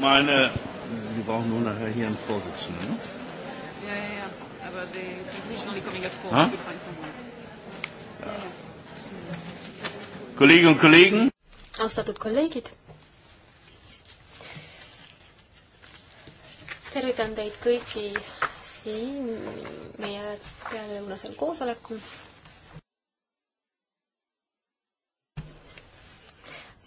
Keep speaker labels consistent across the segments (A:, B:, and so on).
A: meine. Wir brauchen nur nachher hier einen Vorsitzenden. Ne?
B: Ja, ja, ja. Aber the traditionally coming at four, huh? we find someone. Ja. Ja,
A: ja. Kolleginnen und Kollegen.
C: austatud kolleegid. tervitan teid kõiki siin meie pealelõunasel koosolekul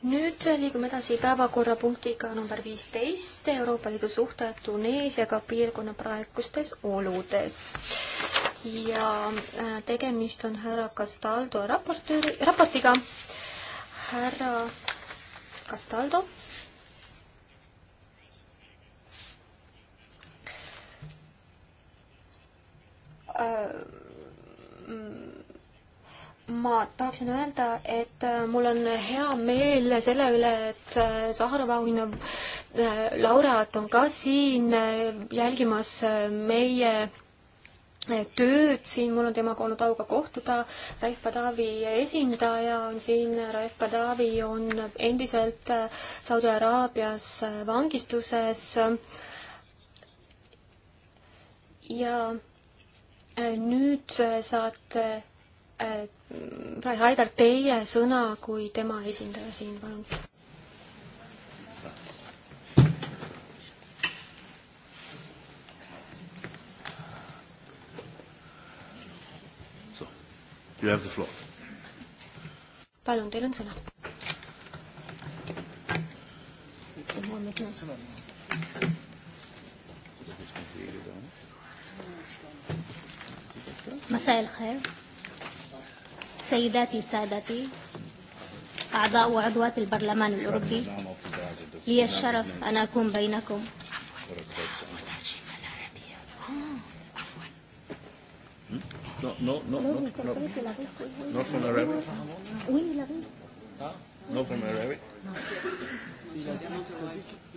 C: nüüd liigume edasi päevakorrapunktiga number viisteist, Euroopa Liidu suhted Tuneesiaga piirkonna praegustes oludes. ja äh, tegemist on härra Castaldo raportööri, raportiga. härra Castaldo. Uh, äh, mm, ma tahaksin öelda, et äh, mul on hea meel selle üle, et äh, Saharova auhinna äh, laureaat on ka siin jälgimas meie tööd siin, mul on temaga olnud au ka kohtuda, Raif Badavi esindaja on siin, Raif Badavi on endiselt Saudi Araabias vangistuses ja nüüd saate Fred äh, Haidar, teie sõna kui tema esindaja siin, palun. You have the floor. palun, teil on sõna.
B: مساء الخير سيداتي سادتي أعضاء وعضوات
A: البرلمان الأوروبي لي الشرف أن أكون بينكم No, no, no, no, no, not from Arabic. Oui, il arrive.
B: Ah, not from Arabic.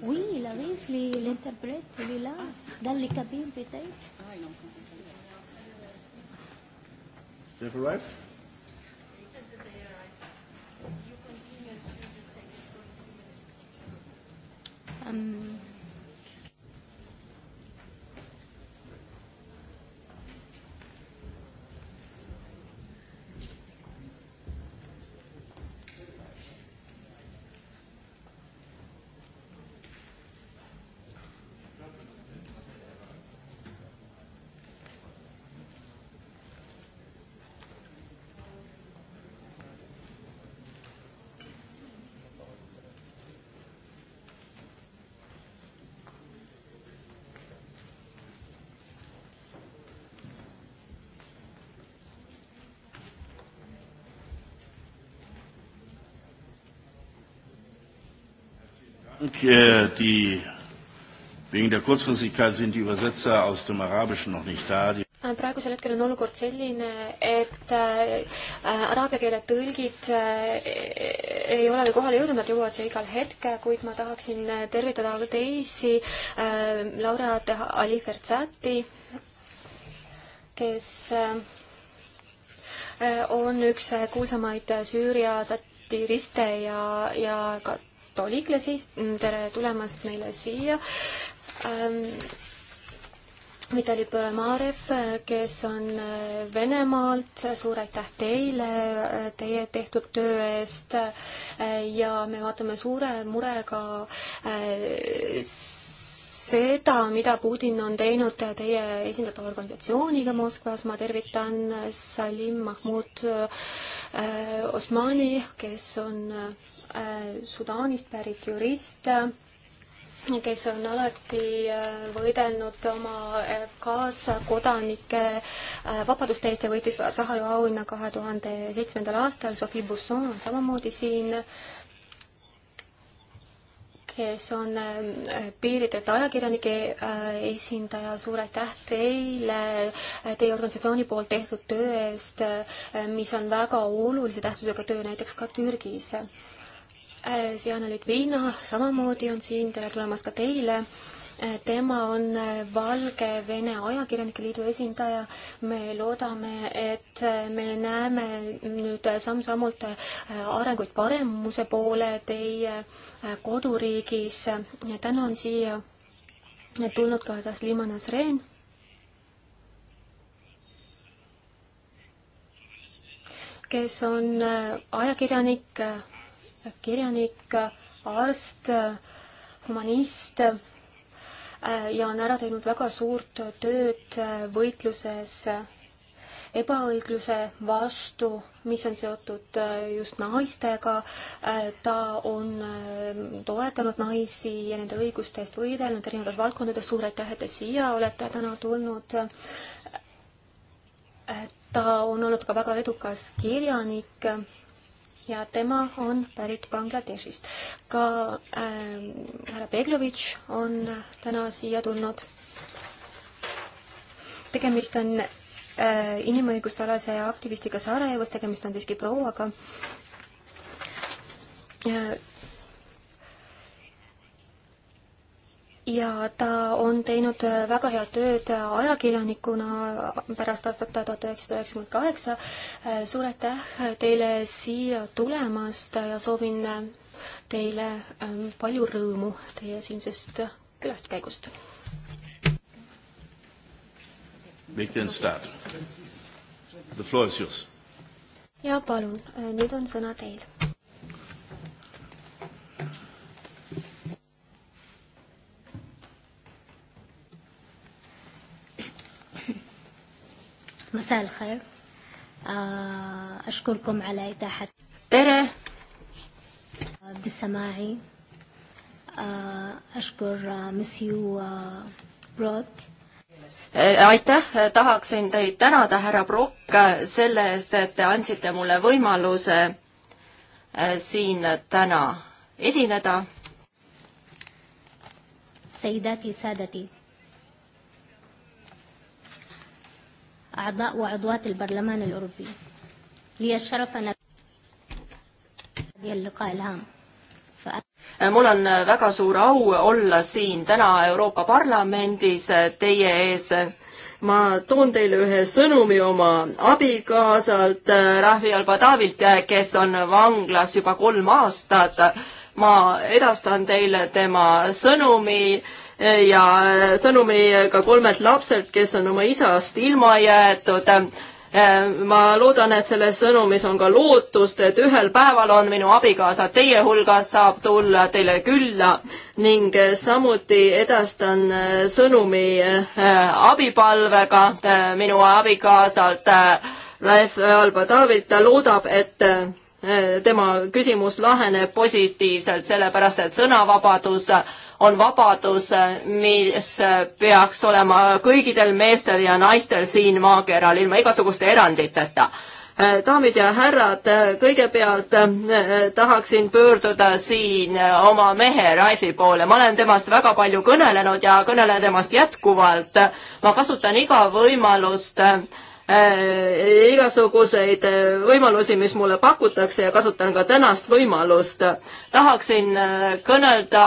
A: Oui, il arrive, l'interprète, il est là,
C: dans les cabines peut-être. Ah, il est en français.
A: They've arrived? Um, Äh, die, wegen der Kurzfristigkeit sind die Übersetzer aus dem Arabischen noch nicht da. Die
C: äh, praegusel hetkel on olukord selline, et äh, äh araabia keele tõlgid äh, ei ole veel kohale jõudnud, nad jõuavad siia igal hetkel, kuid ma tahaksin tervitada teisi äh, laureaate Ali Fertsati, kes äh, on üks kuulsamaid Süüria satiriste ja, ja ka Poliklasi, tere tulemast meile siia ähm,. Vitali Põlmarev, kes on äh, Venemaalt, suur aitäh teile äh, teie tehtud töö eest äh, ja me vaatame suure murega äh, seda, mida Putin on teinud teie esindatava organisatsiooniga Moskvas, ma tervitan Salim Mahmud Osmani, kes on Äh, Sudaanist pärit jurist, kes on alati äh, võidelnud oma äh, kaaskodanike vabaduste eest ja võitis Sahara auhinna kahe tuhande seitsmendal aastal. Sophie Busson on samamoodi siin, kes on piirideta ajakirjanike esindaja. suur aitäh teile teie organisatsiooni poolt tehtud töö eest, mis on väga olulise tähtsusega töö näiteks ka Türgis Eh, Siana Litvina samamoodi on siin, tere tulemast ka teile. Eh, tema on eh, Valgevene Ajakirjanike Liidu esindaja. me loodame, et me näeme nüüd samm-sammult arenguid paremuse poole teie koduriigis. täna on siia tulnud ka Taslima Nasreen kes on ajakirjanik kirjanik, arst, humanist äh, ja on ära teinud väga suurt tööd äh, võitluses äh, ebaõigluse vastu, mis on seotud just naistega. ta on toetanud naisi ja nende õiguste eest võidelnud erinevates valdkondades. suur aitäh, et te siia olete täna tulnud. ta on olnud ka väga edukas kirjanik ja tema on pärit Bangladeshist. ka ähm, härra äh, Beglovitš on täna siia tulnud. tegemist on äh, inimõiguste alase aktivistiga Sarajevost, tegemist on siiski prouaga äh, ja ta on teinud äh, väga head tööd äh, ajakirjanikuna pärast aastat tuhat üheksasada üheksakümmend kaheksa. Äh, suur aitäh teile siia tulemast ja soovin teile ähm, palju rõõmu teie siinsest külastuskäigust.
A: We can start. The floor is
C: yours. ja palun, nüüd on sõna teil. مساء الخير أشكركم على إتاحة tere بالسماعي أشكر مسيو
D: بروك aitäh, tahaksin teid tänada, härra Brock, selle eest, et te andsite mulle võimaluse äh, siin täna
C: esineda. Seidati, Sadati أعضاء وعضوات البرلمان الأوروبي
A: لي الشرف أن هذه اللقاء الهام
D: mul on väga suur au olla siin täna Euroopa Parlamendis teie ees. ma toon teile ühe sõnumi oma abikaasalt äh, Rahvi Al-Badavilt, äh, kes on vanglas juba kolm aastat. ma edastan teile tema sõnumi ja sõnumiga kolmelt lapselt, kes on oma isast ilma jäetud. ma loodan, et selles sõnumis on ka lootust, et ühel päeval on minu abikaasa teie hulgas, saab tulla teile külla ning samuti edastan sõnumi äh, abipalvega äh, minu abikaasalt äh, Raif Albadavilt, ta loodab, et tema küsimus laheneb positiivselt, sellepärast et sõnavabadus on vabadus, mis peaks olema kõigidel meestel ja naistel siin maakeral ilma igasuguste eranditeta daamid ja härrad, kõigepealt eh, tahaksin pöörduda siin oma mehe Raifi poole. ma olen temast väga palju kõnelenud ja kõnelen temast jätkuvalt. ma kasutan iga võimalust eh, Äh, igasuguseid äh, võimalusi, mis mulle pakutakse ja kasutan ka tänast võimalust. tahaksin äh, kõnelda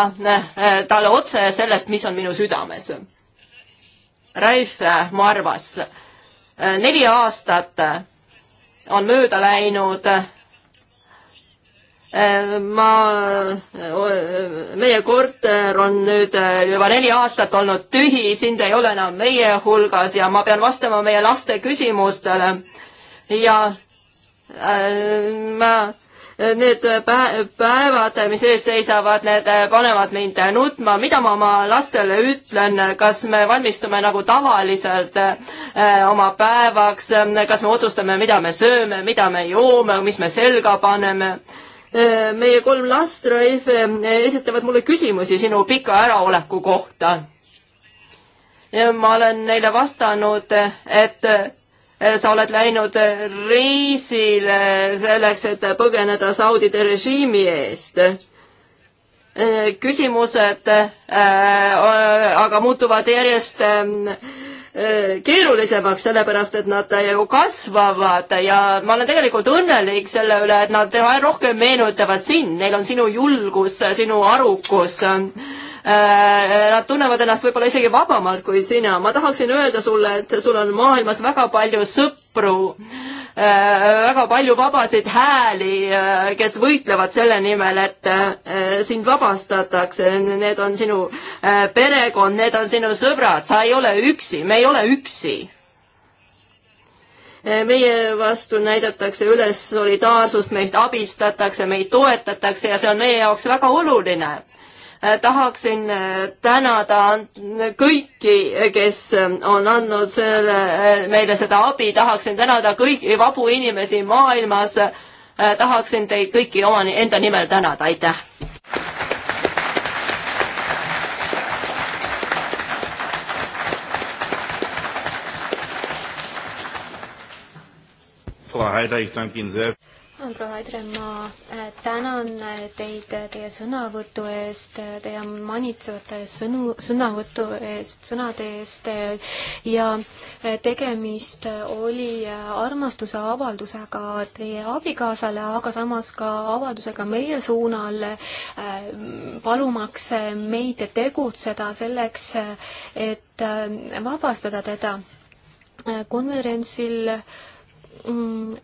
D: talle otse sellest, mis on minu südames. Raif Marvas, neli aastat on mööda läinud Äh, ma, meie korter on nüüd äh, juba neli aastat olnud tühi, sind ei ole enam meie hulgas ja ma pean vastama meie laste küsimustele. ja äh, ma, need päevad, mis ees seisavad, need panevad mind nutma, mida ma oma lastele ütlen, kas me valmistume nagu tavaliselt äh, oma päevaks, kas me otsustame, mida me sööme, mida me joome, mis me selga paneme Äh, meie kolm last, Raif, äh, esitavad mulle küsimusi sinu pika äraoleku kohta. ma olen neile vastanud, et äh, sa oled läinud reisile selleks, et põgeneda Saudi-te režiimi eest. küsimused äh, aga muutuvad järjest äh, Äh, keerulisemaks, sellepärast et nad ju kasvavad ja ma olen tegelikult õnnelik selle üle, et nad üha rohkem meenutavad sind, neil on sinu julgus, sinu arukus. Äh, nad tunnevad ennast võib-olla isegi vabamalt kui sina. ma tahaksin öelda sulle, et sul on maailmas väga palju sõpru Äh, väga palju vabasid hääli, äh, kes võitlevad selle nimel, et äh, sind vabastatakse, need on sinu perekond, need on sinu sõbrad, sa ei ole üksi, me ei ole üksi. meie vastu näidatakse üles solidaarsust, meist abistatakse, meid toetatakse ja see on meie jaoks väga oluline Äh, tahaksin äh, tänada kõiki, kes äh, on andnud selle, meile seda abi, tahaksin tänada kõiki vabu inimesi maailmas. tahaksin teid kõiki oma, enda nimel tänada, aitäh.
A: Frau Heider, ich danke Ihnen sehr
C: proua Edren, ma äh, tänan äh, teid äh, teie sõnavõtu eest, teie manitsevate sõnu, sõnavõtu eest, sõnade eest ja tegemist oli armastuse avaldusega teie abikaasale, aga samas ka avaldusega meie suunal, palumaks meid tegutseda selleks, et vabastada teda konverentsil äh, Mm,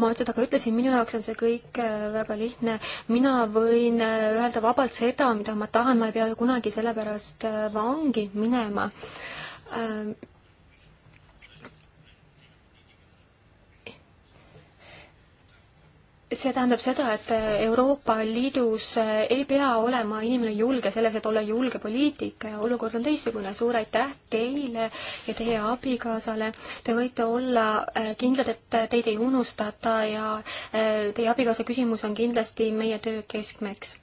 C: ma seda ka ütlesin, minu jaoks on see kõik äh, väga lihtne. mina võin äh, öelda vabalt seda, mida ma tahan, ma ei pea kunagi selle pärast äh, vangi minema ähm, see tähendab seda, et Euroopa Liidus ei pea olema inimene julge selles, et olla julge poliitik, olukord on teistsugune, suur aitäh teile ja teie abikaasale. Te võite olla äh, kindlad, et teid ei unustata ja äh, teie abikaasa küsimus on kindlasti meie töö keskmeks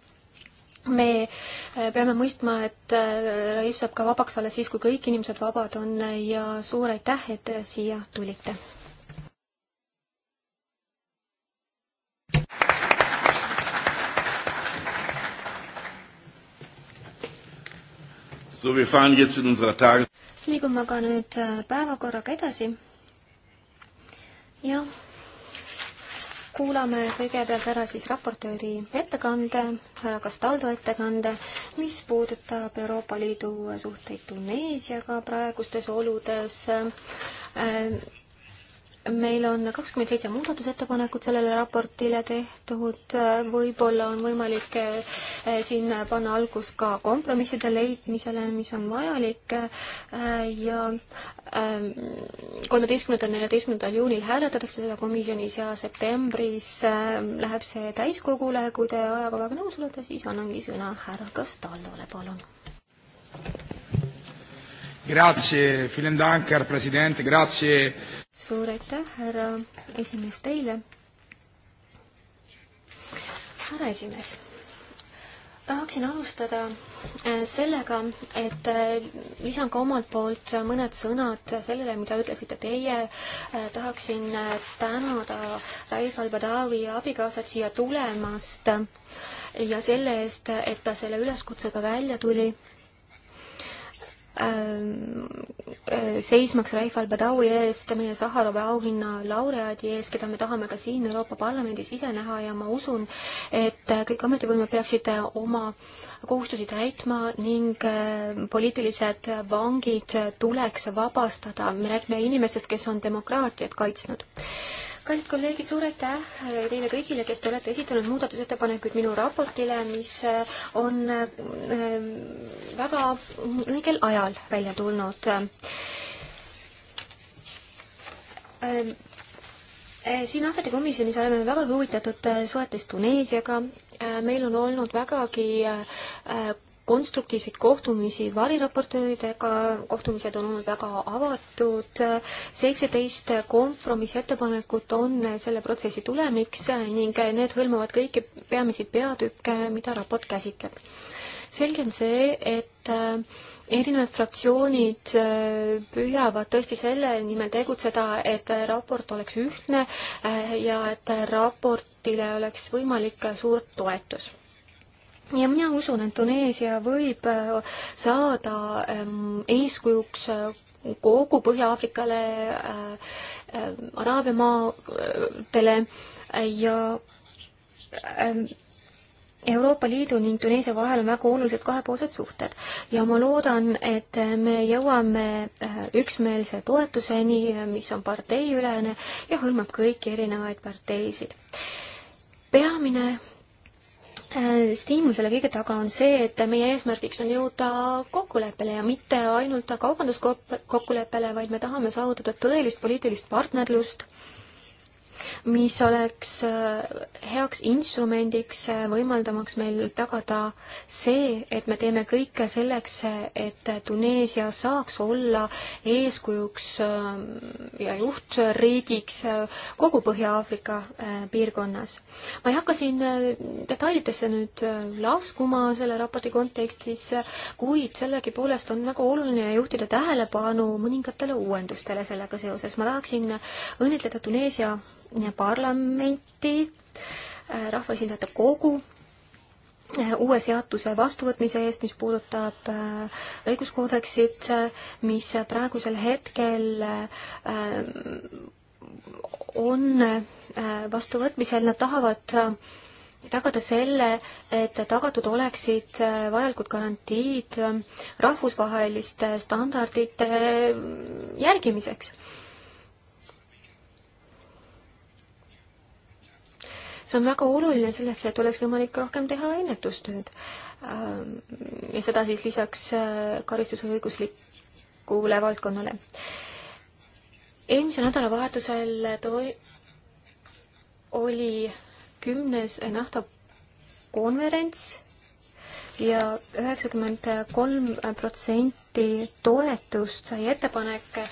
C: me äh, peame mõistma, et Raif saab ka vabaks alles siis, kui kõik inimesed vabad on ja suur aitäh, et siia tulite liigume aga nüüd äh, päevakorraga edasi. jah, kuulame kõigepealt ära siis raportööri ettekande, härra Castaldo ettekande, mis puudutab Euroopa Liidu suhteid Tuneesiaga praegustes oludes äh, meil on kakskümmend seitse muudatusettepanekut sellele raportile tehtud, võib-olla on võimalik eh, siin panna algus ka kompromisside leidmisele, mis on vajalik eh, ja eh, kolmeteistkümnendal, neljateistkümnendal juunil hääletatakse seda komisjonis ja septembris läheb see täiskogule, kui te ajakavaga nõus olete, siis annangi sõna härra Castaldole, palun.
A: Grazie, vielen Dank, härra president, grazie
C: suur aitäh, härra esimees, teile. härra esimees, tahaksin alustada äh, sellega, et äh, lisan ka omalt poolt mõned sõnad sellele, mida ütlesite teie. Äh, tahaksin tänada Raif Albadavi abikaasat siia tulemast ja selle eest, et ta selle üleskutsega välja tuli Ehm, ehm, seismaks Raif al-Badawi eest, meie Saharova auhinna laureaadi ees, keda me tahame ka siin Euroopa Parlamendis ise näha ja ma usun, et kõik ametivõimed peaksid oma kohustusi täitma ning ehm, poliitilised vangid tuleks vabastada. me räägime inimestest, kes on demokraatiat kaitsnud kallid kolleegid, suur aitäh teile kõigile, kes te olete esitanud muudatusettepanekuid minu raportile, mis äh, on äh, väga õigel ajal välja tulnud. Äh, siin Ahvete komisjonis oleme me väga huvitatud suhetest Tuneesiaga. meil on olnud vägagi konstruktiivseid kohtumisi variraportööridega, kohtumised on olnud väga avatud, seitseteist kompromissettepanekut on selle protsessi tulemiks ning need hõlmavad kõiki peamisi peatükke, mida raport käsitleb. selge on see, et äh, erinevad fraktsioonid äh, püüavad tõesti selle nimel tegutseda, et raport oleks ühtne äh, ja et raportile oleks võimalik suur toetus ja mina usun, et Tuneesia võib äh, saada ähm, eeskujuks äh, kogu Põhja-Aafrikale äh,, äh, Araabia maadele äh, ja äh, Euroopa Liidu ning Tuneesia vahel on väga olulised kahepoolsed suhted ja ma loodan, et me jõuame äh, üksmeelse toetuseni, mis on parteiülene ja hõlmab kõiki erinevaid parteisid. peamine Äh, stiimul selle kõige taga on see, et meie eesmärgiks on jõuda kokkuleppele ja mitte ainult kaubanduskokkuleppele, vaid me tahame saavutada tõelist poliitilist partnerlust äh, mis oleks äh, heaks instrumendiks, äh, võimaldamaks meil tagada see, et me teeme kõike selleks, et Tuneesia saaks olla eeskujuks äh, ja juhtriigiks kogu Põhja-Aafrika piirkonnas. ma ei hakka siin detailidesse nüüd laskuma selle raporti kontekstis, kuid sellegipoolest on väga oluline juhtida tähelepanu mõningatele uuendustele sellega seoses. ma tahaksin õnnitleda Tuneesia parlamenti, äh, rahvaesindajate kogu äh, uue seaduse vastuvõtmise eest, mis puudutab äh, õiguskoodeksit, mis praegusel hetkel on vastuvõtmisel, nad tahavad tagada selle, et tagatud oleksid vajalikud garantiid rahvusvaheliste standardite järgimiseks see on väga oluline selleks, et oleks võimalik rohkem teha ennetustööd. Ähm, ja seda siis lisaks äh, karistusõiguslikule valdkonnale. eelmisel nädalavahetusel toi-, oli kümnes nafta konverents ja üheksakümmend kolm protsenti toetust sai ettepanek äh,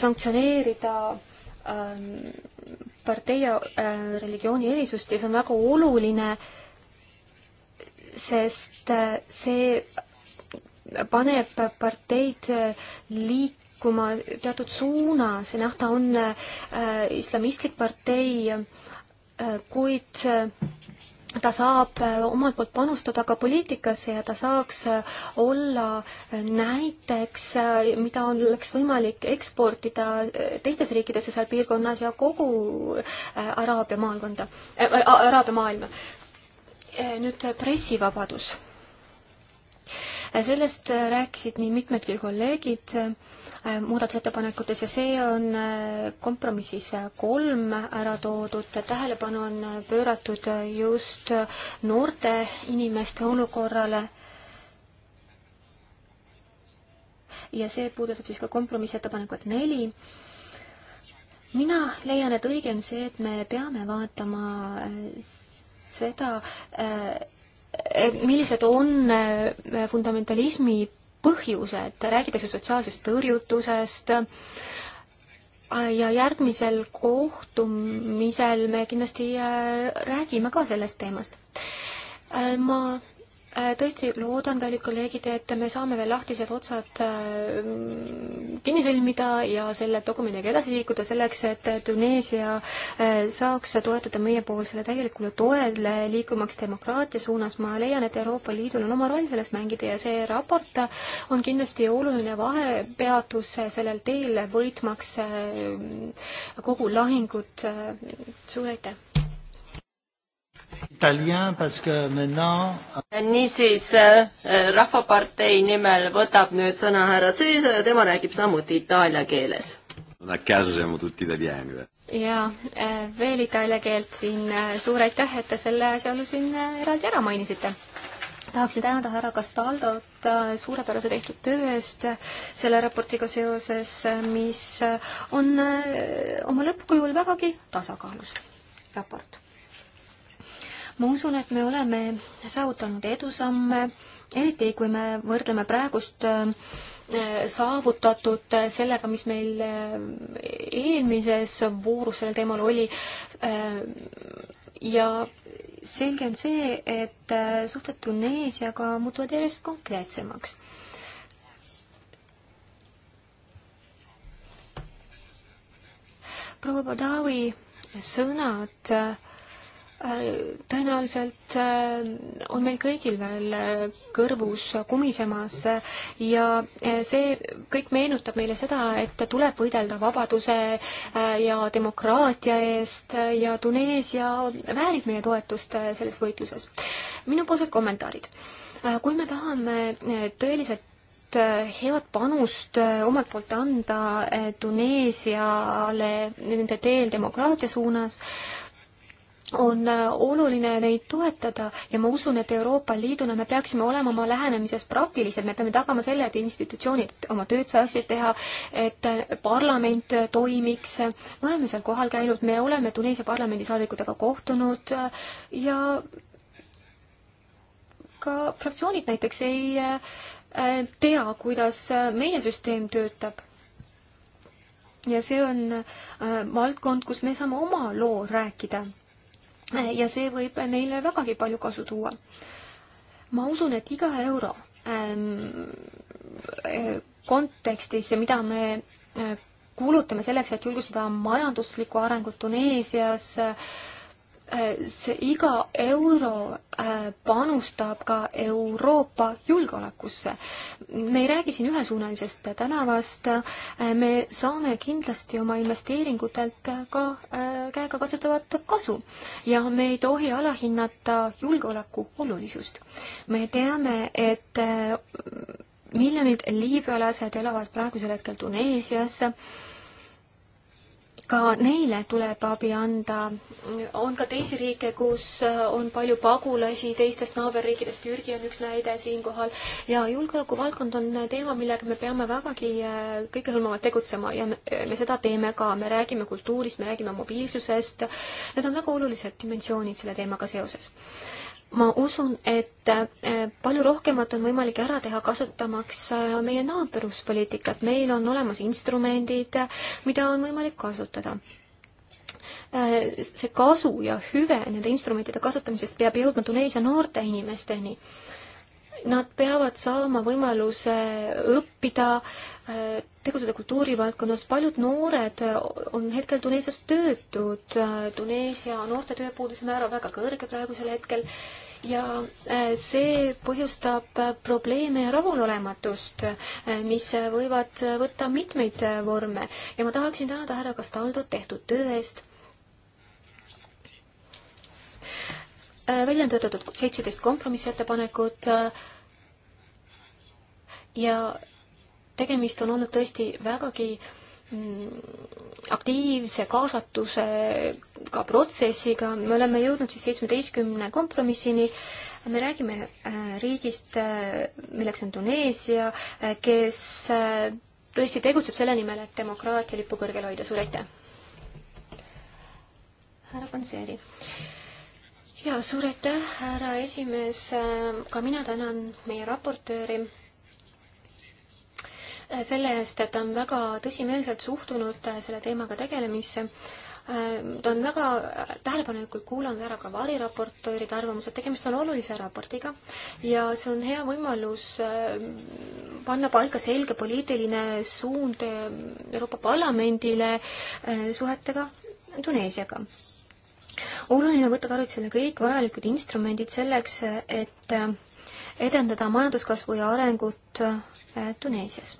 C: sanktsioneerida Ähm, partei ja äh, religiooni erisust ja see on väga oluline, sest äh, see paneb parteid äh, liikuma teatud suunas ja noh, ta on islamistlik partei, kuid ta saab äh, omalt poolt panustada ka poliitikasse ja ta saaks äh, olla äh, näiteks, mida oleks võimalik eksportida teistes riikidesse seal piirkonnas ja kogu Araabia maakonda äh,, Araabia maailma. nüüd pressivabadus sellest äh, rääkisid nii mitmedki kolleegid äh, muudatusettepanekutes ja see on äh, kompromissis kolm ära toodud. tähelepanu on pööratud just noorte inimeste olukorrale ja see puudutab siis ka kompromissettepanekut neli. mina leian, et õige on see, et me peame vaatama seda, et millised on äh, fundamentalismi põhjused, räägitakse sotsiaalsest tõrjutusest ja järgmisel kohtumisel me kindlasti äh, räägime ka sellest teemast. Äh, ma Äh, tõesti loodan, kallid kolleegid, et me saame veel lahtised otsad äh, kinni sõlmida ja selle dokumendiga edasi liikuda selleks, et Tuneesia äh, saaks toetada meiepoolsele täielikule toele liikumaks demokraatia suunas. ma leian, et Euroopa Liidul on oma roll selles mängida ja see raport on kindlasti oluline vahepeatus sellel teel, võitmaks kogu lahingut. suur aitäh!
D: niisiis äh, Rahvapartei nimel võtab nüüd sõna härra Cesar ja tema räägib samuti itaalia keeles.
C: ja äh, veel itaalia keelt siin, äh, suur aitäh, et te selle asjaolu siin eraldi ära mainisite tahaksin tänada härra Castaldot suurepärase tehtud töö eest selle raportiga seoses, mis on oma lõppkujul vägagi tasakaalus raport ma usun, et me oleme saavutanud edusamme, eriti kui me võrdleme praegust äh, saavutatud äh, sellega, mis meil äh, eelmises voorus sel teemal oli ja selge on see, et suhted Tuneesiaga muutuvad järjest konkreetsemaks proua Padavi sõnad tõenäoliselt äh, on meil kõigil veel äh, kõrvus kumisemas ja äh, see kõik meenutab meile seda, et tuleb võidelda vabaduse ja demokraatia eest ja Tuneesia väärib meie toetust selles võitluses. minupoolsed kommentaarid. kui me tahame tõeliselt head panust omalt poolt anda Tuneesiale nende teel demokraatia suunas, on äh, oluline neid toetada ja ma usun, et Euroopa Liiduna me peaksime olema oma lähenemises praktilised, me peame tagama selle, et institutsioonid oma tööd saaksid teha, et äh, parlament äh, toimiks, me oleme seal kohal käinud, me oleme Tuneesia parlamendisaadikutega kohtunud ja ka fraktsioonid näiteks ei tea, kuidas meie süsteem töötab ja see on äh, valdkond, kus me saame oma loo rääkida ja see võib neile vägagi palju kasu tuua. ma usun, et iga euro ähm, äh, kontekstis, mida me äh, kulutame selleks, et julgustada majanduslikku arengut Tuneesias äh,, Äh, see iga euro äh, panustab ka Euroopa julgeolekusse. me ei räägi siin ühesuunalisest tänavast, äh, me saame kindlasti oma investeeringutelt ka käegakatsutavat kasu ja me ei tohi alahinnata julgeoleku olulisust. me teame, et miljonid liibüalased elavad praegusel hetkel Tuneesias ka neile tuleb abi anda. on ka teisi riike, kus äh, on palju pagulasi teistest naaberriikidest, Türgi on üks näide siinkohal, ja julgeolekuvaldkond on teema, millega me peame vägagi äh, kõikehõlmavalt tegutsema ja me, äh, me seda teeme ka, me räägime kultuurist, me räägime mobiilsusest, need on väga olulised dimensioonid selle teemaga seoses ma usun, et äh, palju rohkemat on võimalik ära teha, kasutamaks äh, meie naabruspoliitikat. meil on olemas instrumendid, äh, mida on võimalik kasutada. see kasu ja hüve nende instrumentide kasutamisest peab jõudma Tuneesia noorte inimesteni Nad peavad saama võimaluse õppida, äh, tegutseda kultuurivaldkonnas, paljud noored äh, on hetkel Tuneesias töötud, äh, Tuneesia noorte tööpuuduse määr on väga kõrge praegusel hetkel ja see põhjustab probleeme ja rahulolematust, mis võivad võtta mitmeid vorme ja ma tahaksin tänada härra Castaldot tehtud töö eest. välja on töötatud seitseteist kompromissettepanekut ja tegemist on olnud tõesti vägagi mm, aktiivse kaasatusega protsessiga, me oleme jõudnud siis seitsmeteistkümne kompromissini, me räägime äh, riigist, äh, milleks on Tuneesia, äh, kes tõesti tegutseb selle nimel, et demokraatia lipu kõrgel hoida, suur aitäh! härra Panseri. jaa, suur aitäh, härra esimees, ka mina tänan meie raportööri selle eest, et ta on väga tõsimeelselt suhtunud äh, selle teemaga tegelemisse. Äh, ta on väga tähelepanelikult kuulanud ära ka variraportööride arvamused, tegemist on olulise raportiga ja see on hea võimalus äh, panna paika selge poliitiline suund Euroopa Parlamendile suhetega Tuneesiaga oluline on võtta tarvitusele kõik vajalikud instrumendid selleks, et edendada majanduskasvu ja arengut Tuneesias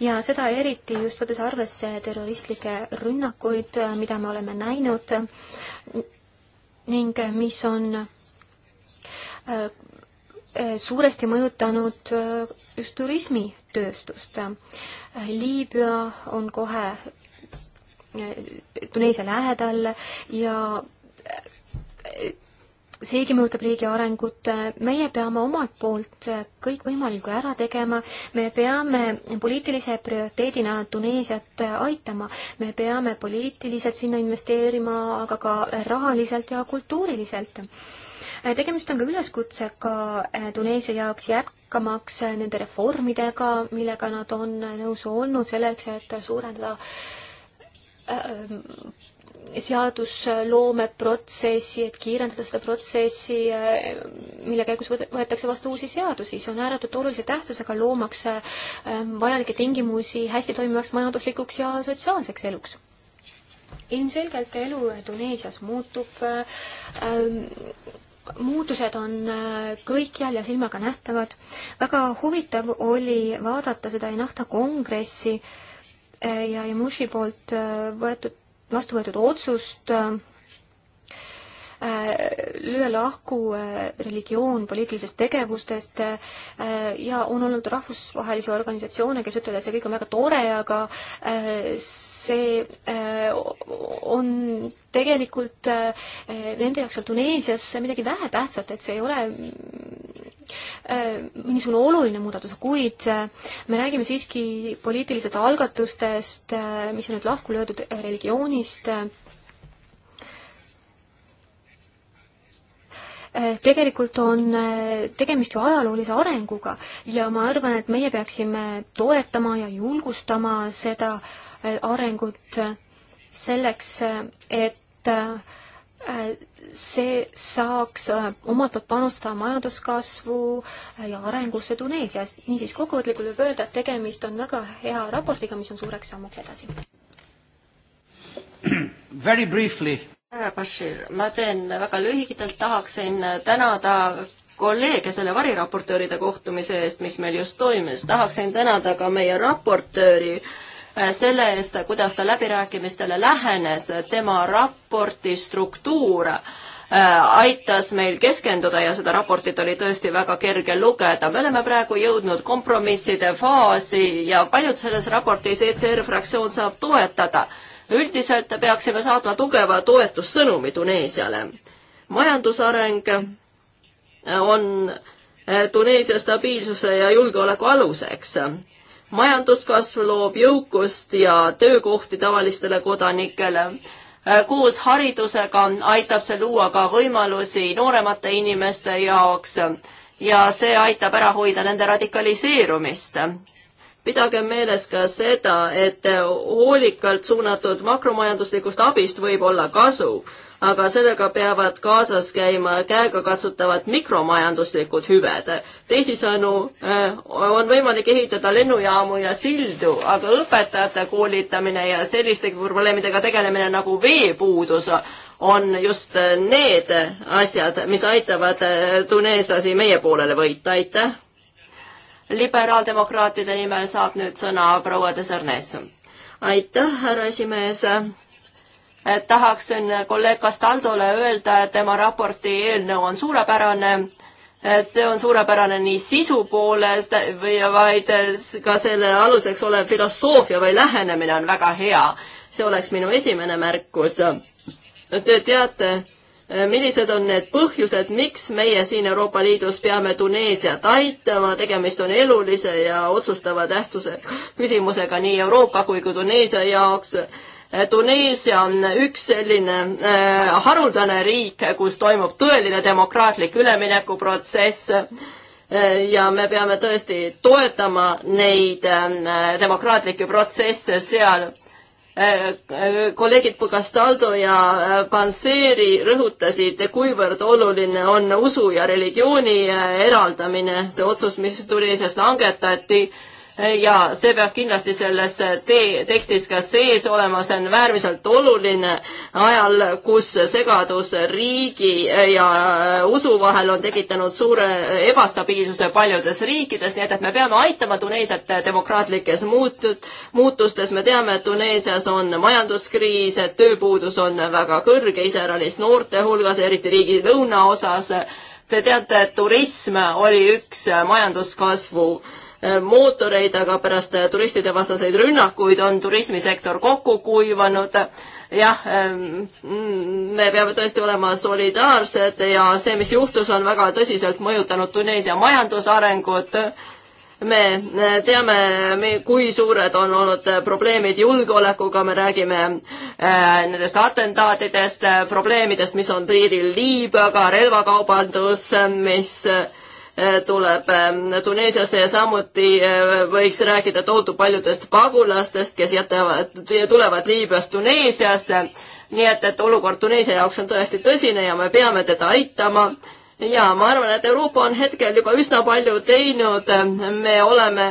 C: ja seda eriti just võttes arvesse terroristlikke rünnakuid, mida me oleme näinud ning mis on äh, suuresti mõjutanud äh, just turismitööstust. Liibüa on kohe äh, Tuneesia lähedal ja seegi mõjutab riigi arengut. meie peame omalt poolt kõik võimalikku ära tegema, me peame poliitilise prioriteedina Tuneesiat aitama, me peame poliitiliselt sinna investeerima, aga ka rahaliselt ja kultuuriliselt. tegemist on ka üleskutsega Tuneesia jaoks jätkamaks nende reformidega, millega nad on nõus olnud selleks, et suurendada äh, seadusloomeprotsessi, et kiirendada seda protsessi, mille käigus võetakse vastu uusi seadusi, see on ääretult olulise tähtsusega, loomaks ähm, vajalikke tingimusi hästi toimivaks majanduslikuks ja sotsiaalseks eluks. ilmselgelt elu Tuneesias muutub ähm, muutused on äh, kõikjal ja silmaga nähtavad. väga huvitav oli vaadata seda Enahta kongressi äh, ja Yamushi poolt äh, võetud vastu võetud otsust äh, Äh, lüüa lahku äh, religioon poliitilisest tegevustest äh, ja on olnud rahvusvahelisi organisatsioone, kes ütlevad, et see kõik on väga tore, aga see on tegelikult nende jaoks seal Tuneesias midagi vähetähtsat, et see ei ole mingisugune oluline muudatus, kuid me räägime siiski poliitilistest algatustest, mis on nüüd lahku löödud religioonist Eh, tegelikult on eh, tegemist ju ajaloolise arenguga ja ma arvan, et meie peaksime toetama ja julgustama seda eh, arengut selleks, et see saaks omalt poolt panustada majanduskasvu ja arengusse Tuneesias. niisiis kokkuvõtlikult võib öelda, et tegemist on väga hea raportiga, mis on suureks sammuks edasi.
A: Very briefly
C: härra Bashir, ma teen väga lühidalt, tahaksin
D: tänada kolleege selle variraportööride kohtumise eest, mis meil just toimus. tahaksin tänada ka meie raportööri äh, selle eest, kuidas ta läbirääkimistele lähenes, tema raporti struktuur äh, aitas meil keskenduda ja seda raportit oli tõesti väga kerge lugeda. me oleme praegu jõudnud kompromisside faasi ja paljud selles raportis ECR fraktsioon saab toetada üldiselt peaksime saatma tugeva toetussõnumi Tuneesiale. majandusareng on eh, Tuneesia stabiilsuse ja julgeoleku aluseks. majanduskasv loob jõukust ja töökohti tavalistele kodanikele. Eh, koos haridusega aitab see luua ka võimalusi nooremate inimeste jaoks ja see aitab ära hoida nende radikaliseerumist pidage meeles ka seda, et hoolikalt suunatud makromajanduslikust abist võib olla kasu, aga sellega peavad kaasas käima käegakatsutavad mikromajanduslikud hüved. teisisõnu, äh, on võimalik ehitada lennujaamu ja sildu, aga õpetajate koolitamine ja selliste probleemidega tegelemine nagu veepuudus on just need asjad, mis aitavad äh, tuneeslasi meie poolele võita, aitäh! liberaaldemokraatide nimel saab nüüd sõna proua de Sarnes. aitäh, härra esimees. tahaksin kolleeg Castaldole öelda, et tema raporti eelnõu on suurepärane see on suurepärane nii sisu poolest või vaid ka selle aluseks olev filosoofia või lähenemine on väga hea. see oleks minu esimene märkus. Te teate, Äh, millised on need põhjused, miks meie siin Euroopa Liidus peame Tuneesiat aitama, tegemist on elulise ja otsustava tähtsuse küsimusega nii Euroopa kui ka Tuneesia jaoks. Äh, Tuneesia on üks selline äh, haruldane riik, kus toimub tõeline demokraatlik üleminekuprotsess äh, ja me peame tõesti toetama neid äh, demokraatlikke protsesse seal äh, kolleegid Pugastaldo ja äh, Panseri rõhutasid, kuivõrd oluline on usu ja religiooni äh, eraldamine, see otsus, mis tuli, sest langetati äh, ja see peab kindlasti selles tee, tekstis ka sees olema, see on väärmiselt oluline ajal, kus segadus riigi ja usu vahel on tekitanud suure ebastabiilsuse paljudes riikides, nii et, et me peame aitama Tuneesiat demokraatlikes muutud, muutustes, me teame, et Tuneesias on majanduskriis, et tööpuudus on väga kõrge, iseäranis noorte hulgas, eriti riigi lõunaosas. Te teate, et turism oli üks majanduskasvu äh, Äh, mootoreid, aga pärast äh, turistide vastaseid rünnakuid on turismisektor kokku kuivanud. jah, ähm, mm, me peame tõesti olema solidaarsed ja see, mis juhtus, on väga tõsiselt mõjutanud Tuneesia majandusarengut me teame, me, kui suured on olnud äh, probleemid julgeolekuga, me räägime äh, nendest atentaatidest, probleemidest, mis on piiril Liibüaga, relvakaubandus, mis äh, Äh, tuleb ähm, Tuneesiast ja samuti äh, võiks rääkida tohutu paljudest pagulastest, kes jätavad, tulevad Liibüast Tuneesiasse. nii et, et olukord Tuneesia jaoks on tõesti tõsine ja me peame teda aitama. ja ma arvan, et Euroopa on hetkel juba üsna palju teinud, me oleme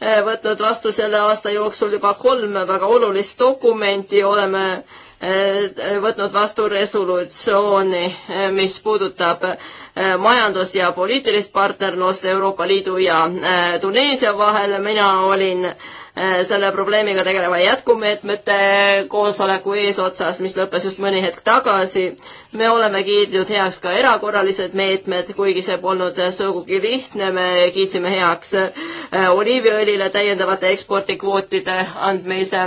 D: äh, võtnud vastu selle aasta jooksul juba kolm väga olulist dokumenti, oleme äh, Eh, võtnud vastu resolutsiooni, eh, mis puudutab eh, majandus- ja poliitilist partnerlust Euroopa Liidu ja Tuneesia vahel. mina olin selle probleemiga tegeleva jätkumeetmete koosoleku eesotsas, mis lõppes just mõni hetk tagasi. me oleme kiidnud heaks ka erakorralised meetmed, kuigi see polnud sugugi lihtne. me kiitsime heaks oliiviõlile täiendavate ekspordikvootide andmise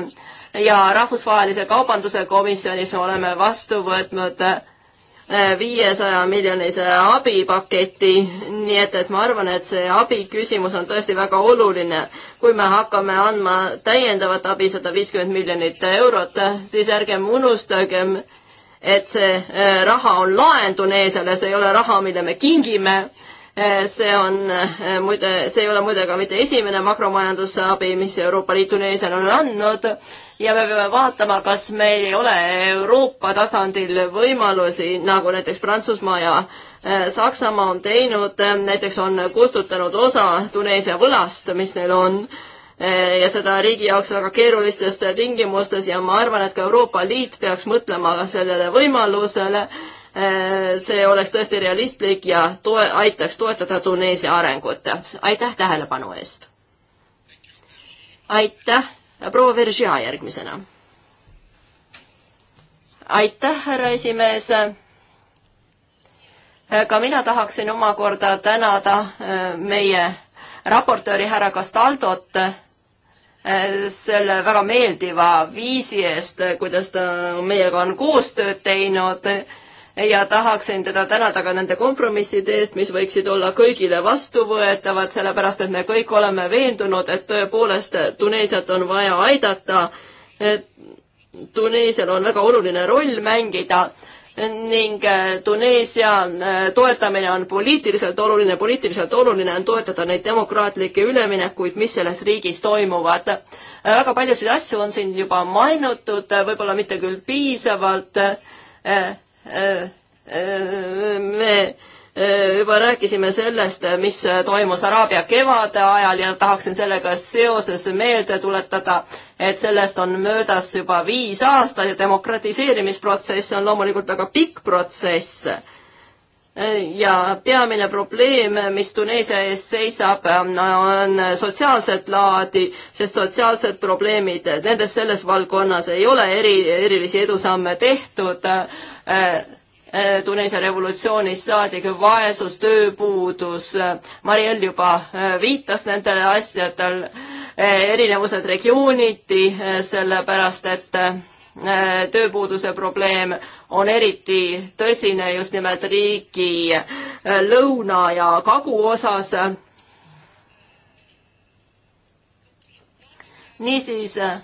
D: ja Rahvusvahelise Kaubanduse Komisjonis me oleme vastu võtnud eh, viiesaja miljonise abipaketi, nii et, et ma arvan, et see abi küsimus on tõesti väga oluline. kui me hakkame andma täiendavat abi, sada viiskümmend miljonit eurot, siis ärgem unustagem, et see eh, raha on laen Tuneesiale, see ei ole raha, mille me kingime. Eh, see on muide, see ei ole muide ka mitte esimene makromajanduse abi, mis Euroopa Liit Tuneesiale on andnud ja me peame vaatama, kas meil ei ole Euroopa tasandil võimalusi, nagu näiteks Prantsusmaa ja äh, Saksamaa on teinud, äh, näiteks on kustutanud osa Tuneesia võlast, mis neil on, äh, ja seda riigi jaoks väga keerulistes tingimustes ja ma arvan, et ka Euroopa Liit peaks mõtlema sellele võimalusele, see oleks tõesti realistlik ja toe, aitaks toetada Tuneesia arengut. aitäh tähelepanu eest! aitäh! proua Veržia järgmisena. aitäh, härra esimees. ka mina tahaksin omakorda tänada äh, meie raportööri härra Castaldot äh, selle väga meeldiva viisi eest, kuidas ta meiega on koostööd teinud ja tahaksin teda tänada ka nende kompromisside eest, mis võiksid olla kõigile vastuvõetavad, sellepärast et me kõik oleme veendunud, et tõepoolest Tuneesiat on vaja aidata. Tuneesial on väga oluline roll mängida ning äh, Tuneesia äh, toetamine on poliitiliselt oluline, poliitiliselt oluline on toetada neid demokraatlikke üleminekuid, mis selles riigis toimuvad. Äh, väga paljusid asju on siin juba mainitud, võib-olla mitte küll piisavalt me eh, juba rääkisime sellest, mis toimus Araabia kevade ajal ja tahaksin sellega seoses meelde tuletada, et sellest on möödas juba viis aastat ja demokratiseerimisprotsess on loomulikult väga pikk protsess ja peamine probleem, mis Tuneesia ees seisab, on sotsiaalset laadi, sest sotsiaalsed probleemid, nendes selles valdkonnas ei ole eri, erilisi edusamme tehtud. Äh, äh, Tuneesia revolutsioonist saadik vaesus, tööpuudus, Mariel juba äh, viitas nendele asjadele, erinevused regiooniti, sellepärast et Äh, tööpuuduse probleem on eriti tõsine just nimelt riigi äh, lõuna ja kagu osas. niisiis äh,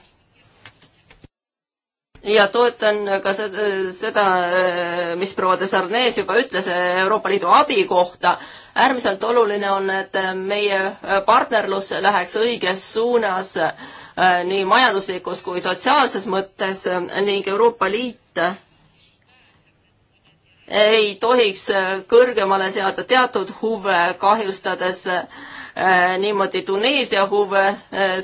D: ja toetan ka seda, seda, mis proua de Sarnes juba ütles Euroopa Liidu abi kohta. äärmiselt oluline on, et meie partnerlus läheks õiges suunas äh, Äh, nii majanduslikus kui sotsiaalses mõttes äh, ning Euroopa Liit ei tohiks äh, kõrgemale seada teatud huve, kahjustades niimoodi Tuneesia huve,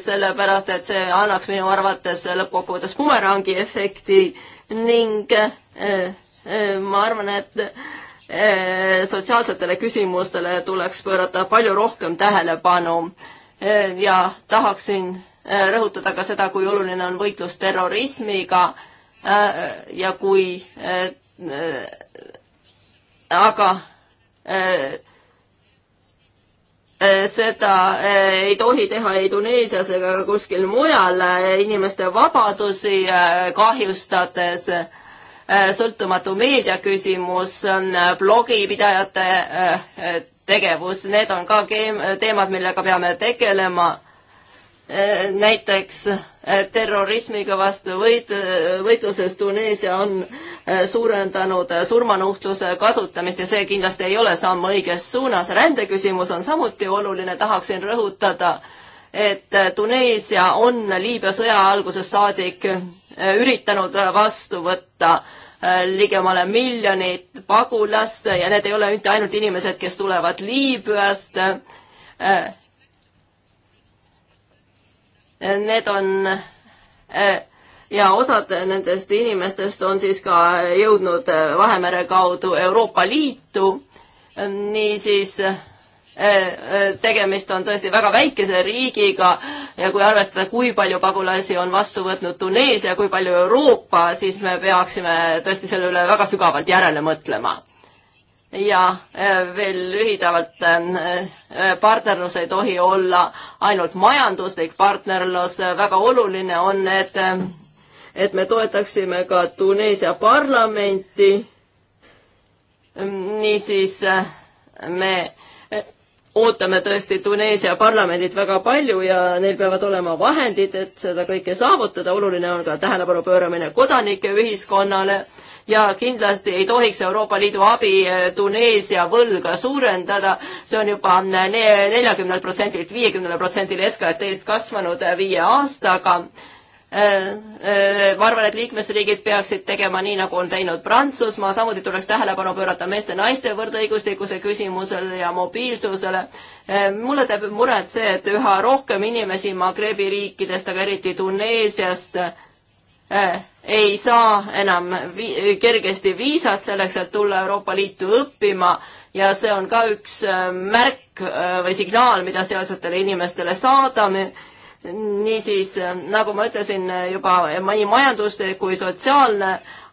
D: sellepärast et see annaks minu arvates lõppkokkuvõttes bumerangi efekti ning ma arvan, et sotsiaalsetele küsimustele tuleks pöörata palju rohkem tähelepanu ja tahaksin Äh, rõhutada ka seda, kui oluline on võitlus terrorismiga äh, ja kui äh, aga seda ei tohi teha ei Tuneesias ega kuskil mujal inimeste vabadusi kahjustades. sõltumatu meedia küsimus on blogipidajate tegevus, need on ka teemad, millega peame tegelema Äh, näiteks äh, terrorismiga vastu võit-, äh, võitluses Tuneesia on suurendanud surmanuhtluse kasutamist ja see kindlasti ei ole samm õiges suunas. rändeküsimus on samuti oluline, tahaksin rõhutada, et Tuneesia on Liibüa sõja algusest saadik üritanud vastu võtta ligemale miljonit pagulast ja need ei ole mitte ainult inimesed, kes tulevad Liibüast, Need on äh, ja osad nendest inimestest on siis ka jõudnud äh, Vahemere kaudu Euroopa Liitu. niisiis äh, tegemist on tõesti väga väikese riigiga ja kui arvestada, kui palju pagulasi on vastu võtnud Tuneesia, kui palju Euroopa, siis me peaksime tõesti selle üle väga sügavalt järele mõtlema ja äh, veel lühidalt, äh, äh, partnerlus ei tohi olla ainult majanduslik partnerlus, väga oluline on, et et me toetaksime ka Tuneesia parlamenti. niisiis me ootame tõesti Tuneesia parlamendilt väga palju ja neil peavad olema vahendid, et seda kõike saavutada. oluline on ka tähelepanu pööramine kodanike ühiskonnale ja kindlasti ei tohiks Euroopa Liidu abi eh, Tuneesia võlga suurendada, see on juba mm, neljakümnelt protsendilt viiekümnele protsendile SKT-st kasvanud eh, viie aastaga eh, ma arvan, et liikmesriigid peaksid tegema nii, nagu on teinud Prantsusmaa, samuti tuleks tähelepanu pöörata meeste-naiste võrdõiguslikkuse küsimusele ja mobiilsusele. mulle teeb muret see, et üha rohkem inimesi Magrebi riikidest, aga eriti Tuneesiast Äh, ei saa enam vi kergesti viisat selleks, et tulla Euroopa Liitu õppima ja see on ka üks äh, märk äh, või signaal, mida sealsetele inimestele saadame. niisiis, nagu ma ütlesin juba, nii majanduslik kui sotsiaalne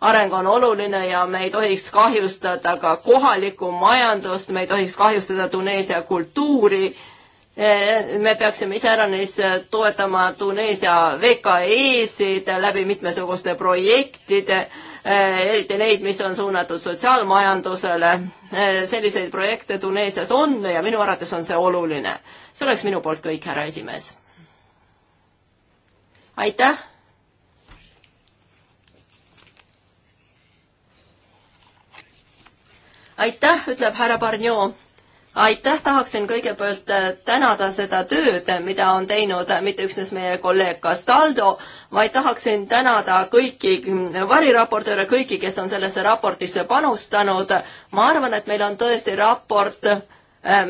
D: areng on oluline ja me ei tohiks kahjustada ka kohalikku majandust, me ei tohiks kahjustada Tuneesia kultuuri me peaksime iseäranis toetama Tuneesia VKE-sid läbi mitmesuguste projektide, eriti neid, mis on suunatud sotsiaalmajandusele. selliseid projekte Tuneesias on ja minu arvates on see oluline. see oleks minu poolt kõik, härra esimees. aitäh. aitäh, ütleb härra Barnjov aitäh, tahaksin kõigepealt äh, tänada seda tööd, äh, mida on teinud äh, mitte üksnes meie kolleeg Castaldo, vaid tahaksin tänada kõiki mm, variraportööre, kõiki, kes on sellesse raportisse panustanud. ma arvan, et meil on tõesti raport,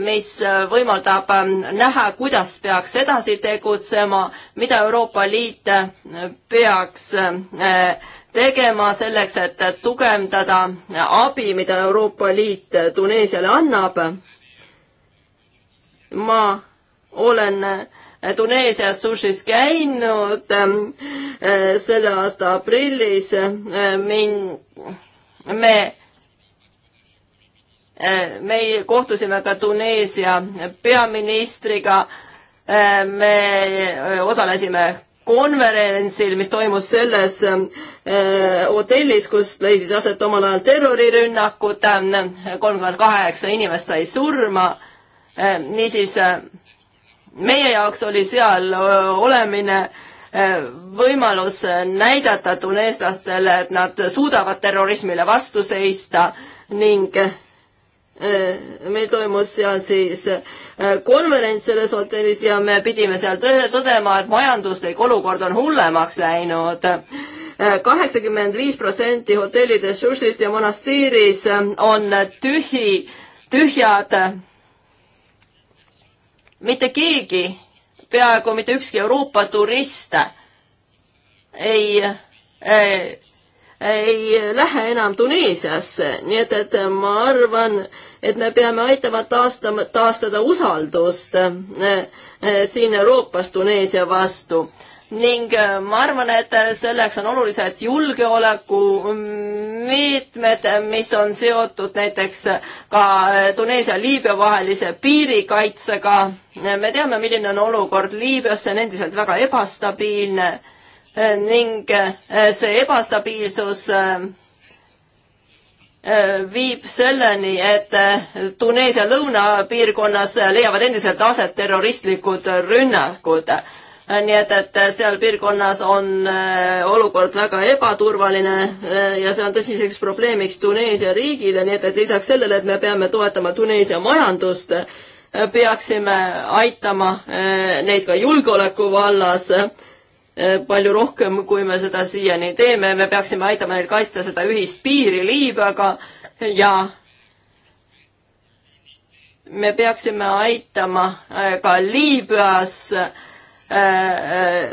D: mis võimaldab ähm, näha, kuidas peaks edasi tegutsema, mida Euroopa Liit peaks tegema selleks, et tugevdada abi, mida Euroopa Liit Tuneesiale annab ma olen äh, Tuneesias sushis käinud ähm, äh, selle aasta aprillis. Äh, me me kohtusime ka Tuneesia peaministriga. me osalesime konverentsil, mis toimus selles hotellis, kus leidis aset omal ajal terrorirünnakud. kolmkümmend kaheksa inimest sai surma Äh, niisiis äh, meie jaoks oli seal olemine äh, võimalus näidata tuneeslastele, et nad suudavad terrorismile vastu seista ning meil toimus seal siis konverents selles hotellis ja me pidime seal tõdema, et majanduslik olukord on hullemaks läinud. kaheksakümmend viis protsenti hotellide ressursist ja monastiiris on tühi, tühjad mitte keegi, peaaegu mitte ükski Euroopa turist ei, ei, ei lähe enam Tuneesiasse, nii et, et ma arvan, et me peame aitama taastama, taastada usaldust eh, eh, siin Euroopas Tuneesia vastu ning äh, ma arvan, et selleks on olulised julgeolekumeetmed, mm, mis on seotud näiteks ka äh, Tuneesia-Liibüa vahelise piirikaitsega. me teame, milline on olukord Liibüas, see on endiselt väga ebastabiilne äh, ning see ebastabiilsus viib selleni, et Tuneesia lõunapiirkonnas leiavad endiselt aset terroristlikud rünnakud nii et, et seal piirkonnas on äh, olukord väga ebaturvaline äh, ja see on tõsiseks probleemiks Tuneesia riigile, nii et, et lisaks sellele, et me peame toetama Tuneesia majandust, äh, peaksime aitama neid ka julgeoleku vallas palju rohkem, kui me seda siiani teeme, me peaksime aitama neil kaitsta seda ühist piiri Liibüaga ja me peaksime aitama ka Liibüas äh, Äh, äh,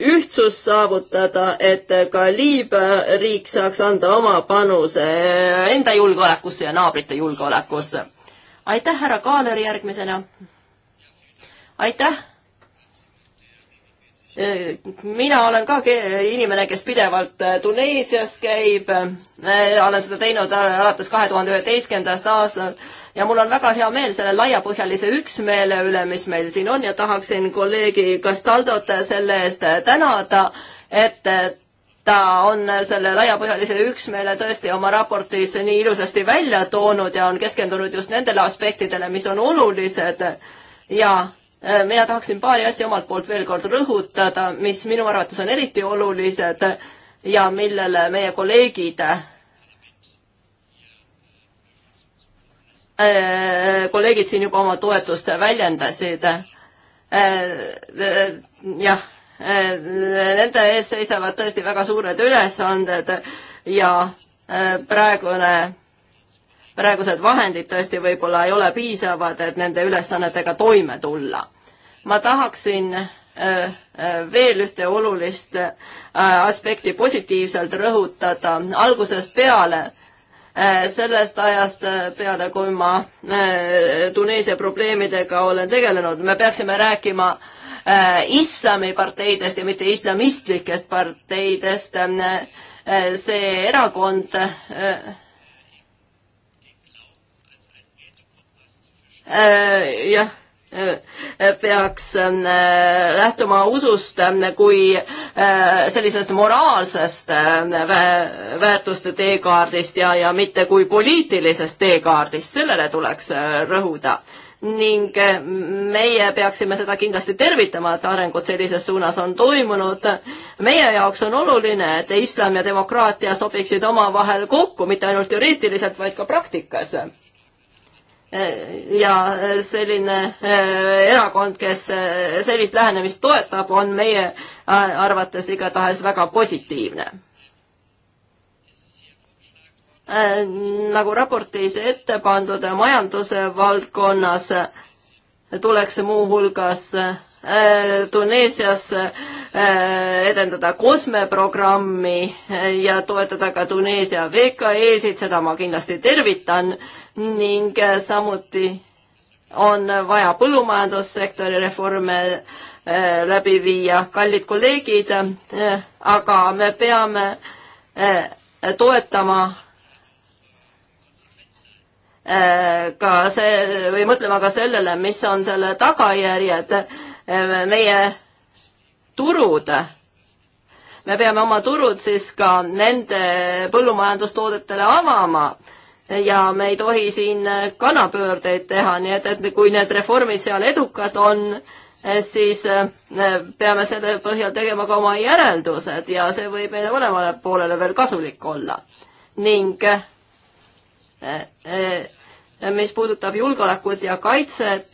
D: ühtsust saavutada, et ka Liibüa riik saaks anda oma panuse enda julgeolekusse ja naabrite julgeolekusse. aitäh, härra Kaaler, järgmisena. aitäh. Äh, mina olen ka inimene, kes pidevalt Tuneesias käib. olen seda teinud alates kahe tuhande üheteistkümnendast aastast ja mul on väga hea meel selle laiapõhjalise üksmeele üle, mis meil siin on ja tahaksin kolleegi Castaldot selle eest tänada, et ta on selle laiapõhjalise üksmeele tõesti oma raportis nii ilusasti välja toonud ja on keskendunud just nendele aspektidele, mis on olulised ja äh, mina tahaksin paari asja omalt poolt veel kord rõhutada, mis minu arvates on eriti olulised ja millele meie kolleegid Äh, kolleegid siin juba oma toetust väljendasid. Äh, äh, jah, nende ees seisavad tõesti väga suured ülesanded ja praegune praegused vahendid tõesti võib-olla ei ole piisavad, et nende ülesannetega toime tulla. ma tahaksin veel ühte olulist aspekti positiivselt rõhutada. algusest peale Äh, sellest ajast äh, peale, kui ma äh, Tuneesia probleemidega olen tegelenud, me peaksime rääkima islamiparteidest ja mitte islamistlikest parteidest. see erakond jah peaks ähm, äh, lähtuma usust ähm, kui äh, sellisest moraalsest ähm, väärtuste teekaardist ja, ja mitte kui poliitilisest teekaardist, sellele tuleks äh, rõhuda ning meie peaksime seda kindlasti tervitama, et arengud sellises suunas on toimunud. meie jaoks on oluline, et islam ja demokraatia sobiksid omavahel kokku, mitte ainult teoreetiliselt, vaid ka praktikas Äh, ja äh, selline äh, erakond, kes sellist lähenemist toetab, on meie arvates igatahes väga positiivne. nagu raportis ette pandud, majanduse valdkonnas tuleks muuhulgas Äh, Tuneesias äh, edendada COSME programmi äh, ja toetada ka Tuneesia VKE-sid, seda ma kindlasti tervitan ning samuti on vaja põllumajandussektori reforme läbi viia, kallid kolleegid, aga me peame toetama ka see või mõtlema ka sellele, mis on selle tagajärjed meie turud, me peame oma turud siis ka nende põllumajandustoodetele avama ja me ei tohi siin kanapöördeid teha, nii et, et kui need reformid seal edukad on, siis eh, peame selle põhjal tegema ka oma järeldused ja see võib meile mõlemale poolele veel kasulik olla. ning eh, eh, mis puudutab julgeolekut ja kaitset,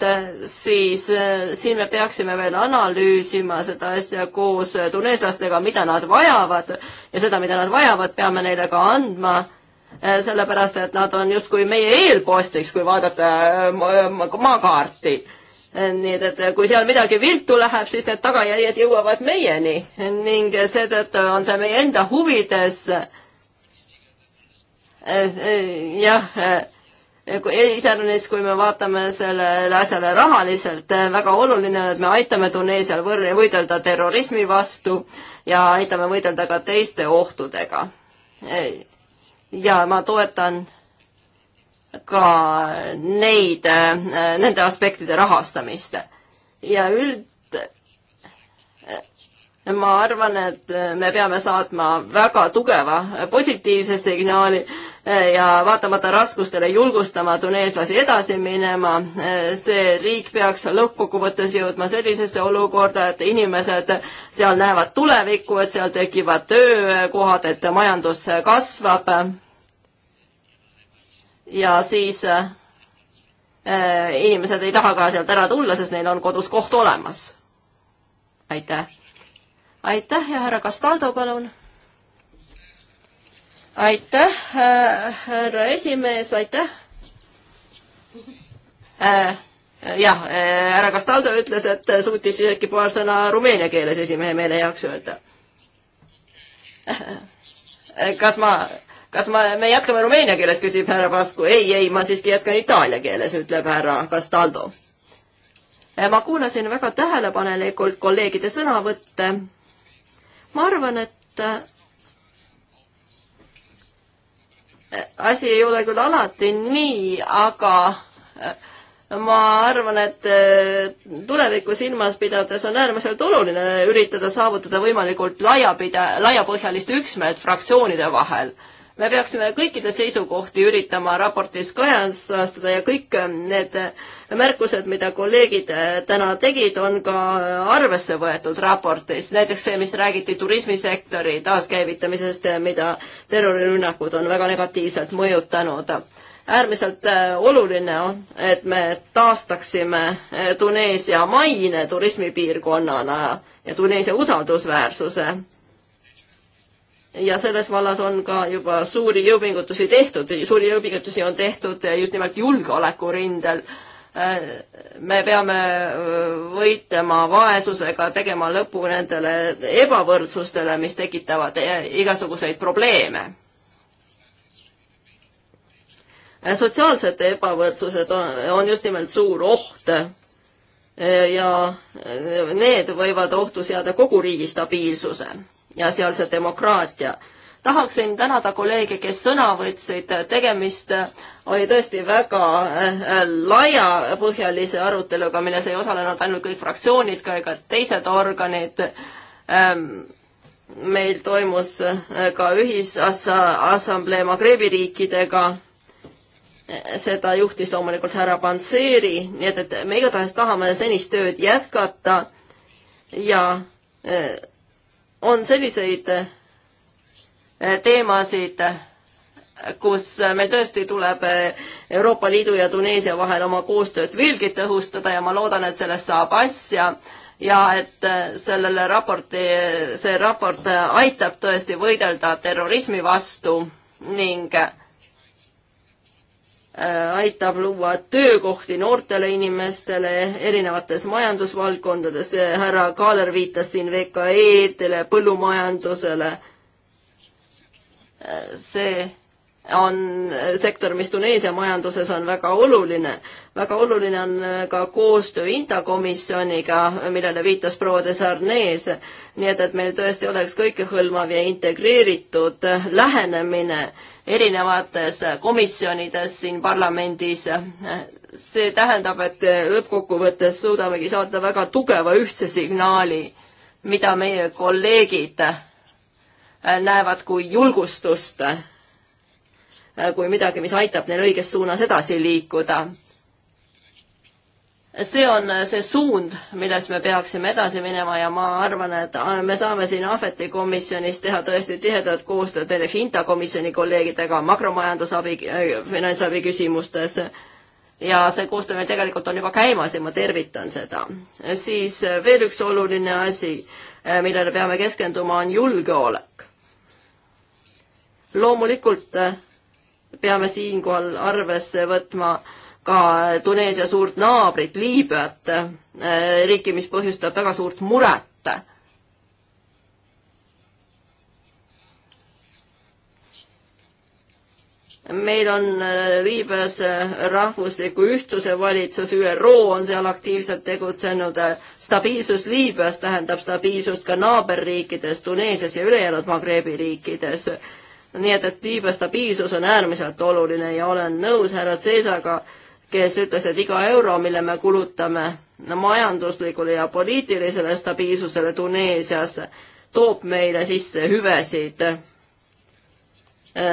D: siis äh, siin me peaksime veel analüüsima seda asja koos äh, tuneeslastega, mida nad vajavad ja seda, mida nad vajavad, peame neile ka andma, äh, sellepärast et nad on justkui meie eelpostiks, kui vaadata maakaarti. nii et, et kui seal midagi viltu läheb, siis need tagajärjed jõuavad meieni ning seetõttu on see meie enda huvides jah iseäranis, kui me vaatame sellele asjale rahaliselt, eh, väga oluline, et me aitame Tuneesial võr-, võidelda terrorismi vastu ja aitame võidelda ka teiste ohtudega. Eh, ja ma toetan ka neid, eh, nende aspektide rahastamist. ja üld-, ma arvan, et me peame saatma väga tugeva positiivse signaali eh, ja vaatamata raskustele julgustama tuneeslasi edasi minema. Eh, see riik peaks lõppkokkuvõttes jõudma sellisesse olukorda, et inimesed seal näevad tulevikku, et seal tekivad töökohad, et majandus kasvab. ja siis eh, inimesed ei taha ka sealt ära tulla, sest neil on kodus koht olemas. aitäh aitäh ja härra Castaldo, palun. aitäh, härra esimees, aitäh äh,. jah, äh, härra Castaldo ütles, et suutis isegi paar sõna rumeenia keeles esimehe meele heaks öelda. kas ma, kas ma, me jätkame rumeenia keeles, küsib härra Pasku. ei, ei, ma siiski jätkan itaalia keeles, ütleb härra Castaldo äh, ma kuulasin väga tähelepanelikult kolleegide sõnavõtte ma arvan, et äh, asi ei ole küll alati nii, aga äh, ma arvan, et äh, tulevikku silmas pidades on äärmiselt oluline üritada saavutada võimalikult laiapide, laiapõhjalist üksmeelt fraktsioonide vahel me peaksime kõikide seisukohti üritama raportis kajastada ja kõik need märkused, mida kolleegid täna tegid, on ka arvesse võetud raportis. näiteks see, mis räägiti turismisektori taaskäivitamisest, mida terrorirünnakud on väga negatiivselt mõjutanud äärmiselt oluline on, et me taastaksime Tuneesia maine turismipiirkonnana ja Tuneesia usaldusväärsuse ja selles vallas on ka juba suuri jõupingutusi tehtud, suuri jõupingutusi on tehtud just nimelt julgeolekurindel. me peame äh, võitlema vaesusega, tegema lõpu nendele ebavõrdsustele, mis tekitavad äh, igasuguseid probleeme. Äh, sotsiaalsed ebavõrdsused on, on just nimelt suur oht ja need võivad ohtu seada kogu riigi stabiilsuse ja sealse demokraatia. tahaksin tänada kolleege, kes sõna võtsid, tegemist oli tõesti väga äh, laiapõhjalise aruteluga, milles ei osalenud ainult kõik fraktsioonid, ka ega teised organid ähm, meil toimus äh, ka ühisassamblee Magrebi riikidega. seda juhtis loomulikult härra Panseri, nii et, et me igatahes tahame senist tööd jätkata ja äh, on selliseid eh, teemasid, kus meil tõesti tuleb eh, Euroopa Liidu ja Tuneesia vahel oma koostööd veelgi tõhustada ja ma loodan, et sellest saab asja ja et eh, sellele raporti, see raport aitab tõesti võidelda terrorismi vastu ning äh, Äh, aitab luua töökohti noortele inimestele erinevates majandusvaldkondades, äh, härra Kaaler viitas siin VKE-dele, põllumajandusele. Äh, see on sektor, mis Tuneesia majanduses on väga oluline. väga oluline on ka koostöö Inta komisjoniga, millele viitas proua de Sarnes. nii et, et meil tõesti oleks kõikehõlmav ja integreeritud lähenemine erinevates komisjonides siin parlamendis. see tähendab, et lõppkokkuvõttes suudamegi saata väga tugeva ühtse signaali, mida meie kolleegid näevad kui julgustust, kui midagi, mis aitab neil õiges suunas edasi liikuda see on see suund, milles me peaksime edasi minema ja ma arvan, et äh, me saame siin Ahveti komisjonis teha tõesti tihedat koostööd näiteks Inta komisjoni kolleegidega makromajandusabi, äh, finantsabi küsimustes. ja see koostöö meil tegelikult on juba käimas ja ma tervitan seda. siis veel üks oluline asi, äh, millele peame keskenduma, on julgeolek. loomulikult peame siinkohal arvesse võtma äh, ka Tuneesia suurt naabrit Liibüat, äh, riiki, mis põhjustab väga suurt muret. meil on äh, Liibüas äh, rahvusliku ühtsuse valitsus, ÜRO on seal aktiivselt tegutsenud. stabiilsus Liibüas tähendab stabiilsust ka naaberriikides, Tuneesias ja ülejäänud Magrebi riikides nii et, et Liibüa stabiilsus on äärmiselt oluline ja olen nõus härra Ceesaga, kes ütles, et iga euro, mille me kulutame majanduslikule ja poliitilisele stabiilsusele Tuneesias, toob meile sisse hüvesid,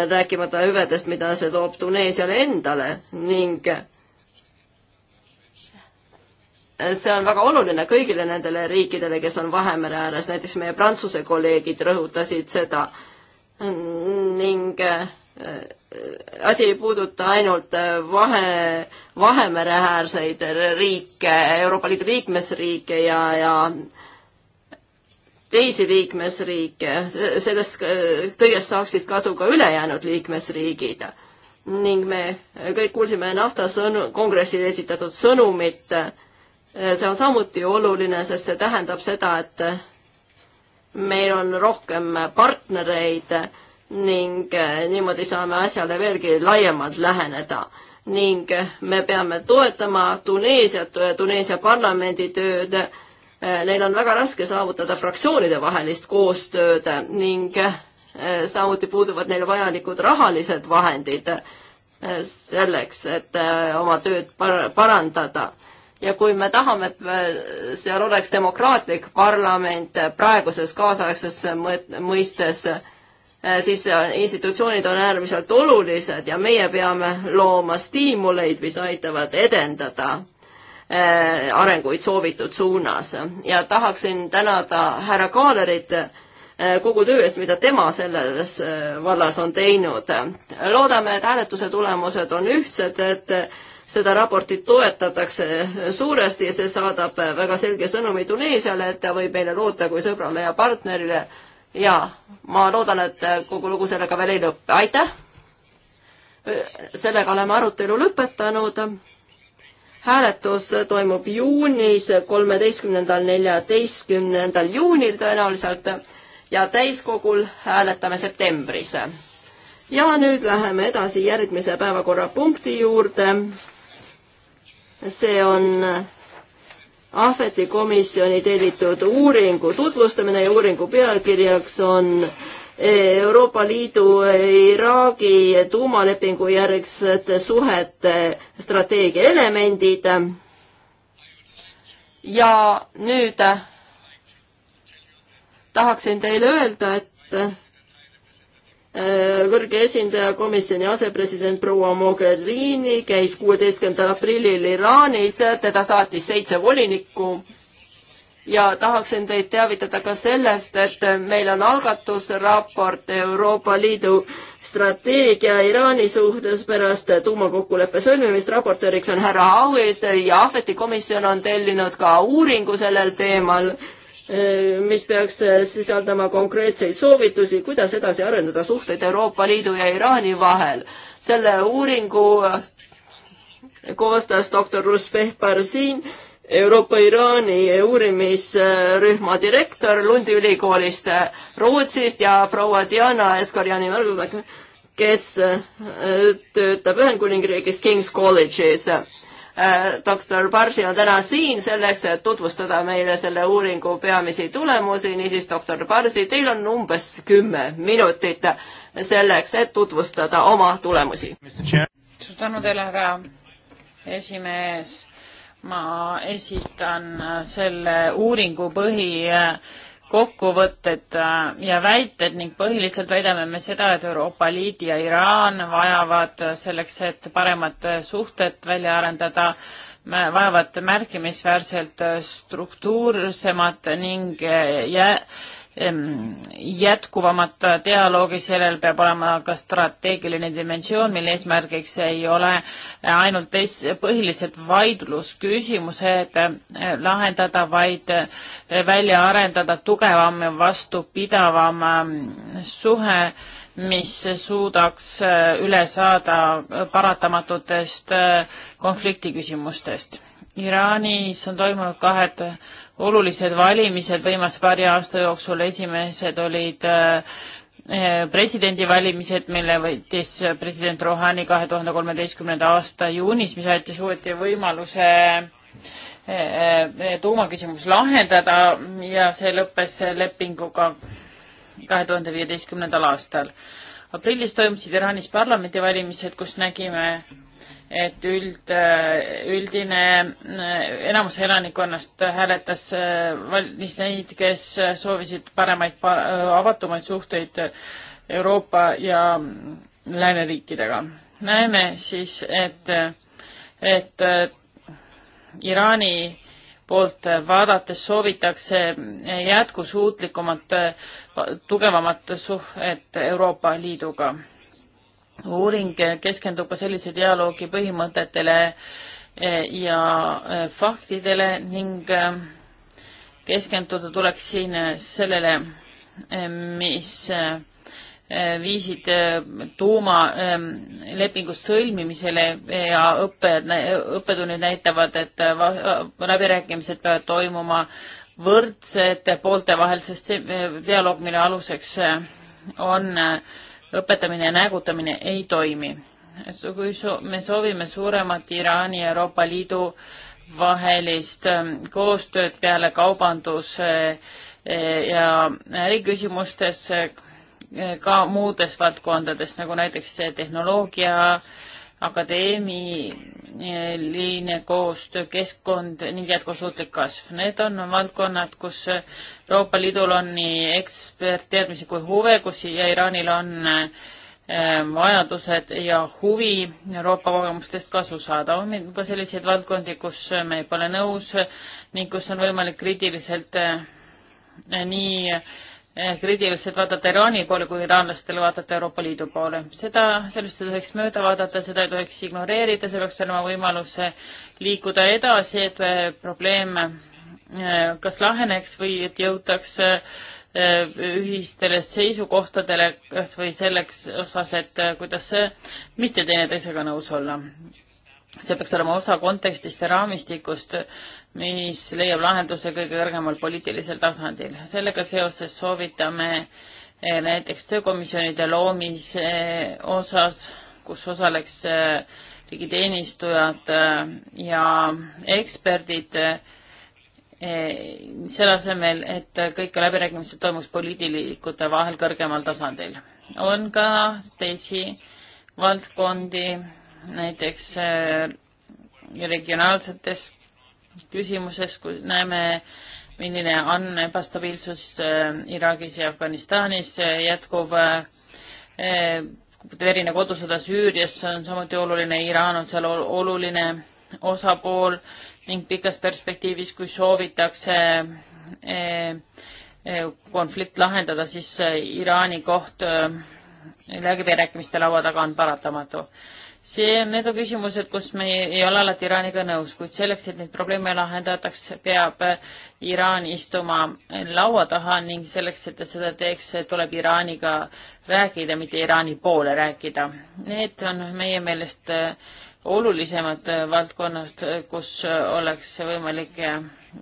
D: rääkimata hüvedest, mida see toob Tuneesiale endale ning see on väga oluline kõigile nendele riikidele, kes on Vahemere ääres, näiteks meie Prantsuse kolleegid rõhutasid seda, ning äh, äh, asi ei puuduta ainult äh, vahe, Vahemereäärseid riike, Euroopa Liidu liikmesriike ja, ja teisi liikmesriike, sellest kõigest saaksid kasu ka ülejäänud liikmesriigid. ning me kõik kuulsime nafta sõnu, kongressil esitatud sõnumit, see on samuti oluline, sest see tähendab seda, et meil on rohkem partnereid ning eh, niimoodi saame asjale veelgi laiemalt läheneda ning eh, me peame toetama Tuneesiat, eh, Tuneesia parlamendi tööd. Neil on väga raske saavutada fraktsioonide vahelist koostööd ning samuti puuduvad neil vajalikud rahalised vahendid selleks, et oma tööd par parandada ja kui me tahame, et äh, seal oleks demokraatlik parlament äh, praeguses kaasaegses mõistes, äh, siis institutsioonid on äärmiselt olulised ja meie peame looma stiimuleid, mis aitavad edendada arenguid soovitud suunas ja tahaksin tänada härra Kaalerit kogu töö eest, mida tema selles vallas on teinud. loodame, et hääletuse tulemused on ühtsed, et seda raportit toetatakse suuresti ja see saadab väga selge sõnumi Tuneesiale, et ta võib meile loota kui sõbrale ja partnerile. ja ma loodan, et kogu lugu sellega veel ei lõppe, aitäh! sellega oleme arutelu lõpetanud. hääletus toimub juunis, kolmeteistkümnendal, neljateistkümnendal juunil tõenäoliselt ja täiskogul hääletame septembris ja nüüd läheme edasi järgmise päevakorrapunkti juurde see on Ahveti komisjoni tellitud uuringu tutvustamine ja uuringu pealkirjaks on Euroopa Liidu Iraagi tuumalepingu järgsete suhete strateegia elemendid. ja nüüd tahaksin teile öelda, et Äh, kõrge esindaja, komisjoni asepresident proua Mogherini käis kuueteistkümnendal aprillil Iraanis, teda saatis seitse volinikku ja tahaksin teid teavitada ka sellest, et meil on algatusraport Euroopa Liidu strateegia Iraani suhtes pärast tuumakokkuleppe sõlmimist. raportööriks on härra Auid ja Ahveti komisjon on tellinud ka uuringu sellel teemal Äh, mis peaks äh, sisaldama konkreetseid soovitusi, kuidas edasi arendada suhteid Euroopa Liidu ja Iraani vahel. selle uuringu äh, koostas doktor Ruspeh Barsin, Euroopa-Iraani uurimisrühma direktor Lundi ülikoolist Rootsist ja proua Diana Eskarjani märgusega, kes töötab Ühendkuningriigis King's College'is Äh, doktor Barsi on täna siin selleks, et tutvustada meile selle uuringu peamisi tulemusi, niisiis doktor Barsi, teil on umbes kümme minutit selleks, et tutvustada oma tulemusi.
B: suur tänu teile, härra esimees. ma esitan selle uuringu põhi äh, kokkuvõtted äh, ja väited ning põhiliselt väidame me seda, et Euroopa Liit ja Iraan vajavad selleks, et paremad suhted välja arendada, vajavad märkimisväärselt struktuursemat ning äh, jä-, jätkuvamat dialoogi, sellel peab olema ka strateegiline dimensioon, mille eesmärgiks ei ole ainult teis-, põhilised vaidlusküsimused eh, lahendada, vaid eh, välja arendada tugevam ja vastupidavam mm, suhe, mis suudaks eh, üle saada paratamatutest konfliktiküsimustest. Iraanis on toimunud kahed olulised valimised viimase paari aasta jooksul, esimesed olid äh, äh, presidendivalimised, mille võitis äh, president Rohani kahe tuhande kolmeteistkümnenda aasta juunis, mis andis uuesti võimaluse tuumaküsimus lahendada ja see lõppes lepinguga kahe tuhande viieteistkümnendal aastal. aprillis toimusid Iraanis parlamendivalimised, kus nägime et üld, äh, üldine, äh, enamus elanikkonnast hääletas äh, valis neid, kes soovisid paremaid, avatumaid suhteid Euroopa ja lääneriikidega. näeme siis, et, et Iraani poolt vaadates soovitakse jätkusuutlikumat, tugevamat suhet Euroopa Liiduga uuring keskendub ka sellise dialoogi põhimõtetele eh, ja eh, faktidele ning eh, keskenduda tuleks siin sellele, mis viisid tuumalepingust sõlmimisele ja õppe, õppetunnid näitavad, et läbirääkimised peavad toimuma võrdsete poolte vahel, sest see dialoog, mille aluseks on äh, õpetamine ja näägutamine ei toimi. kui me soovime suuremat Iraani ja Euroopa Liidu vahelist ähm, koostööd peale kaubanduse äh, äh, ja äriküsimustes äh, ka muudes valdkondades, nagu näiteks tehnoloogia, akadeemi, liine, koostöö, keskkond ning jätkusuutlik kasv. Need on valdkonnad, kus Euroopa Liidul on nii ekspertteadmisi kui huve, kus ja Iraanil on eh, vajadused ja huvi Euroopa kogemustest kasu saada. on ka selliseid valdkondi, kus me pole nõus ning kus on võimalik kriitiliselt eh, nii Eh, kriitiliselt vaadata Iraani poole, kui iraanlastel vaadata Euroopa Liidu poole. seda, sellest ei tohiks mööda vaadata, seda ei tohiks ignoreerida, see peaks olema võimalus liikuda edasi, et eh, probleem eh, kas laheneks või et jõutaks ühistele seisukohtadele kas või selleks osas, et kuidas mitte teineteisega nõus olla see peaks olema osa kontekstist ja raamistikust, mis leiab lahenduse kõige kõrgemal poliitilisel tasandil. sellega seoses soovitame eh, näiteks töökomisjonide loomise eh, osas, kus osaleks eh, riigiteenistujad ja eksperdid, selle asemel, et kõik läbirääkimised toimuks poliitilikute vahel kõrgemal tasandil. on ka teisi valdkondi, näiteks äh, regionaalsetes küsimuses, kui näeme, milline on ebastabiilsus äh, Iraagis ja Afganistanis, äh, jätkuv verine kodusõda Süürias on samuti oluline, Iraan on seal oluline osapool ning pikas perspektiivis, kui soovitakse konflikt lahendada, siis Iraani koht läbirääkimiste laua taga on paratamatu see, need on küsimused, kus me ei ole alati Iraaniga nõus, kuid selleks, et neid probleeme lahendataks, peab äh, Iraan istuma laua taha ning selleks, et ta seda teeks, tuleb Iraaniga rääkida, mitte Iraani poole rääkida. Need on meie meelest äh, olulisemad äh, valdkonnad, kus oleks võimalik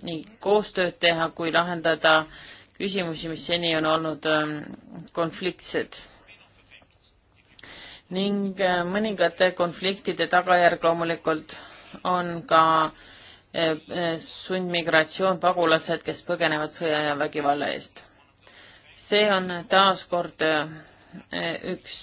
B: nii koostööd teha kui lahendada küsimusi, mis seni on olnud ähm, konfliktsed ning äh, mõningate konfliktide tagajärg loomulikult on ka äh, äh, sundmigratsioon, pagulased, kes põgenevad sõja ja vägivalla eest. see on taaskord üks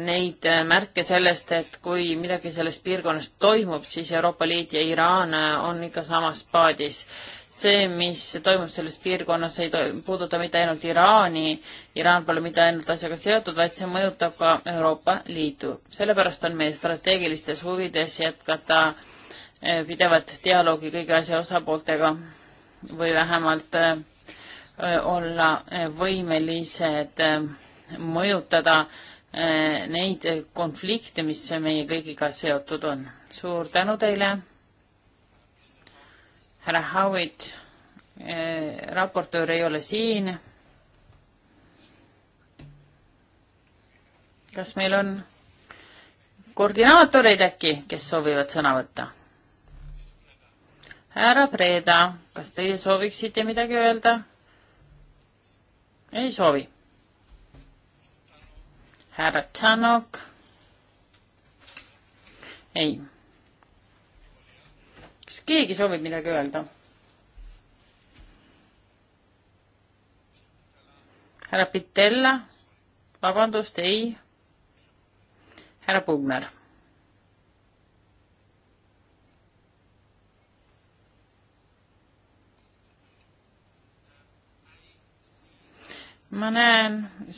B: neid märke sellest, et kui midagi selles piirkonnas toimub, siis Euroopa Liit ja Iraan on ikka samas paadis see, mis toimub selles piirkonnas, ei puuduta mitte ainult Iraani, Iraan pole mitte ainult asjaga seotud, vaid see mõjutab ka Euroopa Liitu. sellepärast on meie strateegilistes huvides jätkata eh, pidevat dialoogi kõigi asja osapooltega või vähemalt eh, olla eh, võimelised mõjutada neid konflikte, mis meie kõigiga seotud on. suur tänu teile härra Howitt, eh, raportöör ei ole siin. kas meil on koordinaatoreid äkki, kes soovivad sõna võtta? härra Preeda, kas teie sooviksite midagi öelda? ei soovi. härra Tšanok? ei kas keegi soovib midagi öelda? härra Pitella, vabandust, ei. härra Pugner. ma näen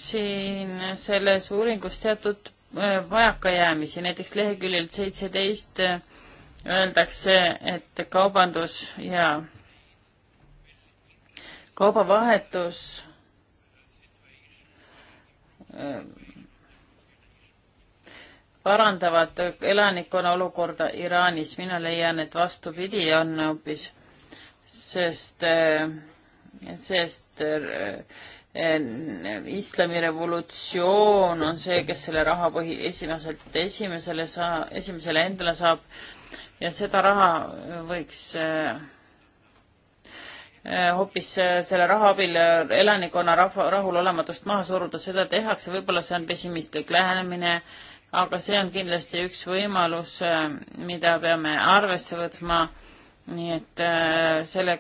B: siin selles uuringus teatud äh, vajakajäämisi, näiteks leheküljelt seitseteist 17 äh, öeldakse, et kaubandus ja kaubavahetus äh, parandavad elanikkonna olukorda Iraanis. mina leian, et vastupidi on hoopis, sest, äh, sest äh, islamirevolutsioon on see, kes selle raha põhi, esimeselt esimesele saa-, esimesele endale saab ja seda raha võiks äh, äh, hoopis äh, selle raha abil elanikkonna rahva, rahulolematust maha suruda, seda tehakse, võib-olla see on pessimistlik lähenemine, aga see on kindlasti üks võimalus, mida peame arvesse võtma, nii et selle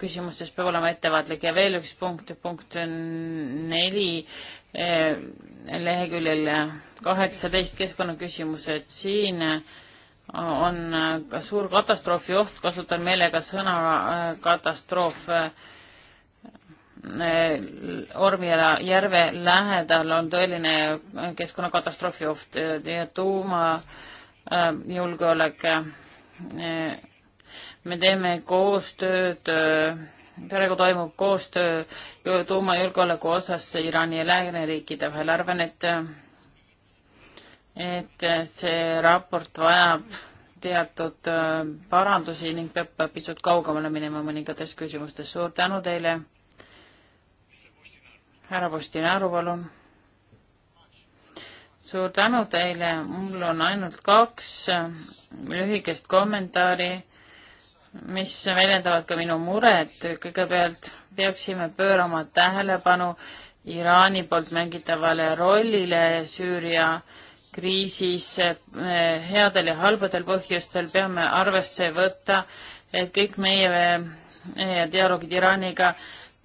B: küsimuses peab olema ettevaatlik ja veel üks punkt, punkt neli leheküljel kaheksateist keskkonnaküsimused siin äh, on ka äh, suur katastroofi oht, kasutan meelega sõna äh, katastroof. Äh, Ormiala järve lähedal on tõeline keskkonnakatastroofi oht ja tuumajulgeolek. me teeme koostööd, praegu toimub koostöö tuumajulgeoleku osas Iraani ja lääneriikide vahel, arvan, et et see raport vajab teatud äh, parandusi ning peab pisut kaugemale minema mõningates küsimustes. suur tänu teile. härra Postinaru, palun. suur tänu teile, mul on ainult kaks äh, lühikest kommentaari, mis väljendavad ka minu muret. kõigepealt peaksime pöörama tähelepanu Iraani poolt mängitavale rollile Süüria äh, kriisis eh, headel ja halbadel põhjustel peame arvesse võtta, et kõik meie dialoogid Iraaniga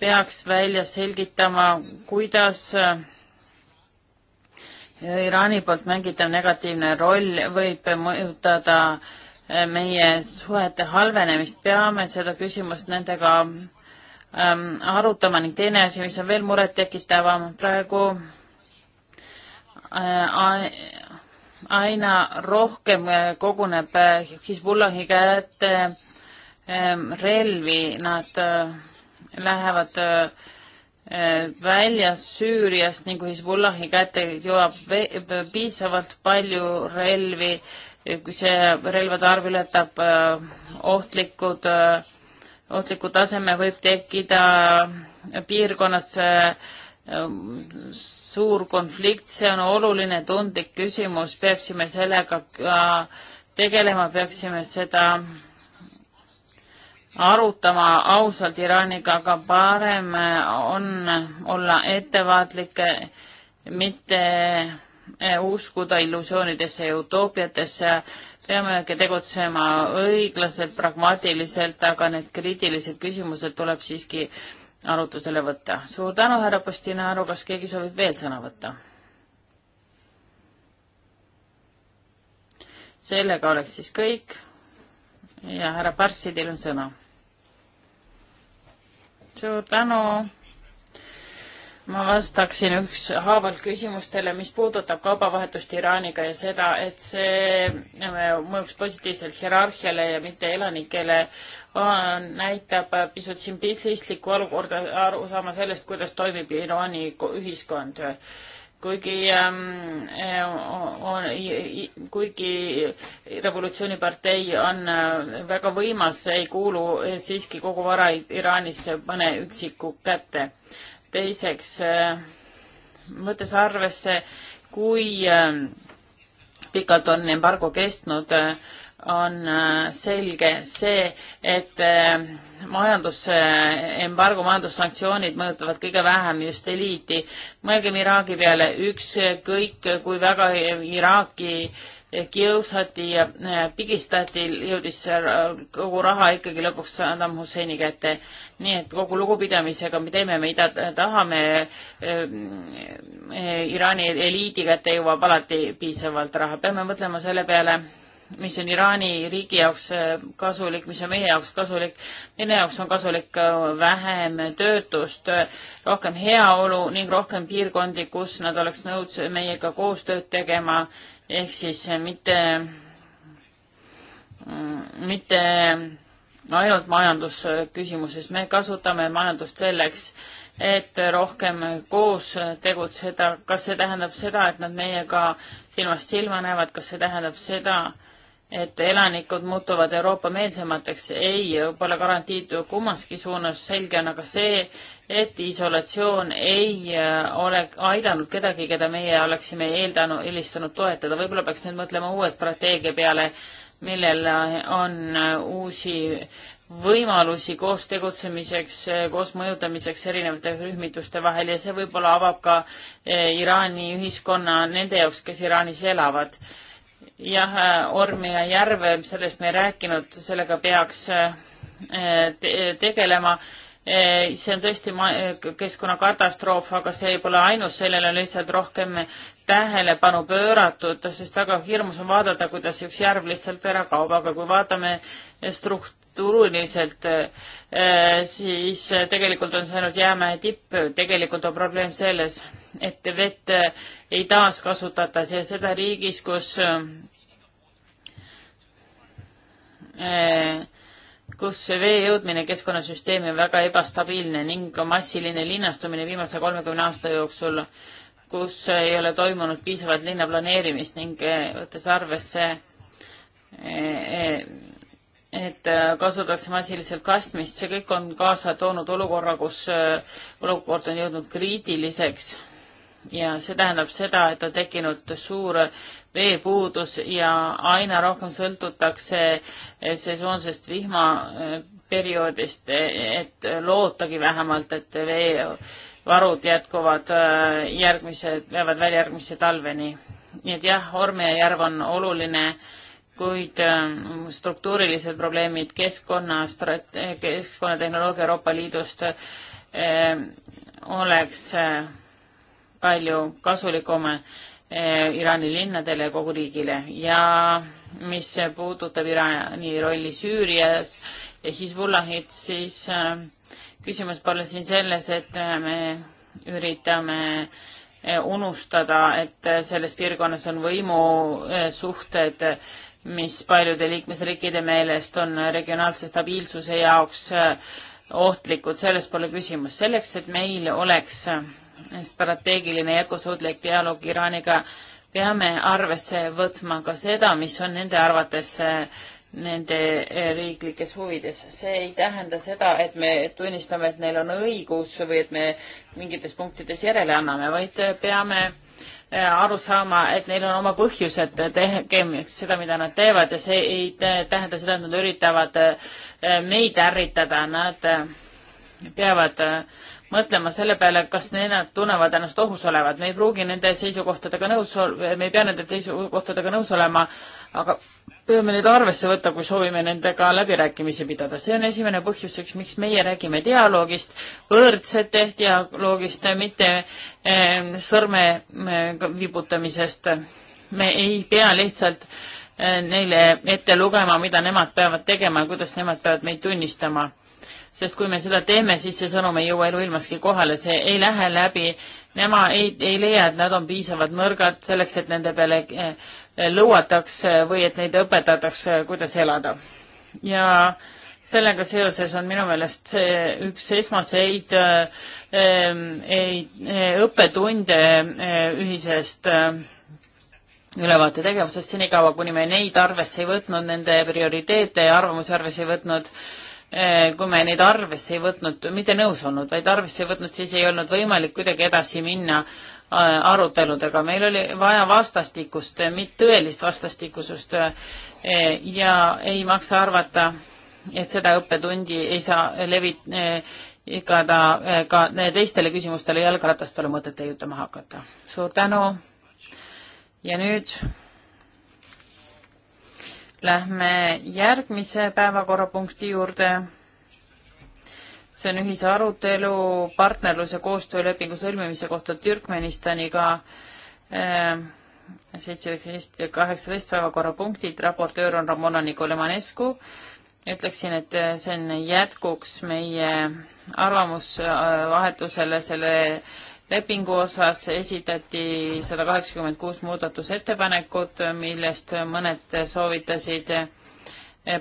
B: peaks välja selgitama, kuidas eh, Iraani poolt mängitav negatiivne roll võib mõjutada eh, meie suhete halvenemist, peame seda küsimust nendega ähm, arutama ning teine asi, mis on veel murettekitavam, praegu Äh, aina rohkem äh, koguneb Hezbollahi äh, kätte ähm, relvi, nad lähevad välja Süüriast ning Hezbollahi kätte jõuab piisavalt palju relvi, kui see relvade arv ületab ohtlikud, ohtliku taseme, võib tekkida piirkonnas suur konflikt, see on oluline tundlik küsimus, peaksime sellega tegelema, peaksime seda arutama ausalt Iraaniga, aga parem on olla ettevaatlik, mitte uskuda illusioonidesse ja utoopiatesse, peamegi tegutsema õiglaselt, pragmaatiliselt, aga need kriitilised küsimused tuleb siiski äh, arutusele võtta. suur tänu, härra Postinaru, kas keegi soovib veel sõna võtta? sellega oleks siis kõik ja härra Parssidil on sõna. suur tänu ma vastaksin ükshaaval küsimustele, mis puudutab kaubavahetust Iraaniga ja seda, et see äh, mõjuks positiivselt hierarhiale ja mitte elanikele, näitab pisut simplistlikku olukorda, arusaama sellest, kuidas toimib Iraani ühiskond kuigi ähm, äh, on, kuigi revolutsioonipartei on äh, väga võimas, ei kuulu siiski kogu vara Iraanis mõne üksiku kätte teiseks, äh, võttes arvesse, kui äh, pikalt on embargo kestnud, äh, on selge see, et majandusembargo, majandussanktsioonid mõjutavad kõige vähem just eliiti. mõelgem Iraagi peale, ükskõik kui väga Iraaki Eh, kiusati ja eh, pigistati, jõudis eh, kogu raha ikkagi lõpuks Saddam Husseini kätte. nii et kogu lugupidamisega me teeme, mida tahame, Iraani eliidi kätte jõuab alati piisavalt raha. peame mõtlema selle peale, mis on Iraani riigi jaoks kasulik, mis on meie jaoks kasulik. meie jaoks on kasulik vähem töötust, rohkem heaolu ning rohkem piirkondi, kus nad oleks nõus meiega koostööd tegema ehk siis eh, mitte, mm, mitte ainult majandusküsimuses, me kasutame majandust selleks, et rohkem koos tegutseda, kas see tähendab seda, et nad meiega silmast silma näevad, kas see tähendab seda, et elanikud muutuvad Euroopa meelsemateks, ei, pole garantiid kummaski suunas, selge on aga see, et isolatsioon ei äh, ole aidanud kedagi, keda meie oleksime eeldanud, eelistanud toetada, võib-olla peaks nüüd mõtlema uue strateegia peale, millel äh, on äh, uusi võimalusi koos tegutsemiseks, koos mõjutamiseks erinevate rühmituste vahel ja see võib-olla avab ka Iraani ühiskonna nende jaoks, kes Iraanis elavad jah, ormi ja järve, sellest me ei rääkinud, sellega peaks eh, tegelema. Eh, see on tõesti keskkonnakatastroof, aga see pole ainus, sellele on lihtsalt rohkem tähelepanu pööratud, sest väga hirmus on vaadata, kuidas üks järv lihtsalt ära kaob, aga kui vaatame struktuuriliselt, eh, siis tegelikult on see ainult jäämäe tipp, tegelikult on probleem selles et vett äh, ei taaskasutata ja seda riigis, kus äh, äh, kus vee jõudmine keskkonnasüsteemi on väga ebastabiilne ning massiline linnastumine viimase kolmekümne aasta jooksul, kus ei ole toimunud piisavalt linnaplaneerimist ning võttes arvesse, et kasutatakse massiliselt kastmist, see kõik on kaasa toonud olukorra, kus olukord on jõudnud kriitiliseks ja see tähendab seda, et on tekkinud suur veepuudus ja aina rohkem sõltutakse sesoonsest vihmaperioodist, eh, eh, et lootagi vähemalt, et veevarud jätkuvad eh, järgmise, jäävad välja järgmise talveni. nii et jah, Ormia järv on oluline, kuid struktuurilised probleemid keskkonna, keskkonnatehnoloogia Euroopa Liidust oleks palju kasulikum eh, Iraani linnadele ja kogu riigile ja mis puudutab Iraani rolli Süürias ja Hezbollahit, siis eh, küsimus pole siin selles, et me üritame eh, unustada, et selles piirkonnas on võimusuhted, mis paljude liikmesriikide meelest on regionaalse stabiilsuse jaoks ohtlikud, selles pole küsimus. selleks, et meil oleks strateegiline jätkusuutlik dialoog Iraaniga, peame arvesse võtma ka seda, mis on nende arvates äh, nende äh, riiklikes huvides. see ei tähenda seda, et me tunnistame, et neil on õigus või et me mingites punktides järele anname, vaid äh, peame aru saama, et neil on oma põhjused tegemiseks seda, mida nad teevad ja see ei tähenda seda, et nad üritavad meid ärritada, nad peavad mõtlema selle peale, kas nad tunnevad ennast ohus olevat. me ei pruugi nende seisukohtadega nõus, me ei pea nende seisukohtadega nõus olema, aga peame neid arvesse võtta, kui soovime nendega läbirääkimisi pidada. see on esimene põhjuseks, miks meie räägime dialoogist, võrdsete dialoogist, mitte eh, sõrme eh, vibutamisest. me ei pea lihtsalt eh, neile ette lugema, mida nemad peavad tegema ja kuidas nemad peavad meid tunnistama sest kui me seda teeme, siis see sõnum ei jõua eluilmaski kohale, see ei lähe läbi. Nemad ei, ei leia, et nad on piisavalt nõrgad selleks, et nende peale eh, lõuataks või et neid õpetataks, eh, kuidas elada. ja sellega seoses on minu meelest see üks esmaseid eh, õppetunde ühisest ülevaate tegevusest senikaua, kuni me neid arvesse ei võtnud, nende prioriteete ja arvamusi arvesse ei võtnud Eh, kui me neid arvesse ei võtnud, mitte nõus olnud, vaid arvesse ei võtnud, siis ei olnud võimalik kuidagi edasi minna äh, aruteludega, meil oli vaja vastastikust, eh, tõelist vastastikusust eh, ja ei maksa arvata, et seda õppetundi ei saa levit-, ega ta ka teistele küsimustele jalgratast pole mõtet leiutama hakata. suur tänu ja nüüd Lähme järgmise päevakorrapunkti juurde. see on ühise arutelu partnerluse koostöölepingu sõlmimise kohta Türkmenistaniga. Äh, seitseteist ja kaheksateist päevakorrapunktid, raportöör on Ramona Nikolemanescu. ütleksin, et see on jätkuks meie arvamusvahetusele selle lepingu osas esitati sada kaheksakümmend kuus muudatusettepanekut, millest mõned soovitasid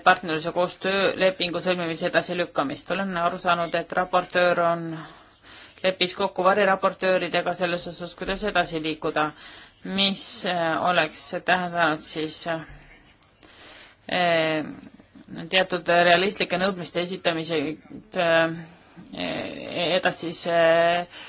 B: partnerluse koostöölepingu sõlmimise edasilükkamist. olen aru saanud, et raportöör on, leppis kokku variraportööridega selles osas, kuidas edasi liikuda, mis oleks tähendanud siis eh, teatud realistlike nõudmiste esitamised eh, edasise äh,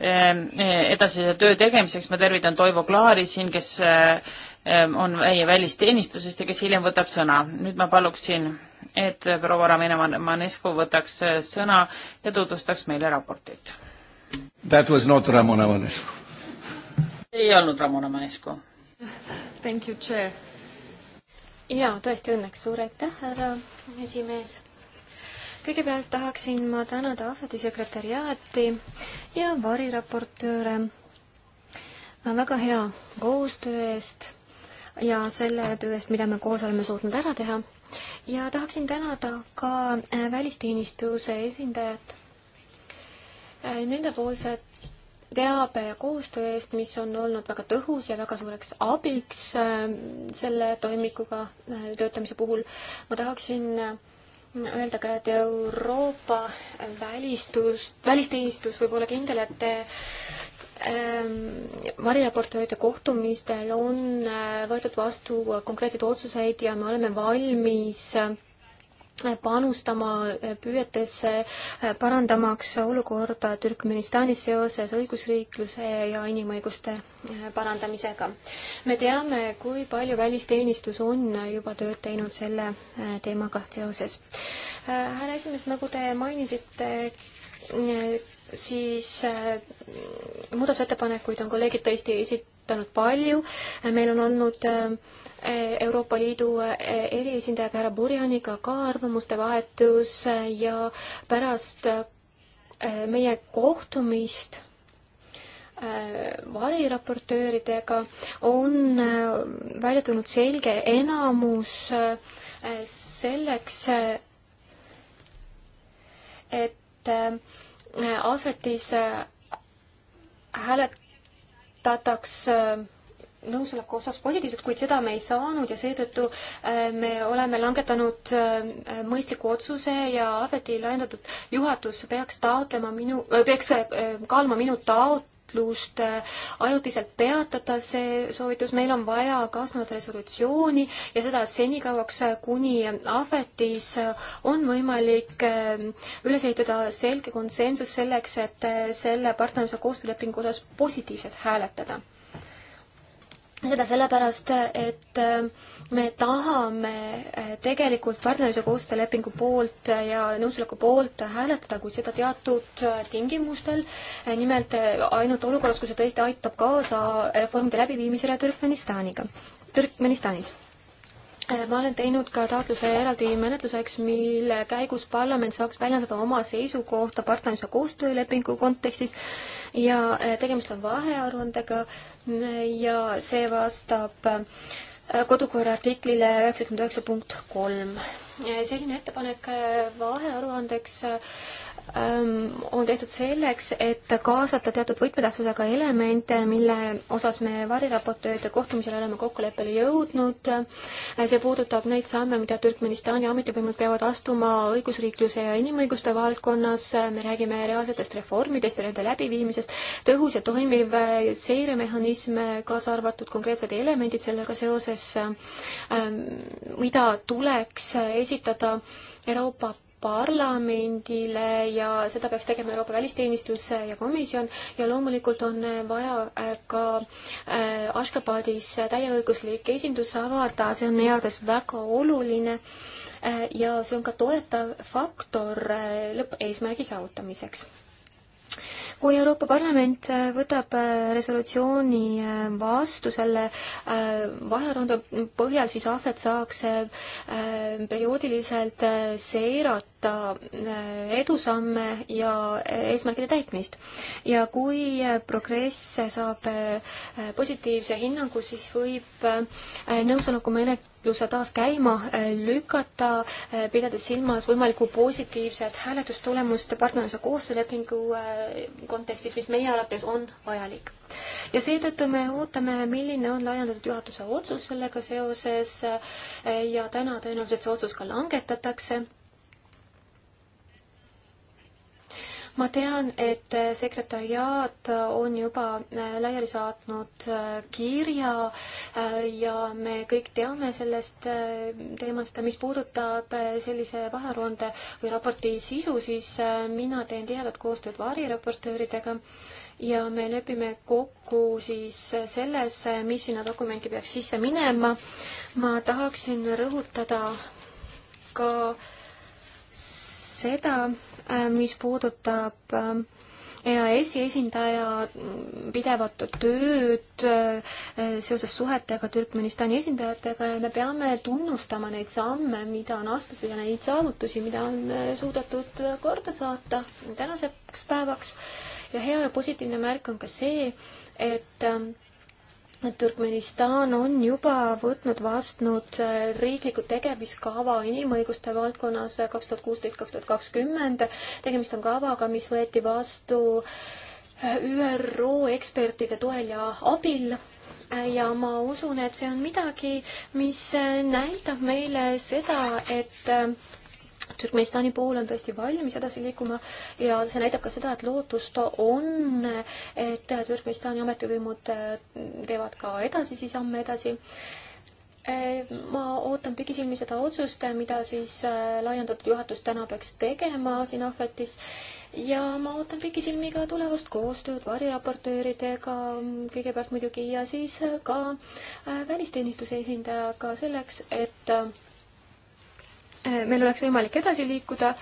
B: Ehm, eh, edasise töö tegemiseks ma tervitan Toivo Klaari siin, kes eh, ehm, on meie välisteenistusest ja kes hiljem võtab sõna. nüüd ma paluksin, et proua Ramina Manescu võtaks eh, sõna ja tutvustaks meile raportit.
A: That was not Ramona Manescu.
B: ei olnud Ramona Manescu.
C: Thank you, chair. jaa, tõesti õnneks, suur aitäh, härra esimees kõigepealt tahaksin ma tänada Ahveti sekretäriaati ja variraportööre väga hea koostöö eest ja selle töö eest, mida me koos oleme suutnud ära teha. ja tahaksin tänada ka äh, välisteenistuse esindajat äh, nendepoolse teabe ja koostöö eest, mis on olnud väga tõhus ja väga suureks abiks äh, selle toimikuga töötamise puhul. ma tahaksin öelda ka, et Euroopa välistus, välisteenistus võib olla kindel, et ähm, variraportööride kohtumistel on äh, võetud vastu konkreetseid otsuseid ja me oleme valmis äh, panustama püüetesse eh, parandamaks olukorda Türkmenistanis seoses õigusriikluse ja inimõiguste eh, parandamisega. me teame, kui palju välisteenistus on juba tööd teinud selle eh, teemaga seoses. härra esimees, nagu te mainisite, siis muudatusettepanekuid on kolleegid tõesti esitanud palju, meil on olnud Euroopa Liidu eh, eriesindajaga härra Burjaniga ka arvamuste vahetus eh, ja pärast eh, meie kohtumist variraportööridega on välja tulnud selge enamus selleks, et ahvetis hääletataks äh, nõusoleku osas positiivset, kuid seda me ei saanud ja seetõttu äh, me oleme langetanud äh, mõistliku otsuse ja Arveti laiendatud juhatus peaks taotlema minu, äh, peaks kaaluma minu taotlust ajutiselt peatada see soovitus, meil on vaja kaasnevat resolutsiooni ja seda senikauaks, kuni Ahvetis on võimalik üles ehitada selge konsensus selleks, et selle partnerluse koostöölepingu osas positiivselt hääletada seda sellepärast, et äh, me tahame äh, tegelikult partnerluse koostöölepingu poolt äh, ja nõusoleku poolt hääletada, kuid seda teatud tingimustel. nimelt ainult olukorras, kui see tõesti aitab kaasa reformide läbiviimisele Türkmenistaniga, Türkmenistanis. ma olen teinud ka taotluse eraldi menetluseks, mille käigus parlament saaks väljendada oma seisukohta partnerluse koostöölepingu kontekstis ja äh, tegemist on vahearuandega mm, ja see vastab äh, kodukorra artiklile üheksakümmend üheksa punkt kolm. Äh, selline ettepanek vahearuandeks on tehtud selleks, et kaasata teatud võtmetähtsusega elemente, mille osas me variraportööride kohtumisel oleme kokkuleppele jõudnud. see puudutab neid samme, mida Türkmenistani ametivõimud peavad astuma õigusriikluse ja inimõiguste valdkonnas. me räägime reaalsetest reformidest ja nende läbiviimisest, tõhus ja toimiv seiremehhanism, kaasa arvatud konkreetsed elemendid sellega seoses, mida tuleks esitada Euroopa parlamendile ja seda peaks tegema Euroopa Välisteenistus ja komisjon ja loomulikult on vaja äh, ka äh, Ashgabadis täieõiguslik esindus avada, see on meie arvates väga oluline äh, ja see on ka toetav faktor lõppeesmärgi saavutamiseks kui Euroopa Parlament äh, võtab äh, resolutsiooni äh, vastu selle vaheranda põhjal, siis ahvet saaks perioodiliselt seirata hinnata äh, edusamme ja eesmärkide täitmist. ja kui äh, progress saab äh, positiivse hinnangu, siis võib nõusoleku menetluse taas käima lükata, pidades silmas võimalikku positiivset hääletustulemust partnerluse koostöölepingu kontekstis, mis meie arvates on vajalik ja seetõttu me ootame, milline on laiendatud juhatuse otsus sellega seoses ja täna tõenäoliselt see otsus ka langetatakse ma tean, et sekretariaat on juba äh, laiali saatnud äh, kirja äh, ja me kõik teame sellest teemast, mis puudutab sellise vahearuande või raporti sisu, siis mina teen tihedat koostööd variraportööridega ja me lepime kokku siis selles, mis sinna dokumenti peaks sisse minema. ma tahaksin rõhutada ka seda, Äh, mis puudutab ähm, EAS-i esindaja mm, pidevat tööd äh, seoses suhetega Türkmenistani esindajatega ja me peame tunnustama neid samme, mida on astutud ja neid saavutusi, mida on äh, suudetud korda saata tänaseks päevaks. ja hea ja positiivne märk on ka see, et ähm, Türkmenistan on juba võtnud vastnud äh, riikliku tegevuskava inimõiguste valdkonnas kaks tuhat kuusteist, kaks tuhat kakskümmend. tegemist on kavaga, mis võeti vastu äh, ÜRO ekspertide toel ja abil äh, ja ma usun, et see on midagi, mis näitab meile seda, et Türkmenistani pool on tõesti valmis edasi liikuma ja see näitab ka seda, et lootust on, et Türkmenistani ametivõimud äh, teevad ka edasisi samme edasi. Äh, ma ootan pigisilmi seda otsust, mida siis äh, laiendatud juhatus täna peaks tegema siin ahvetis ja ma ootan pikisilmi ka tulevast koostööd variraportööridega kõigepealt muidugi ja siis ka välisteenistuse esindajaga selleks, et Äh, meil oleks võimalik edasi liikuda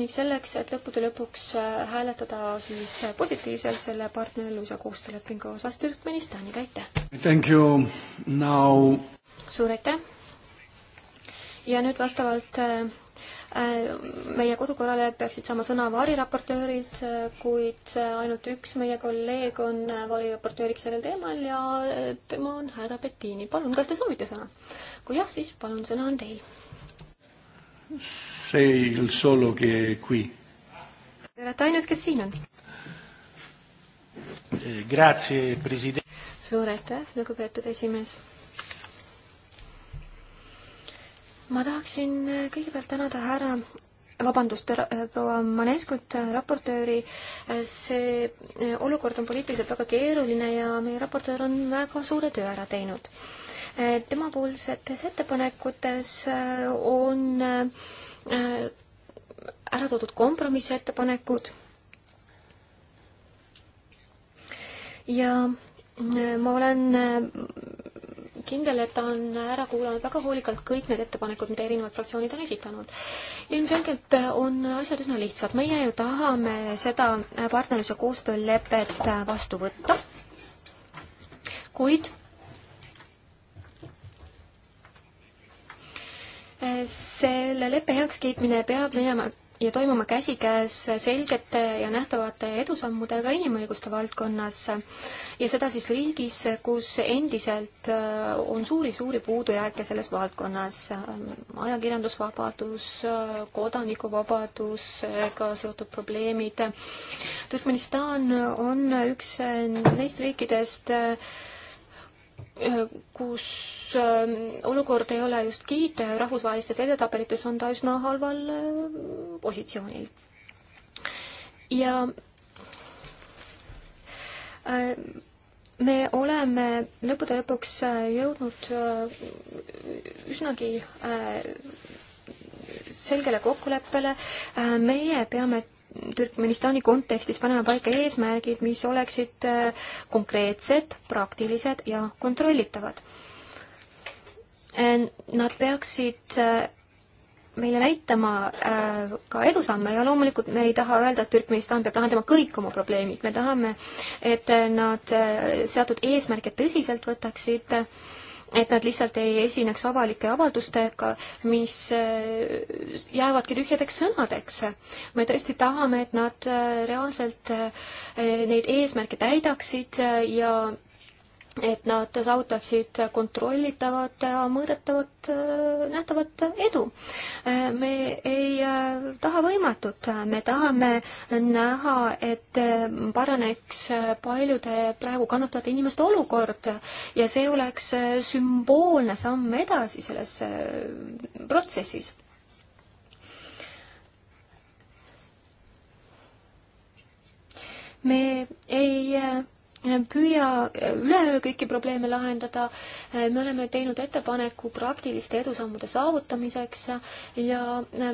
C: ning selleks, et lõppude lõpuks äh, hääletada siis äh, positiivselt selle partnerluse koostöölepingu osas Türkmenistaniga, aitäh!
A: Thank you, now
C: suur aitäh! ja nüüd vastavalt meie kodukorrale peaksid saama sõna variraportöörid, kuid ainult üks meie kolleeg on variraportööriks sellel teemal ja tema on härra Bettini. palun, kas te soovite sõna? kui jah, siis palun, sõna on teil
A: sei il solo che è qui.
C: Te olete ainus, kes siin on?
A: Grazie, president.
C: suur aitäh, lugupeetud esimees. ma tahaksin kõigepealt tänada härra vabandust, proua Maneskut, raportööri, eh, see eh, olukord on poliitiliselt väga keeruline ja meie raportöör on väga suure töö ära teinud temapoolsetes ettepanekutes äh, on äh, ära toodud kompromissettepanekud ja äh, ma olen kindel, et ta on ära kuulanud väga hoolikalt kõik need ettepanekud, mida erinevad fraktsioonid on esitanud. ilmselgelt on asjad üsna lihtsad, meie ju tahame seda partnerluse koostöölepet vastu võtta, kuid selle leppe heakskiitmine peab minema ja toimuma käsikäes selgete ja nähtavate edusammudega inimõiguste valdkonnas ja seda siis riigis, kus endiselt äh, on suuri-suuri puudujääke selles valdkonnas. ajakirjandusvabadus, äh, kodanikuvabadusega äh, seotud probleemid. Türkmenistan on üks neist riikidest, kus ähm, olukord ei ole just kiita ja äh, rahvusvahelistes edetabelites on ta üsna halval äh, positsioonil. ja äh, me oleme lõppude lõpuks jõudnud üsnagi selgele kokkuleppele. meie peame Türkmenistani kontekstis paneme paika eesmärgid, mis oleksid äh, konkreetsed, praktilised ja kontrollitavad. Äh, nad peaksid äh, meile näitama äh, ka edusamme ja loomulikult me ei taha öelda, et Türkmenistan peab lahendama kõik oma probleemid, me tahame, et nad äh, seatud eesmärke tõsiselt võtaksid äh, et nad lihtsalt ei esineks avalike avaldustega, mis äh, jäävadki tühjadeks sõnadeks. me tõesti tahame, et nad äh, reaalselt äh, neid eesmärke täidaksid ja et nad saavutaksid kontrollitavat, mõõdetavat, äh, nähtavat edu. Äh, me ei äh, taha võimatut, me tahame näha, et paraneks paljude praegu kannatavate inimeste olukord ja see oleks sümboolne samm edasi selles protsessis me ei püüa üleöö kõiki probleeme lahendada. me oleme teinud ettepaneku praktiliste edusammude saavutamiseks ja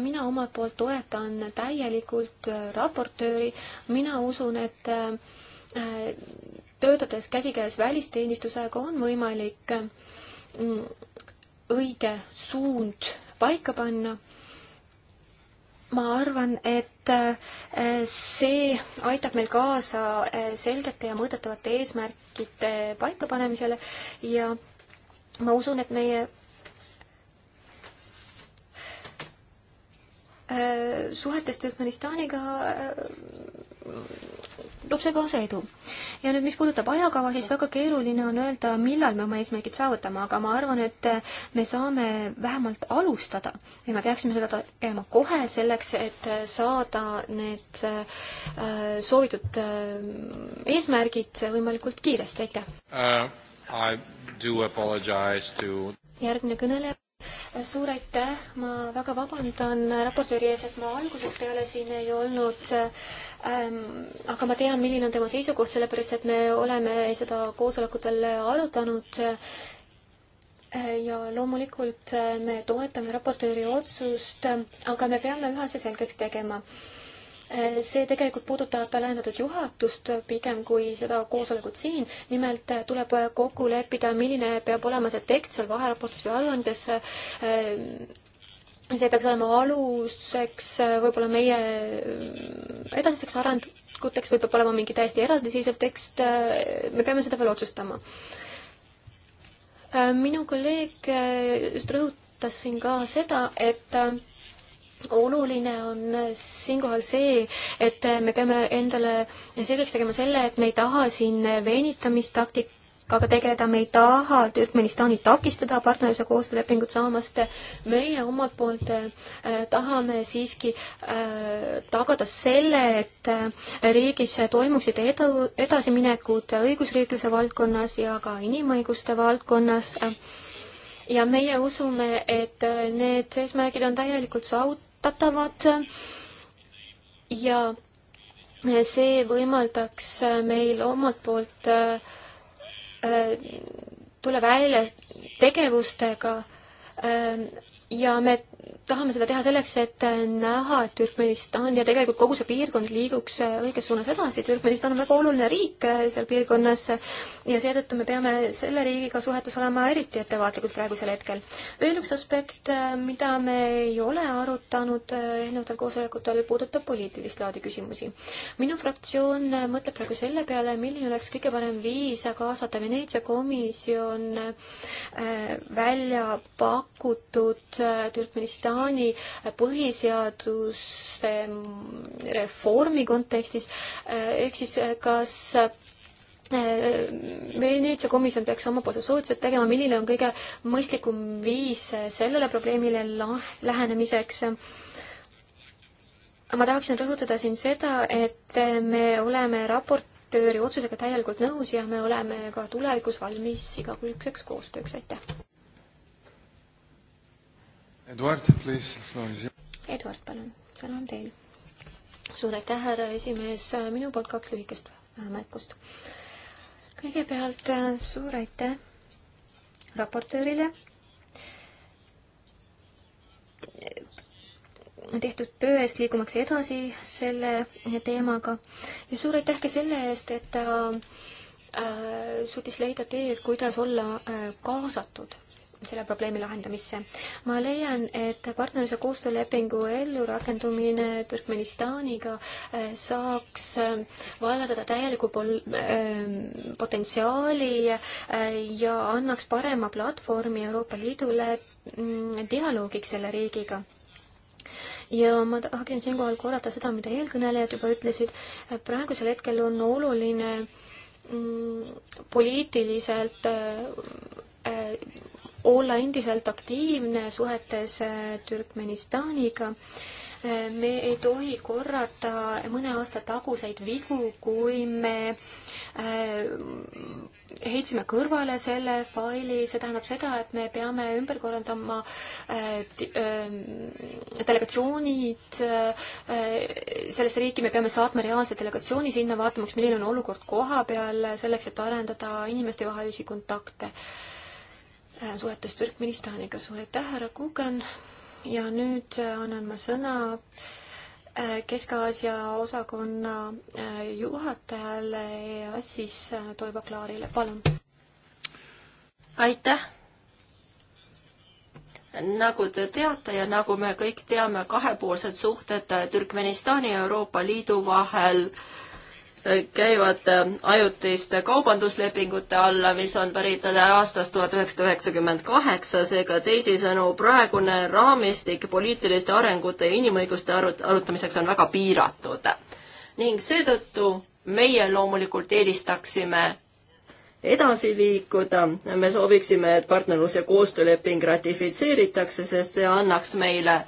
C: mina omalt poolt toetan täielikult raportööri. mina usun, et äh, töötades käsikäes välisteenistusega on võimalik mm, õige suund paika panna ma arvan, et äh, see aitab meil kaasa äh, selgete ja mõõdetavate eesmärkide paikapanemisele ja ma usun, et meie äh, suhetes Türkmenistaniga
A: toob
C: see kaasa edu. ja nüüd, mis puudutab ajakava, siis väga keeruline on öelda, millal me oma eesmärgid saavutame, aga ma arvan, et me saame vähemalt alustada ja me peaksime seda tegema kohe selleks, et saada need äh, soovitud äh, eesmärgid võimalikult kiiresti, aitäh
A: uh,! To...
C: järgmine kõneleja suur aitäh, ma väga vabandan raportööri ees, et ma algusest peale siin ei olnud ähm,. aga ma tean, milline on tema seisukoht, sellepärast et me oleme seda koosolekutel arutanud äh,. ja loomulikult äh, me toetame raportööri otsust äh,, aga me peame ühe asja selgeks tegema äh, Eh, see tegelikult puudutab lähendatud juhatust pigem kui seda koosolekut siin. nimelt eh, tuleb kokku leppida, milline peab olema see tekst seal vaheraportis või aruandes. Eh, see peaks olema aluseks võib-olla meie edasisteks arenguteks või peab olema mingi täiesti eraldiseisev tekst. me peame seda veel otsustama. minu kolleeg just rõhutas siin ka seda, et oluline on siinkohal see, et me peame endale selgeks tegema selle, et me ei taha siin venitamistaktik-, aga tegeleda me ei taha Türkmenistani takistada partnerluse koostöölepingut saamast. meie omalt poolt äh, tahame siiski äh, tagada selle, et äh, riigis toimuksid edu, edasiminekud õigusriikluse valdkonnas ja ka inimõiguste valdkonnas. ja meie usume, et need eesmärgid on täielikult saavutatud kasutatavad ja see võimaldaks meil omalt poolt äh, äh, tulla välja tegevustega äh, ja me tahame seda teha selleks, et näha, et Türkmenistan ja tegelikult kogu see piirkond liiguks äh, õiges suunas edasi. Türkmenistan on väga oluline riik äh, seal piirkonnas ja seetõttu me peame selle riigiga suhetes olema eriti ettevaatlikud praegusel hetkel. veel üks aspekt, äh, mida me ei ole arutanud eelnevatel koosolekutel, puudutab poliitilist laadi küsimusi. minu fraktsioon mõtleb praegu selle peale, milline oleks kõige parem viis kaasata Veneetsia komisjon välja pakutud Türkmenistan Afganistani põhiseaduse reformi kontekstis, ehk siis kas eh, Veneetsia komisjon peaks omapoolse soovituse tegema, milline on kõige mõistlikum viis sellele probleemile lähenemiseks ma tahaksin rõhutada siin seda, et me oleme raportööri otsusega täielikult nõus ja me oleme ka tulevikus valmis igakülgseks koostööks, aitäh!
A: Eduard, please,
C: floor is yours. Eduard, palun, sõna on teil. suur aitäh, härra esimees, minu poolt kaks lühikest märkust. kõigepealt suur aitäh raportöörile tehtud töö eest liigumaks edasi selle teemaga ja suur aitäh ka selle eest, et ta äh, suutis leida tee, kuidas olla äh, kaasatud selle probleemi lahendamisse. ma leian, et partnerluse koostöölepingu ellurakendumine Türkmenistaniga äh, saaks äh, vallandada täieliku pol-, äh, potentsiaali ja annaks parema platvormi Euroopa Liidule mm, dialoogiks selle riigiga ja ma tahaksin siinkohal korrata seda, mida eelkõnelejad juba ütlesid, praegusel hetkel on oluline mm, poliitiliselt olla endiselt aktiivne suhetes äh, Türkmenistaniga. Äh, me ei tohi korrata mõne aasta taguseid vigu, kui me äh, heitsime kõrvale selle faili, see tähendab seda, et me peame ümber korraldama delegatsioonid sellesse riiki, me peame saatma reaalse delegatsiooni sinna, vaatamaks, milline on olukord koha peal, selleks, et arendada inimestevahelisi kontakte Äh, suhetes Türkmenistaniga. suur aitäh, härra Kugan ja nüüd äh, annan ma sõna äh, Kesk-Aasia osakonna juhatajale EAS-is Toivo Klaarile, palun. aitäh.
D: nagu te teate ja nagu me kõik teame, kahepoolsed suhted Türkmenistani ja Euroopa Liidu vahel äh, käivad äh, ajutiste kaubanduslepingute alla, mis on pärit aastast tuhat üheksasada üheksakümmend kaheksa, seega teisisõnu, praegune raamistik poliitiliste arengute ja inimõiguste arut-, arutamiseks on väga piiratud. ning seetõttu meie loomulikult eelistaksime edasi liikuda, me sooviksime, et partnerlus- ja koostööleping ratifitseeritakse, sest see annaks meile,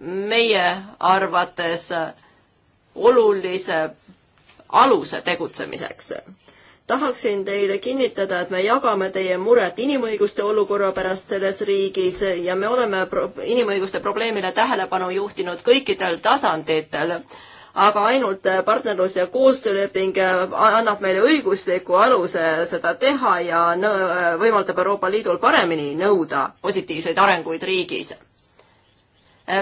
D: meie arvates äh, olulise aluse tegutsemiseks. tahaksin teile kinnitada, et me jagame teie muret inimõiguste olukorra pärast selles riigis ja me oleme pro inimõiguste probleemile tähelepanu juhtinud kõikidel tasanditel aga ainult partnerlus- ja koostööleping annab meile õigusliku aluse seda teha ja võimaldab Euroopa Liidul paremini nõuda positiivseid arenguid riigis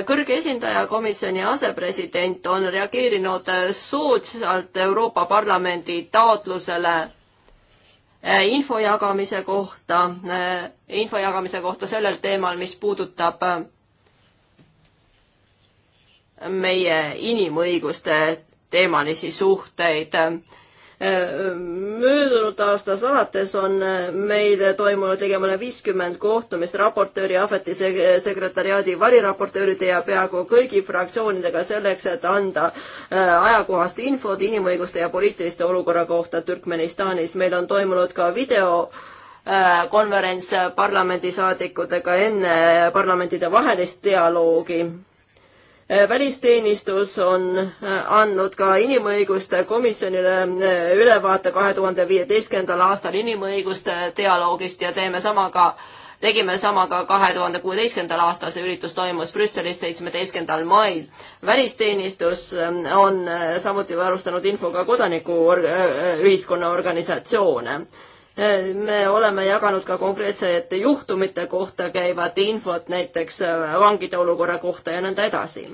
D: kõrge esindaja komisjoni asepresident on reageerinud soodsalt Euroopa Parlamendi taotlusele eh, info jagamise kohta, eh, info jagamise kohta sellel teemal, mis puudutab eh, meie inimõiguste teemalisi suhteid möödunud aastast alates on äh, meil toimunud ligemale viiskümmend kohtumist raportööri, ahveti sekretariaadi variraportööride ja peaaegu kõigi fraktsioonidega selleks, et anda äh, ajakohast infot inimõiguste ja poliitiliste olukorra kohta Türkmenistanis. meil on toimunud ka video äh, konverents parlamendisaadikutega enne parlamentide vahelist dialoogi Äh, välisteenistus on äh, andnud ka inimõiguste komisjonile äh, ülevaate kahe tuhande viieteistkümnendal aastal inimõiguste dialoogist ja teeme sama ka tegime sama ka kahe tuhande kuueteistkümnendal aastal, see üritus toimus Brüsselis seitsmeteistkümnendal mail. välisteenistus on samuti varustanud infoga kodanikuühiskonna or organisatsioone me oleme jaganud ka konkreetsete juhtumite kohta käivat infot, näiteks äh, vangide olukorra kohta ja nõnda edasi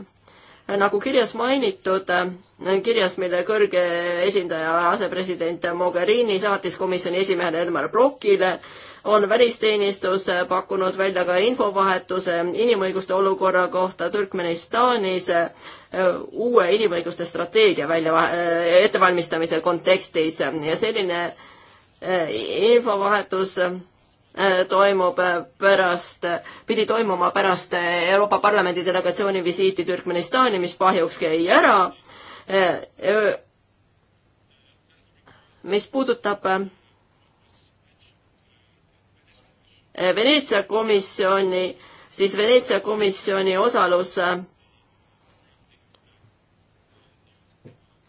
D: nagu kirjas mainitud, äh, kirjas, mille kõrge esindaja asepresident Mogherini saatis komisjoni esimehele Elmar Brokile, on välisteenistus äh, pakkunud välja ka infovahetuse inimõiguste olukorra kohta Türkmenistanis uue inimõiguste strateegia välja, ettevalmistamise kontekstis ja selline Äh, infovahetus äh, toimub äh, pärast, pidi toimuma pärast Euroopa Parlamendi delegatsiooni visiiti Türkmenistani, mis kahjuks jäi ära. mis puudutab Veneetsia komisjoni, siis Veneetsia komisjoni osalus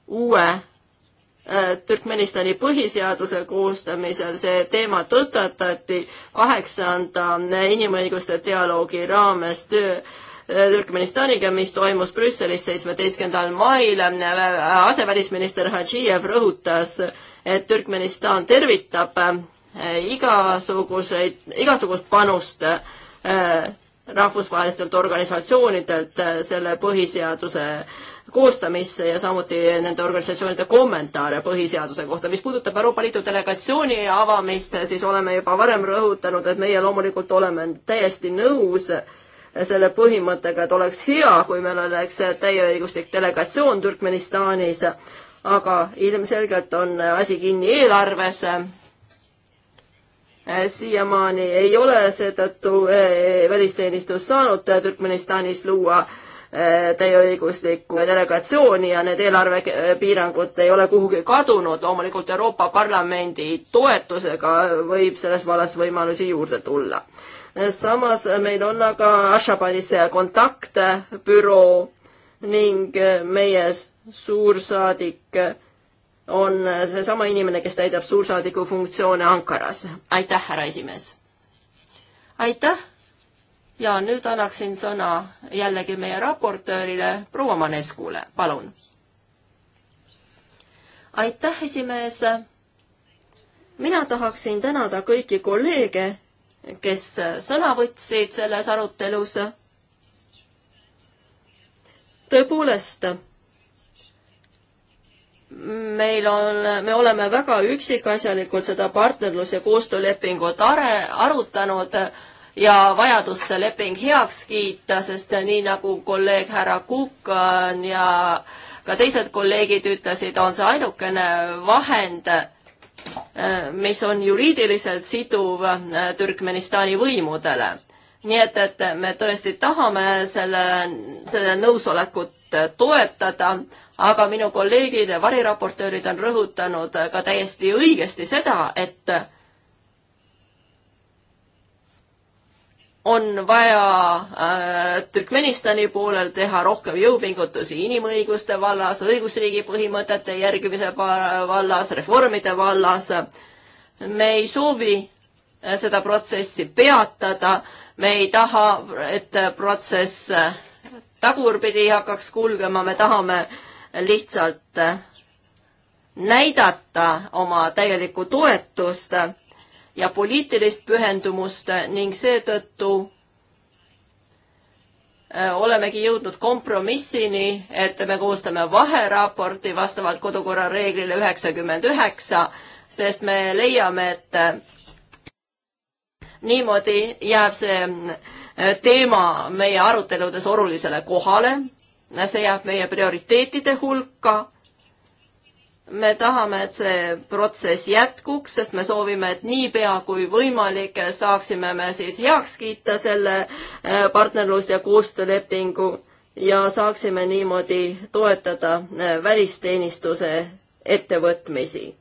D: uue Äh, Türkmenistani põhiseaduse koostamisel see teema tõstatati kaheksanda inimõiguste dialoogi raames töö äh, Türkmenistaniga, mis toimus Brüsselis seitsmeteistkümnendal mail. Äh, asevälisminister Hadžijev rõhutas, et Türkmenistan tervitab igasuguseid, igasugust panust rahvusvahelistelt organisatsioonidelt selle põhiseaduse koostamisse ja samuti nende organisatsioonide kommentaare põhiseaduse kohta. mis puudutab Euroopa Liidu delegatsiooni avamist, siis oleme juba varem rõhutanud, et meie loomulikult oleme täiesti nõus selle põhimõttega, et oleks hea, kui meil oleks täieõiguslik delegatsioon Türkmenistanis, aga ilmselgelt on asi kinni eelarves siiamaani ei ole seetõttu eh, välisteenistus saanud Türkmenistanis luua Eh, täieõiguslikku delegatsiooni ja need eelarvepiirangud ei ole kuhugi kadunud. loomulikult Euroopa Parlamendi toetusega võib selles vallas võimalusi juurde tulla. Eh, samas meil on aga Ashabadis kontaktbüroo ning eh, meie suursaadik on seesama inimene, kes täidab suursaadiku funktsioone Ankaras. aitäh, härra esimees! aitäh! ja nüüd annaksin sõna jällegi meie raportöörile, proua Maneskule, palun. aitäh, esimees. mina tahaksin tänada kõiki kolleege, kes sõna võtsid selles arutelus. tõepoolest, meil on, me oleme väga üksikasjalikult seda partnerlus- ja koostöölepingut are-, arutanud ja vajadus see leping heaks kiita, sest nii nagu kolleeg härra Kukan äh, ja ka teised kolleegid ütlesid, on see ainukene vahend, äh, mis on juriidiliselt siduv äh, Türkmenistani võimudele. nii et, et me tõesti tahame selle, selle nõusolekut toetada, aga minu kolleegid ja variraportöörid on rõhutanud ka täiesti õigesti seda, et on vaja äh, Türkmenistani poolel teha rohkem jõupingutusi inimõiguste vallas, õigusriigi põhimõtete järgimise vallas, reformide vallas. me ei soovi äh, seda protsessi peatada, me ei taha, et protsess äh, tagurpidi hakkaks kulgema, me tahame lihtsalt äh, näidata oma täielikku toetust ja poliitilist pühendumust ning seetõttu äh, olemegi jõudnud kompromissini, et me koostame vaheraporti vastavalt kodukorra reeglile üheksakümmend üheksa, sest me leiame, et äh, niimoodi jääb see äh, teema meie aruteludes olulisele kohale, see jääb meie prioriteetide hulka me tahame, et see protsess jätkuks, sest me soovime, et niipea kui võimalik, saaksime me siis heaks kiita selle äh, partnerlus- ja koostöölepingu ja saaksime niimoodi toetada äh, välisteenistuse ettevõtmisi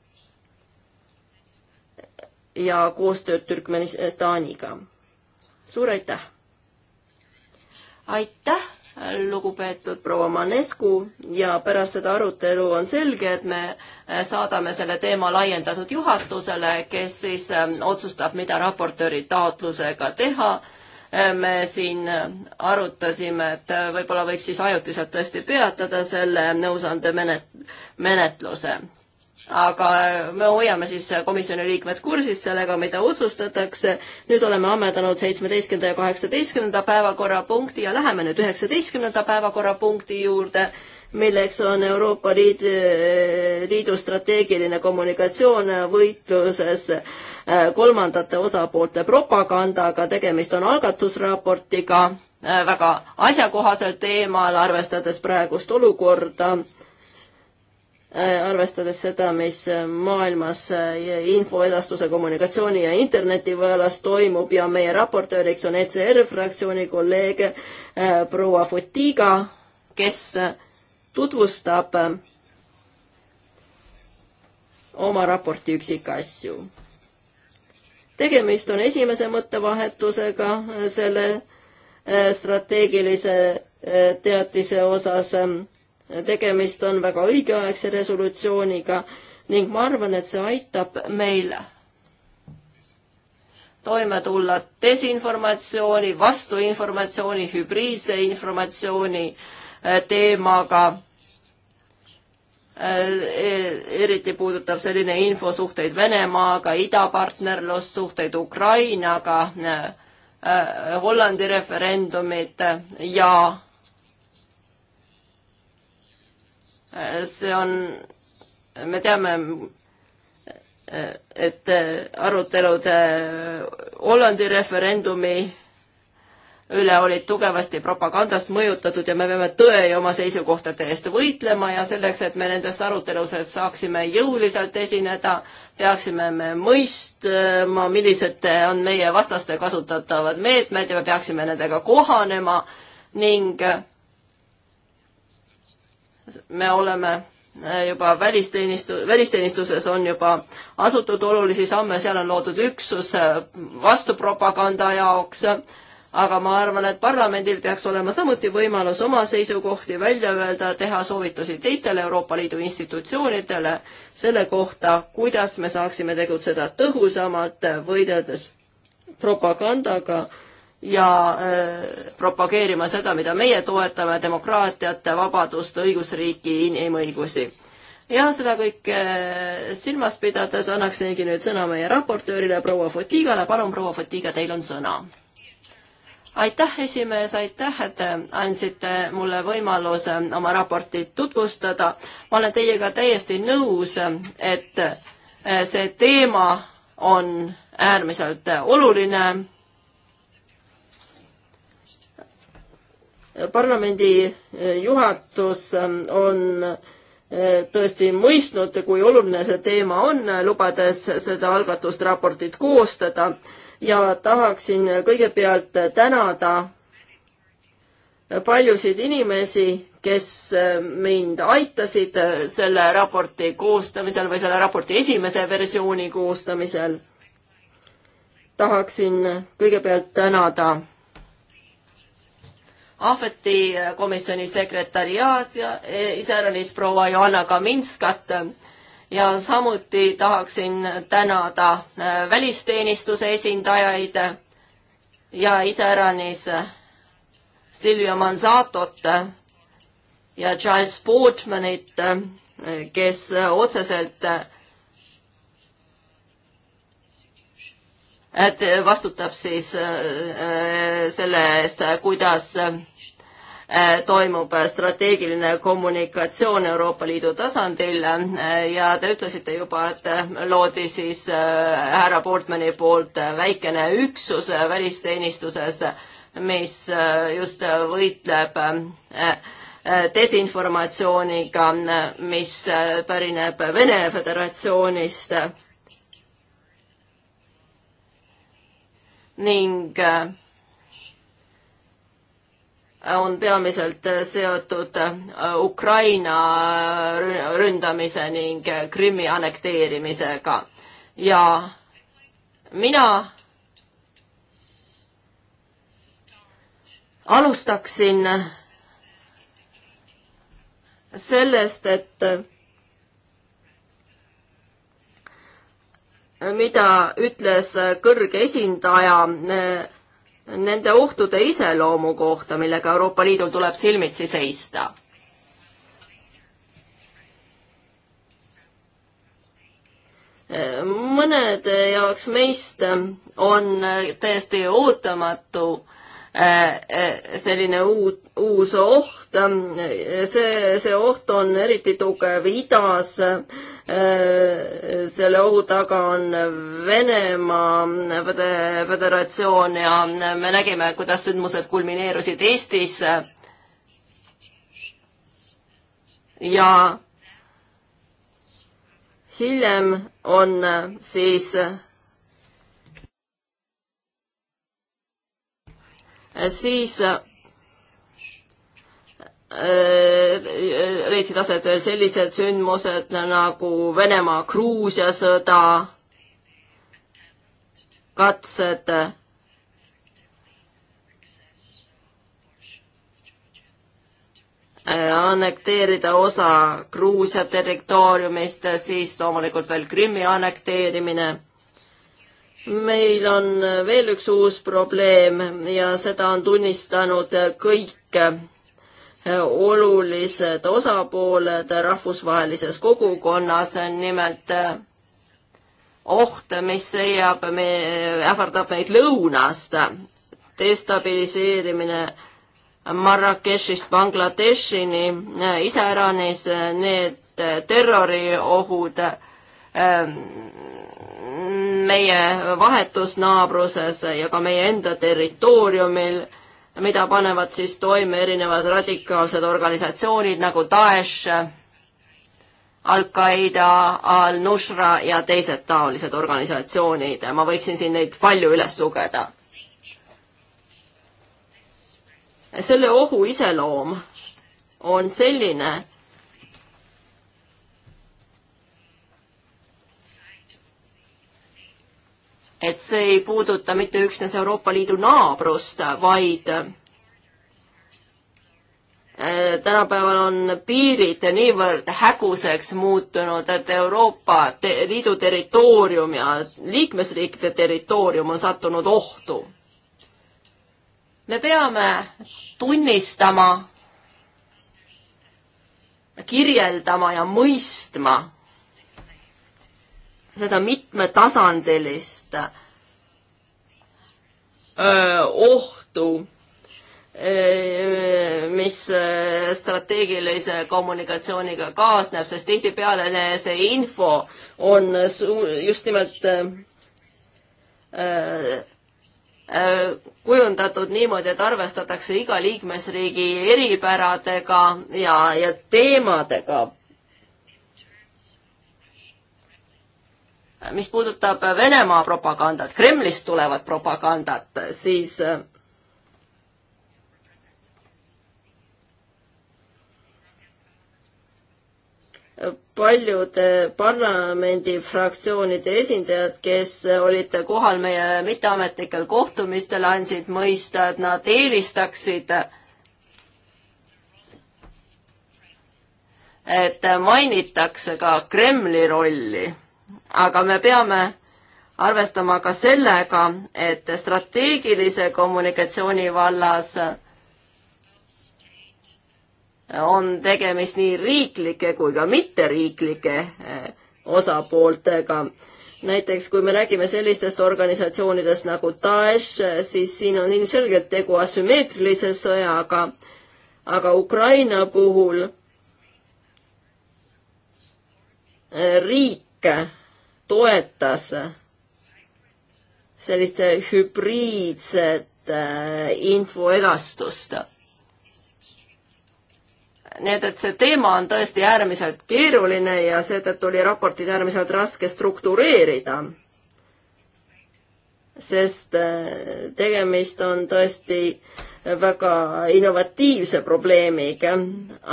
D: ja koostööd Türkmenistaniga. suur aitäh! aitäh! lugupeetud proua Manescu ja pärast seda arutelu on selge, et me äh, saadame selle teema laiendatud juhatusele, kes siis äh, otsustab, mida raportööri taotlusega teha. Äh, me siin arutasime, et võib-olla võiks siis ajutiselt tõesti peatada selle nõusande menet-, menetluse aga me hoiame siis komisjoni liikmed kursis sellega, mida otsustatakse. nüüd oleme ammendanud seitsmeteistkümnenda ja kaheksateistkümnenda päevakorrapunkti ja läheme nüüd üheksateistkümnenda päevakorrapunkti juurde, milleks on Euroopa Liid, Liidu strateegiline kommunikatsioon võitluses äh, kolmandate osapoolte propagandaga, tegemist on algatusraportiga äh, väga asjakohasel teemal, arvestades praegust olukorda Äh, arvestades seda, mis äh, maailmas äh, infoedastuse, kommunikatsiooni ja interneti vallas toimub ja meie raportööriks on ECR fraktsiooni kolleeg proua Fotiga, kes tutvustab oma raporti üksikasju. tegemist on esimese mõttevahetusega selle strateegilise teatise osas tegemist on väga õigeaegse resolutsiooniga ning ma arvan, et see aitab meil toime tulla desinformatsiooni, vastuinformatsiooni, hübriidse informatsiooni äh, teemaga. Äh, e, eriti puudutab selline info suhteid Venemaaga, idapartnerlust, suhteid Ukrainaga, äh, Hollandi referendumit ja see on, me teame, et arutelud Hollandi referendumi üle olid tugevasti propagandast mõjutatud ja me peame tõe ja oma seisukohtade eest võitlema ja selleks, et me nendes aruteludes saaksime jõuliselt esineda, peaksime me mõistma, millised on meie vastaste kasutatavad meetmed ja me peaksime nendega kohanema ning me oleme äh, juba välisteenistu-, välisteenistuses on juba asutud olulisi samme, seal on loodud üksus äh, vastupropaganda jaoks, aga ma arvan, et parlamendil peaks olema samuti võimalus oma seisukohti välja öelda, teha soovitusi teistele Euroopa Liidu institutsioonidele selle kohta, kuidas me saaksime tegutseda tõhusamalt, võideldes propagandaga ja äh, propageerima seda, mida meie toetame, demokraatiat, vabadust, õigusriiki, inimõigusi. ja seda kõike äh, silmas pidades annaksingi nüüd sõna meie raportöörile proua Fotigale, palun proua Fotiga, teil on sõna aitäh, esimees, aitäh, et andsite mulle võimaluse oma raportit tutvustada. ma olen teiega täiesti nõus, et äh, see teema on äärmiselt oluline parlamendi eh, juhatus ähm, on eh, tõesti mõistnud, kui oluline see teema on, lubades seda algatust raportit koostada ja tahaksin kõigepealt tänada paljusid inimesi, kes eh, mind aitasid selle raporti koostamisel või selle raporti esimese versiooni koostamisel. tahaksin kõigepealt tänada Ahveti komisjoni sekretariaat ja e, iseäranis proua Johanna Kaminskat ja samuti tahaksin tänada e, välisteenistuse esindajaid ja iseäranis Silvia Manzatot ja Charles Portmanit, e, kes otseselt et vastutab siis selle eest, kuidas Äh, toimub strateegiline kommunikatsioon Euroopa Liidu tasandil äh, ja te ütlesite juba, et äh, loodi siis härra Portmani poolt väikene üksus välisteenistuses, mis just võitleb desinformatsiooniga, mis pärineb Vene Föderatsioonist ning on peamiselt seotud äh, Ukraina ründamise ning äh, Krimmi annekteerimisega ja mina alustaksin sellest, et äh, mida ütles kõrge esindaja nende ohtude iseloomu kohta, millega Euroopa Liidul tuleb silmitsi seista mõnede jaoks meist on täiesti ootamatu Äh, äh, selline uut, uus oht. Ähm, see, see oht on eriti tugev idas. Äh, selle ohu taga on Venemaa Föderatsioon ja me nägime, kuidas sündmused kulmineerusid Eestis. ja hiljem on siis siis äh, äh, leidsid aset veel sellised sündmused nagu Venemaa-Gruusia sõda, katsed äh, annekteerida osa Gruusia territooriumist, siis loomulikult veel Krimmi annekteerimine meil on veel üks uus probleem ja seda on tunnistanud kõik olulised osapooled rahvusvahelises kogukonnas, nimelt oht, mis seiab me,, ähvardab meid lõunast. destabiliseerimine Marrakechist Bangladeshini, iseäranis need terroriohud ähm, meie vahetus naabruses ja ka meie enda territooriumil, mida panevad siis toime erinevad radikaalsed organisatsioonid nagu Daesh, Al-Qaeda, Al-Nusra ja teised taolised organisatsioonid. ma võiksin siin neid palju üles lugeda. selle ohu iseloom on selline, et see ei puuduta mitte üksnes Euroopa Liidu naabrust, vaid äh, tänapäeval on piirid niivõrd häguseks muutunud, et Euroopa te Liidu territoorium ja liikmesriikide territoorium on sattunud ohtu. me peame tunnistama, kirjeldama ja mõistma seda mitmetasandilist ohtu, mis strateegilise kommunikatsiooniga kaasneb, sest tihtipeale see info on just nimelt kujundatud niimoodi, et arvestatakse iga liikmesriigi eripäradega ja, ja teemadega mis puudutab Venemaa propagandat, Kremlist tulevat propagandat, siis äh, paljude parlamendifraktsioonide esindajad, kes olid kohal meie mitteametlikel kohtumistel, andsid mõista, et nad eelistaksid, et mainitakse ka Kremli rolli aga me peame arvestama ka sellega, et strateegilise kommunikatsiooni vallas on tegemist nii riiklike kui ka mitteriiklike eh, osapooltega. näiteks kui me räägime sellistest organisatsioonidest nagu Daesh, eh, siis siin on ilmselgelt tegu asümmeetrilise sõjaga, aga Ukraina puhul eh, riik toetas sellist hübriidset äh, info edastust. nii et, et see teema on tõesti äärmiselt keeruline ja seetõttu oli raportid äärmiselt raske struktureerida sest äh, tegemist on tõesti väga innovatiivse probleemiga,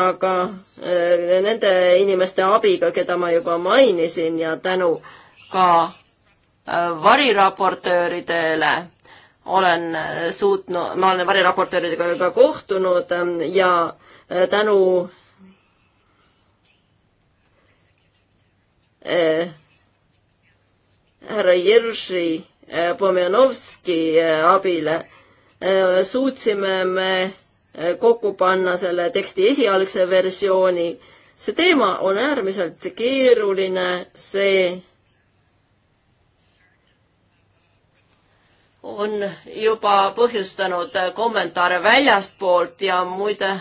D: aga äh, nende inimeste abiga, keda ma juba mainisin ja tänu ka äh, variraportööridele olen suutnud, ma olen variraportööridega juba kohtunud ähm, ja tänu härra Jerši Äh, Pomjanovski äh, abile äh, suutsime me kokku panna selle teksti esialgse versiooni. see teema on äärmiselt keeruline, see on juba põhjustanud kommentaare väljastpoolt ja muide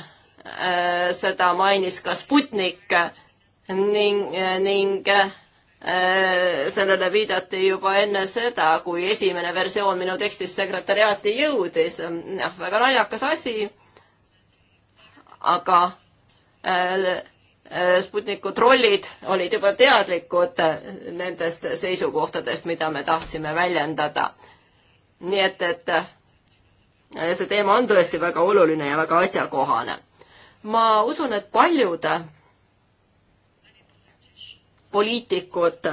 D: seda mainis ka Sputnik ning, ning Äh, sellele viidati juba enne seda, kui esimene versioon minu tekstist sekretäriaati jõudis. jah, väga naljakas asi, aga äh, äh, Sputniku trollid olid juba teadlikud nendest seisukohtadest, mida me tahtsime väljendada. nii et, et see teema on tõesti väga oluline ja väga asjakohane. ma usun, et paljud poliitikud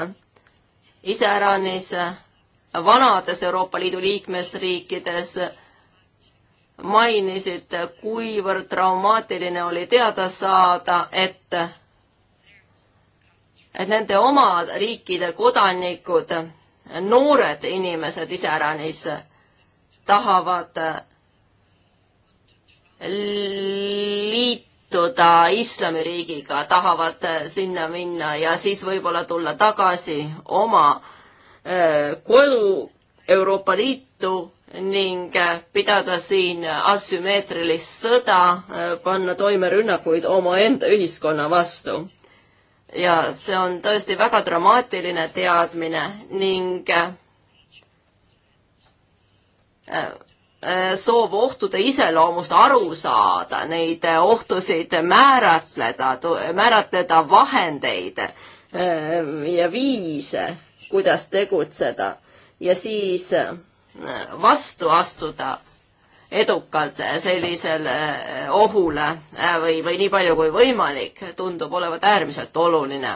D: iseäranis vanades Euroopa Liidu liikmesriikides mainisid, kuivõrd traumaatiline oli teada saada, et, et nende oma riikide kodanikud, noored inimesed iseäranis tahavad liit-, liituda äh, islamiriigiga, tahavad äh, sinna minna ja siis võib-olla tulla tagasi oma äh, kodu Euroopa Liitu ning pidada siin asümmeetrilist sõda, panna toime rünnakuid omaenda ühiskonna vastu. ja see on tõesti väga dramaatiline teadmine ning Äh, soov ohtude iseloomust aru saada, neid äh, ohtusid määratleda, määratleda vahendeid äh, ja viise, kuidas tegutseda ja siis vastu astuda edukalt sellisele ohule või, või nii palju kui võimalik, tundub olevat äärmiselt oluline.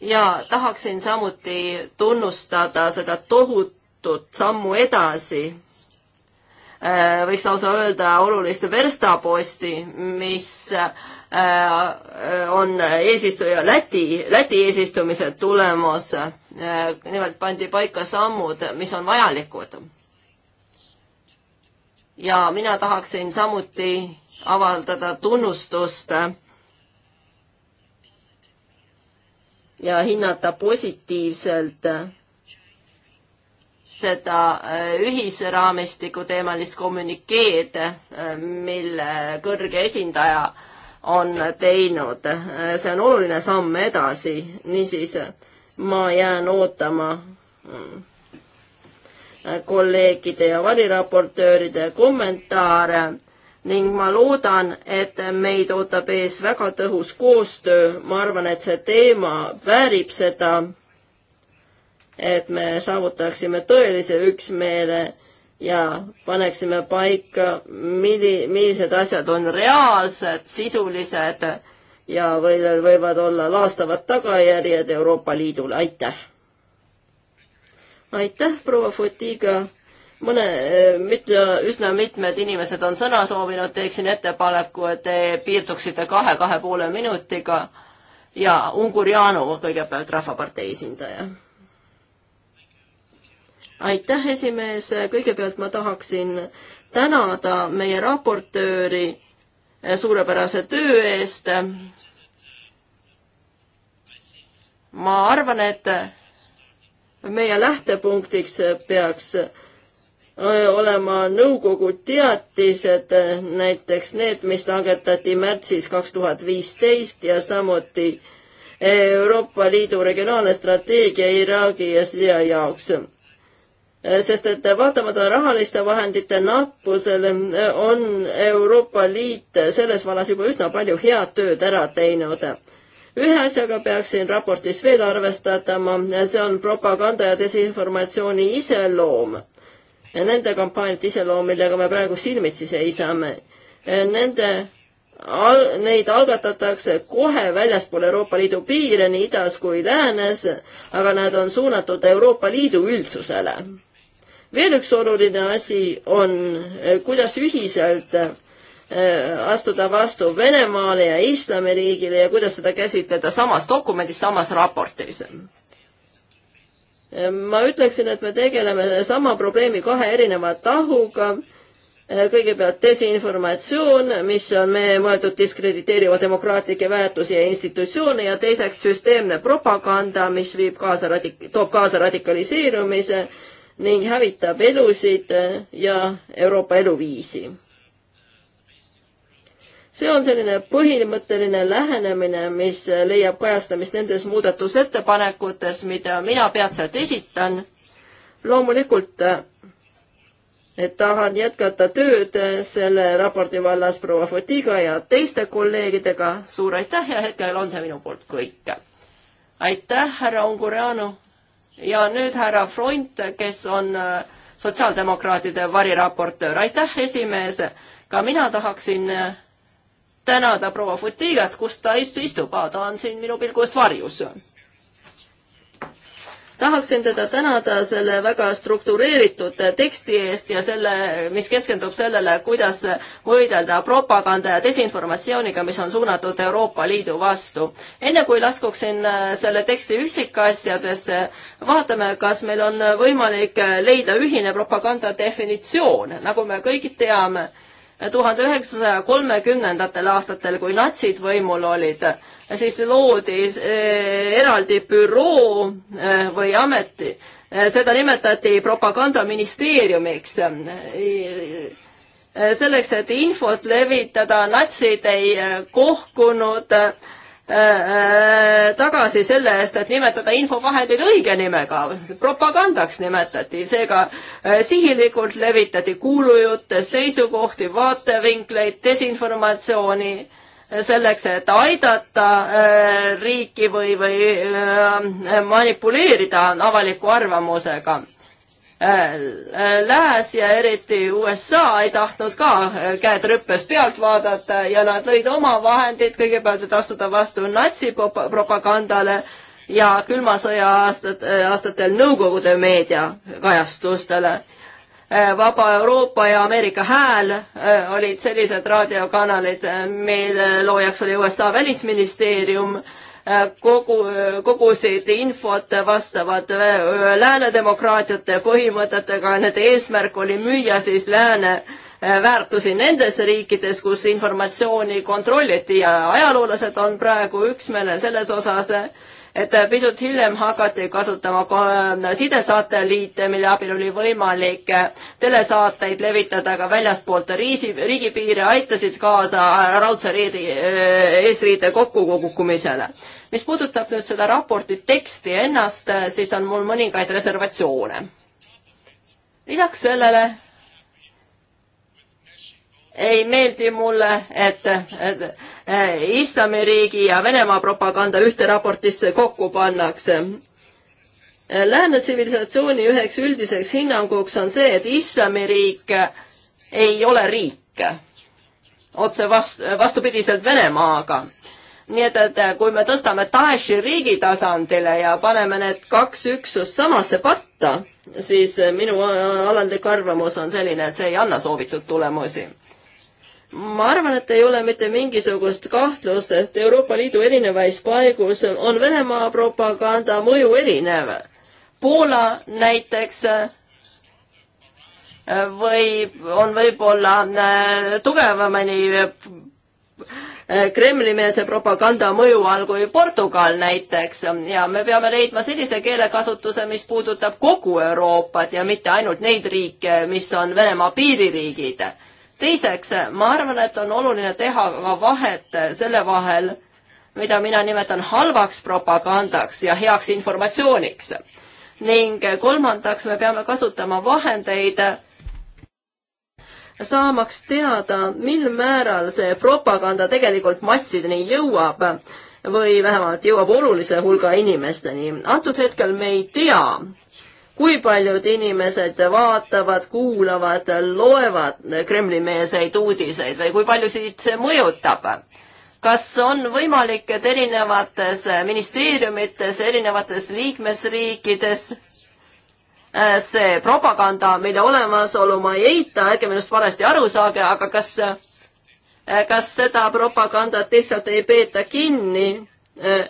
D: ja tahaksin samuti tunnustada seda tohutut sammu edasi Äh, võiks lausa öelda olulist verstaposti, mis äh, on eesistuja Läti, Läti eesistumise tulemus. Äh, nimelt pandi paika sammud, mis on vajalikud. ja mina tahaksin samuti avaldada tunnustust ja hinnata positiivselt seda äh, ühisraamistiku teemalist kommünikeed, äh, mille kõrge esindaja on teinud. Äh, see on oluline samm edasi, niisiis ma jään ootama kolleegide ja variraportööride kommentaare ning ma loodan, et meid ootab ees väga tõhus koostöö. ma arvan, et see teema väärib seda et me saavutaksime tõelise üksmeele ja paneksime paika, milli-, millised asjad on reaalsed, sisulised ja või-, võivad olla laastavad tagajärjed Euroopa Liidule, aitäh! aitäh, proua Fotiga! mõne, mitte, üsna mitmed inimesed on sõna soovinud, teeksin ettepaneku, et te piirduksite kahe, kahe poole minutiga ja Ungurjanu kõigepealt Rahvapartei esindaja aitäh, esimees, kõigepealt ma tahaksin tänada meie raportööri suurepärase töö eest. ma arvan, et meie lähtepunktiks peaks olema nõukogu teatised, näiteks need, mis langetati märtsis kaks tuhat viisteist ja samuti Euroopa Liidu regionaalne strateegia Iraagi ja sõja jaoks Äh, sest et vaatamata rahaliste vahendite nappusele äh, on Euroopa Liit selles vallas juba üsna palju head tööd ära teinud. ühe asjaga peaksin raportis veel arvestatama, äh, see on propaganda ja desinformatsiooni iseloom. Nende kampaaniate iseloom, millega me praegu silmitsi seisame. Nende al-, neid algatatakse kohe väljaspool Euroopa Liidu piire, nii idas kui läänes, aga nad on suunatud Euroopa Liidu üldsusele veel üks oluline asi on, eh, kuidas ühiselt eh, astuda vastu Venemaale ja Islamiriigile ja kuidas seda käsitleda samas dokumendis, samas raportis eh, ma ütleksin, et me tegeleme sama probleemi kahe erineva tahuga. kõigepealt desinformatsioon, mis on meie mõeldud diskrediteeriva demokraatlikke väärtusi ja institutsioone ja teiseks süsteemne propaganda, mis viib kaasa radik-, toob kaasa radikaliseerumise ning hävitab elusid ja Euroopa eluviisi. see on selline põhimõtteline lähenemine, mis leiab kajastamist nendes muudatusettepanekutes, mida mina peatselt esitan. loomulikult et tahan jätkata tööd selle raporti vallas proua Fotiga ja teiste kolleegidega. suur aitäh ja hetkel on see minu poolt kõik. aitäh, härra Ungureanu ja nüüd härra Front, kes on äh, sotsiaaldemokraatide variraportöör, aitäh, esimees. ka mina tahaksin äh, tänada proua Futigat, kus ta istub, ta on siin minu pilgust varjus tahaksin teda tänada selle väga struktureeritud teksti eest ja selle, mis keskendub sellele, kuidas võidelda propaganda ja desinformatsiooniga, mis on suunatud Euroopa Liidu vastu. enne kui laskuksin äh, selle teksti üksikasjadesse, vaatame, kas meil on võimalik leida ühine propaganda definitsioon, nagu me kõik teame tuhande üheksasaja kolmekümnendatel aastatel, kui natsid võimul olid, siis loodi eh, eraldi büroo eh, või ameti, eh, seda nimetati propagandaministeeriumiks. selleks, et infot levitada, natsid ei kohkunud Äh, äh, tagasi selle eest, et nimetada infovahendeid õige nimega, propagandaks nimetati, seega äh, sihilikult levitati kuulujutte, seisukohti, vaatevinkleid, desinformatsiooni selleks, et aidata riiki või, või manipuleerida avaliku arvamusega Äh, äh, lääs ja eriti USA ei tahtnud ka äh, käed rüppes pealt vaadata ja nad lõid oma vahendid kõigepealt, et astuda vastu natsipropagandale ja külma sõja aastat, aastatel Nõukogude meediakajastustele. Vaba Euroopa ja Ameerika Hääl olid sellised raadiokanalid, mille loojaks oli USA välisministeerium kogu, kogusid infot vastavad äh, lääne demokraatiate põhimõtetega, nende eesmärk oli müüa siis lääne äh, väärtusi nendes riikides, kus informatsiooni kontrolliti ja ajaloolased on praegu üksmeelel selles osas, et pisut hiljem hakati kasutama äh, sidesatelliite, mille abil oli võimalik äh, telesaateid levitada ka väljaspoolt riisi, riigipiire, aitasid kaasa äh, raudse riidi, eesriide kokkukukkumisele. mis puudutab nüüd seda raporti teksti ennast, siis on mul mõningaid reservatsioone lisaks sellele ei meeldi mulle, et, et Islamiriigi ja Venemaa propaganda ühte raportisse kokku pannakse. Lääne tsivilisatsiooni üheks üldiseks hinnanguks on see, et Islamiriik ei ole riik. otse vastu, vastupidiselt Venemaaga nii et, et kui me tõstame Daeshi riigi tasandile ja paneme need kaks üksust samasse patta, siis minu alandlik arvamus on selline, et see ei anna soovitud tulemusi ma arvan, et ei ole mitte mingisugust kahtlust, et Euroopa Liidu erinevates paigus on Venemaa propaganda mõju erinev. Poola näiteks äh, võib, on võib-olla äh, tugevamini äh, Kremli-meelse propaganda mõju all kui Portugal näiteks ja me peame leidma sellise keelekasutuse, mis puudutab kogu Euroopat ja mitte ainult neid riike, mis on Venemaa piiririigid teiseks, ma arvan, et on oluline teha ka vahet selle vahel, mida mina nimetan halvaks propagandaks ja heaks informatsiooniks. ning kolmandaks, me peame kasutama vahendeid, saamaks teada, mil määral see propaganda tegelikult massideni jõuab või vähemalt jõuab olulise hulga inimesteni. antud hetkel me ei tea, kui paljud inimesed vaatavad, kuulavad, loevad Kremli-meelseid uudiseid või kui paljusid see mõjutab? kas on võimalik, et erinevates ministeeriumites, erinevates liikmesriikides äh, see propaganda, mille olemasolu ma ei eita, ärge minust valesti aru saage, aga kas, äh, kas seda propagandat lihtsalt ei peeta kinni äh,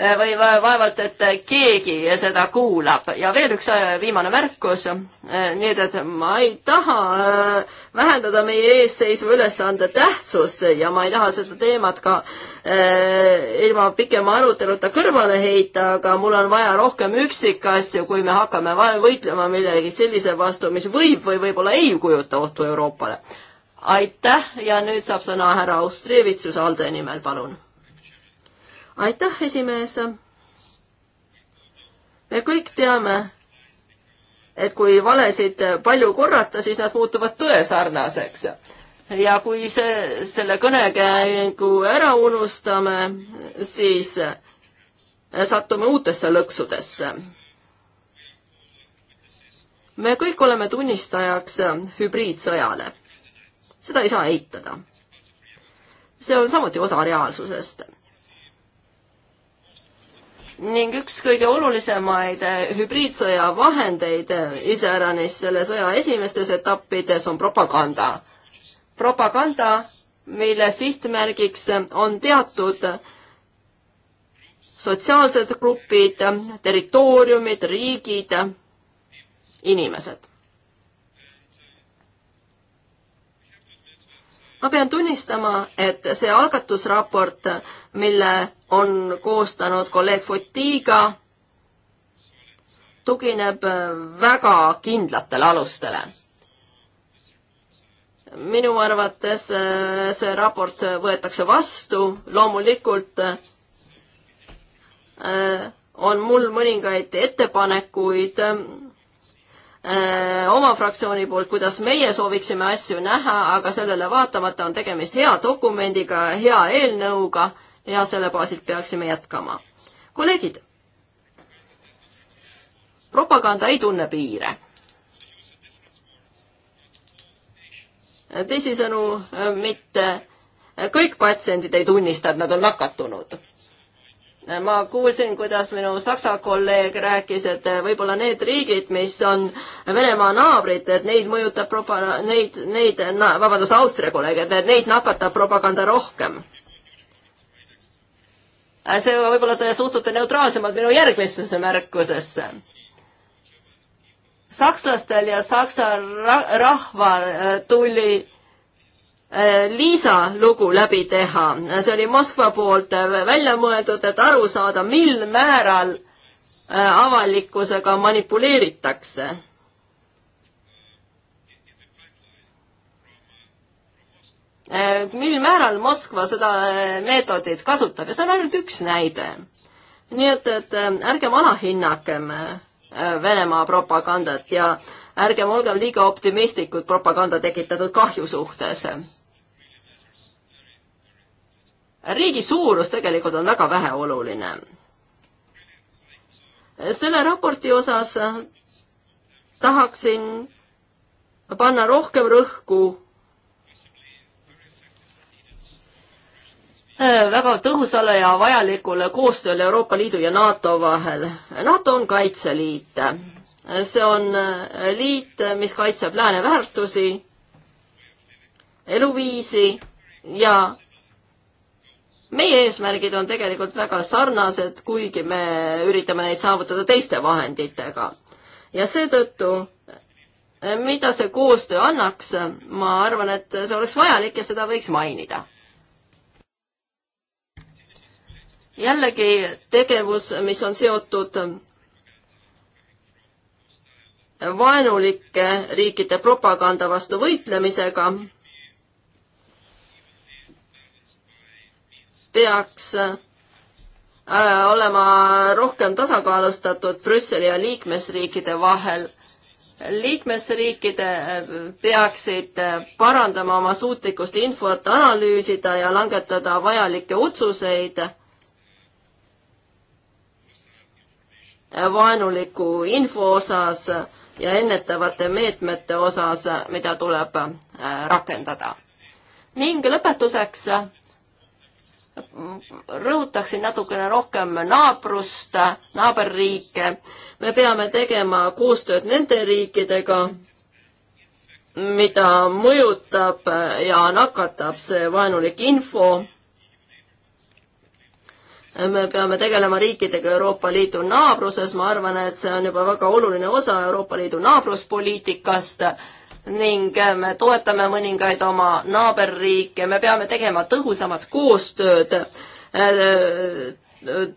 D: Äh, või vaevalt, et äh, keegi seda kuulab. ja veel üks äh, viimane märkus, nii et, et ma ei taha vähendada meie eesseisva ülesande tähtsust ja ma ei taha seda teemat ka ilma pikema aruteluta kõrvale heita, aga mul on vaja rohkem üksikasju, kui me hakkame võitlema millegi sellise vastu, mis võib või võib-olla ei kujuta ohtu Euroopale. aitäh ja nüüd saab sõna härra Austrevitsus ALDE nimel, palun aitäh, esimees. me kõik teame, et kui valesid palju korrata, siis nad muutuvad tõesarnaseks. ja kui see, selle kõnekäigu ära unustame, siis satume uutesse lõksudesse. me kõik oleme tunnistajaks hübriidsõjale. seda ei saa eitada. see on samuti osa reaalsusest ning üks kõige olulisemaid eh, hübriidsõja vahendeid eh, iseäranis selle sõja esimestes etappides on propaganda. propaganda, mille sihtmärgiks on teatud sotsiaalsed grupid, territooriumid, riigid, inimesed ma pean tunnistama, et see algatusraport, mille on koostanud kolleeg Fotiga, tugineb väga kindlatele alustele. minu arvates äh, see raport võetakse vastu, loomulikult äh, on mul mõningaid ettepanekuid Äh, oma fraktsiooni poolt, kuidas meie sooviksime asju näha, aga sellele vaatamata on tegemist hea dokumendiga, hea eelnõuga ja selle baasilt peaksime jätkama. kolleegid, propaganda ei tunne piire. teisisõnu, mitte kõik patsiendid ei tunnista, et nad on nakatunud ma kuulsin, kuidas minu saksa kolleeg rääkis, et võib-olla need riigid, mis on Venemaa naabrid, et neid mõjutab propa-, neid, neid, vabandust, Austria kolleeg, et neid nakatab propaganda rohkem. see võib-olla te suhtute neutraalsemalt minu järgmistesse märkusesse. sakslastel ja saksa rahval tuli Äh, Liisa lugu läbi teha, see oli Moskva poolt äh, välja mõeldud, et aru saada, mil määral äh, avalikkusega manipuleeritakse mil määral Moskva seda meetodit kasutab ja see on ainult üks näide. nii et, et ärgem alahinnakem Venemaa propagandat ja ärgem olgem liiga optimistlikud propaganda tekitatud kahju suhtes riigi suurus tegelikult on väga väheoluline. selle raporti osas tahaksin panna rohkem rõhku väga tõhusale ja vajalikule koostööle Euroopa Liidu ja NATO vahel. NATO on kaitseliit. see on liit, mis kaitseb lääne väärtusi, eluviisi ja meie eesmärgid on tegelikult väga sarnased, kuigi me üritame neid saavutada teiste vahenditega. ja seetõttu eh, mida see koostöö annaks, ma arvan, et see oleks vajalik ja seda võiks mainida. jällegi tegevus, mis on seotud vaenulike riikide propaganda vastu võitlemisega peaks äh, olema rohkem tasakaalustatud Brüsseli ja liikmesriikide vahel. liikmesriigid äh, peaksid äh, parandama oma suutlikkust infot analüüsida ja langetada vajalikke otsuseid vaenuliku info osas ja ennetavate meetmete osas, mida tuleb rakendada. ning lõpetuseks rõhutaksin natukene rohkem naabrust, naaberriike. me peame tegema koostööd nende riikidega, mida mõjutab ja nakatab see vaenulik info. me peame tegelema riikidega Euroopa Liidu naabruses, ma arvan, et see on juba väga oluline osa Euroopa Liidu naabruspoliitikast ning äh, me toetame mõningaid oma naaberriike, me peame tegema tõhusamat koostööd, äh,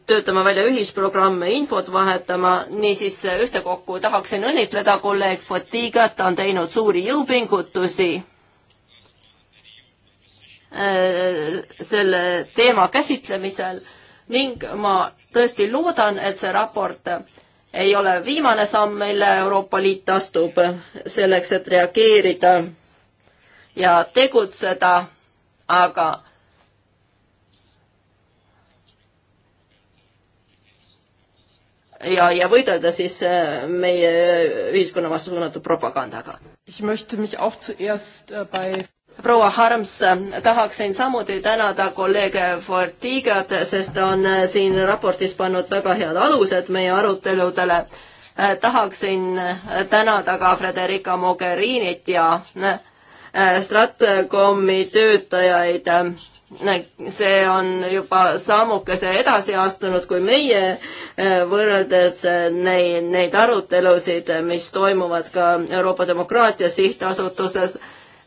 D: töötama välja ühisprogramme, infot vahetama, niisiis äh, ühtekokku tahaksin õnnitleda kolleeg Fatigat, ta on teinud suuri jõupingutusi selle teema käsitlemisel ning ma tõesti loodan, et see raport ei ole viimane samm, mille Euroopa Liit astub selleks, et reageerida ja tegutseda, aga ja, ja võidelda siis meie ühiskonna vastu suunatud propagandaga. Äh, bei proua Harms, tahaksin samuti tänada kolleeg Fortigat, sest ta on siin raportis pannud väga head alused meie aruteludele. tahaksin tänada ka Frederica Mogherinit ja äh, Stratkomi töötajaid. see on juba sammukese edasi astunud kui meie, äh, võrreldes äh, neid, neid arutelusid, mis toimuvad ka Euroopa Demokraatia Sihtasutuses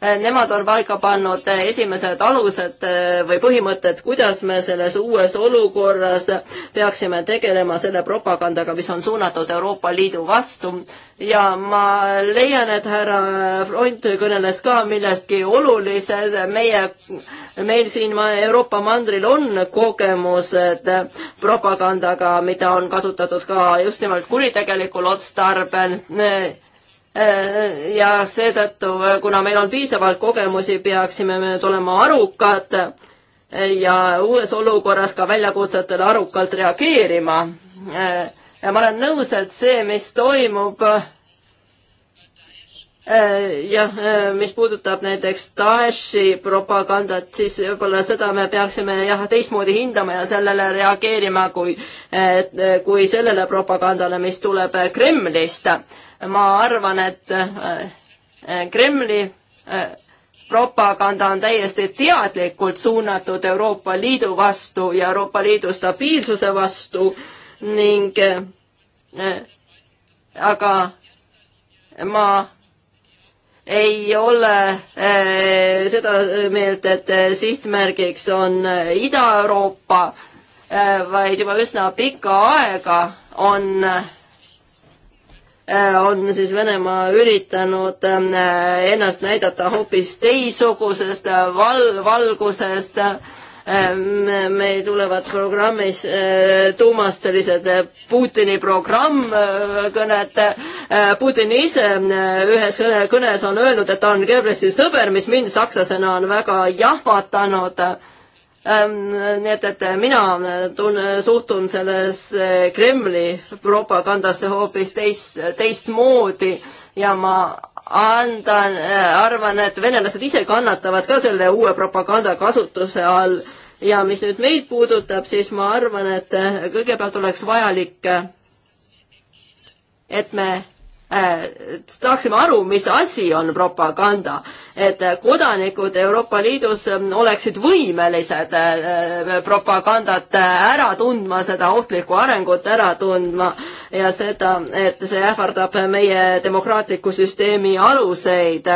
D: Äh, nemad on paika pannud äh, esimesed alused äh, või põhimõtted, kuidas me selles uues olukorras peaksime tegelema selle propagandaga, mis on suunatud Euroopa Liidu vastu. ja ma leian, et härra Front kõneles ka millestki olulised. meie, meil siin Euroopa mandril on kogemused propagandaga, mida on kasutatud ka just nimelt kuritegelikul otstarbel Äh, ja seetõttu, äh, kuna meil on piisavalt kogemusi, peaksime me nüüd olema arukad äh, ja uues olukorras ka väljakutsetele arukalt reageerima. ja ma olen nõus, et see, mis toimub jah, mis puudutab näiteks Daeshi propagandat, siis võib-olla seda me peaksime jah, teistmoodi hindama ja sellele reageerima kui, kui sellele propagandale, mis tuleb Kremlist ma arvan, et äh, Kremli äh, propaganda on täiesti teadlikult suunatud Euroopa Liidu vastu ja Euroopa Liidu stabiilsuse vastu ning äh, aga ma ei ole seda meelt, et sihtmärgiks on Ida-Euroopa, vaid juba üsna pikka aega on Äh, on siis Venemaa üritanud äh, ennast näidata hoopis teistsugusest äh, val-, valgusest. meil tulevad programmis tuumast sellised Putini programmkõned. Putin ise ühes kõnes on öelnud, et ta on Goebbelsi sõber, mis mind sakslasena on väga jahvatanud Ähm, nii et, et mina tunnen, suhtun sellesse Kremli propagandasse hoopis teist, teistmoodi ja ma andan, äh, arvan, et venelased ise kannatavad ka selle uue propaganda kasutuse all ja mis nüüd meid puudutab, siis ma arvan, et äh, kõigepealt oleks vajalik, äh, et me Äh, saaksime aru, mis asi on propaganda, et äh, kodanikud Euroopa Liidus ähm, oleksid võimelised äh, propagandat ära tundma, seda ohtlikku arengut ära tundma ja seda, et see ähvardab meie demokraatliku süsteemi aluseid.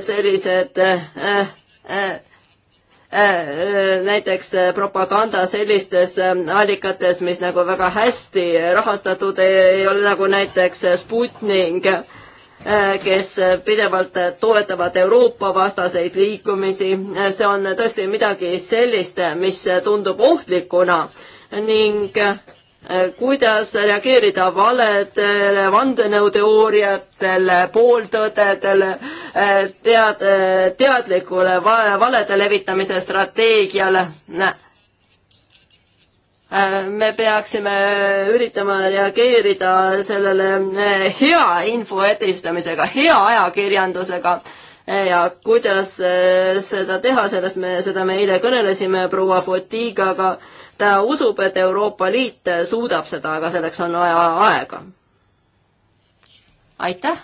D: sellised äh, äh, Äh, äh, näiteks äh, propaganda sellistes allikates, mis nagu väga hästi rahastatud ei ole, nagu näiteks Sputnik, kes pidevalt toetavad Euroopa vastaseid liikumisi. see on tõesti midagi sellist, mis tundub ohtlikuna ning Äh, kuidas reageerida valedele, vandenõuteooriatele, pooltõdedele, äh, tead-, äh, teadlikule valede levitamise strateegiale. me peaksime üritama reageerida sellele hea info edistamisega, hea ajakirjandusega ja kuidas eh, seda teha, sellest me, seda me eile kõnelesime proua Fotigaga. ta usub, et Euroopa Liit suudab seda, aga selleks on vaja aega. aitäh.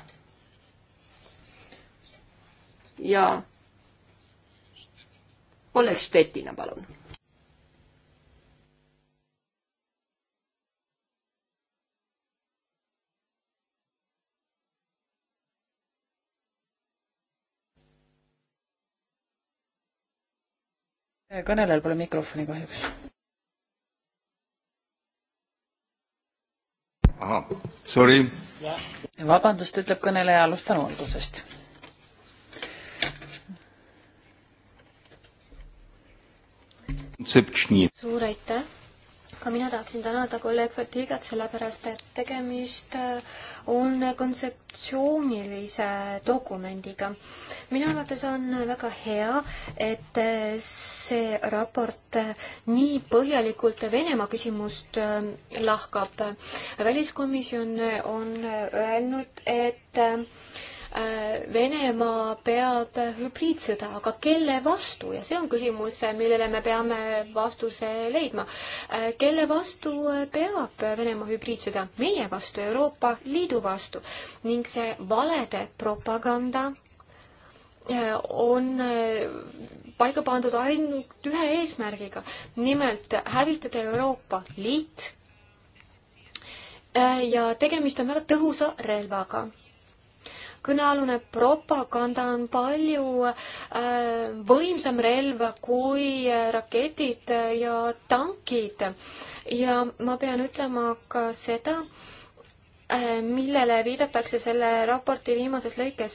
D: ja Oleg Stettina, palun
B: kõnelejal pole mikrofoni kahjuks.
A: ahah, sorry.
B: vabandust, ütleb kõneleja, alustan algusest.
C: suur aitäh ka mina tahaksin tänada kolleeg Fatigat, sellepärast et tegemist äh, on kontseptsioonilise dokumendiga. minu arvates on väga hea, et äh, see raport äh, nii põhjalikult Venemaa küsimust lahkab. väliskomisjon on öelnud, et Äh, Venemaa peab hübriidsõda, aga kelle vastu ja see on küsimus, millele me peame vastuse leidma. Äh, kelle vastu peab Venemaa hübriidsõda? meie vastu, Euroopa Liidu vastu ning see valede propaganda äh, on paika pandud ainult ühe eesmärgiga, nimelt hävitada Euroopa Liit. ja tegemist on väga tõhusa relvaga kõnealune propaganda on palju äh, võimsam relv kui äh, raketid äh, ja tankid. ja ma pean ütlema ka seda, millele viidatakse selle raporti viimases lõikes.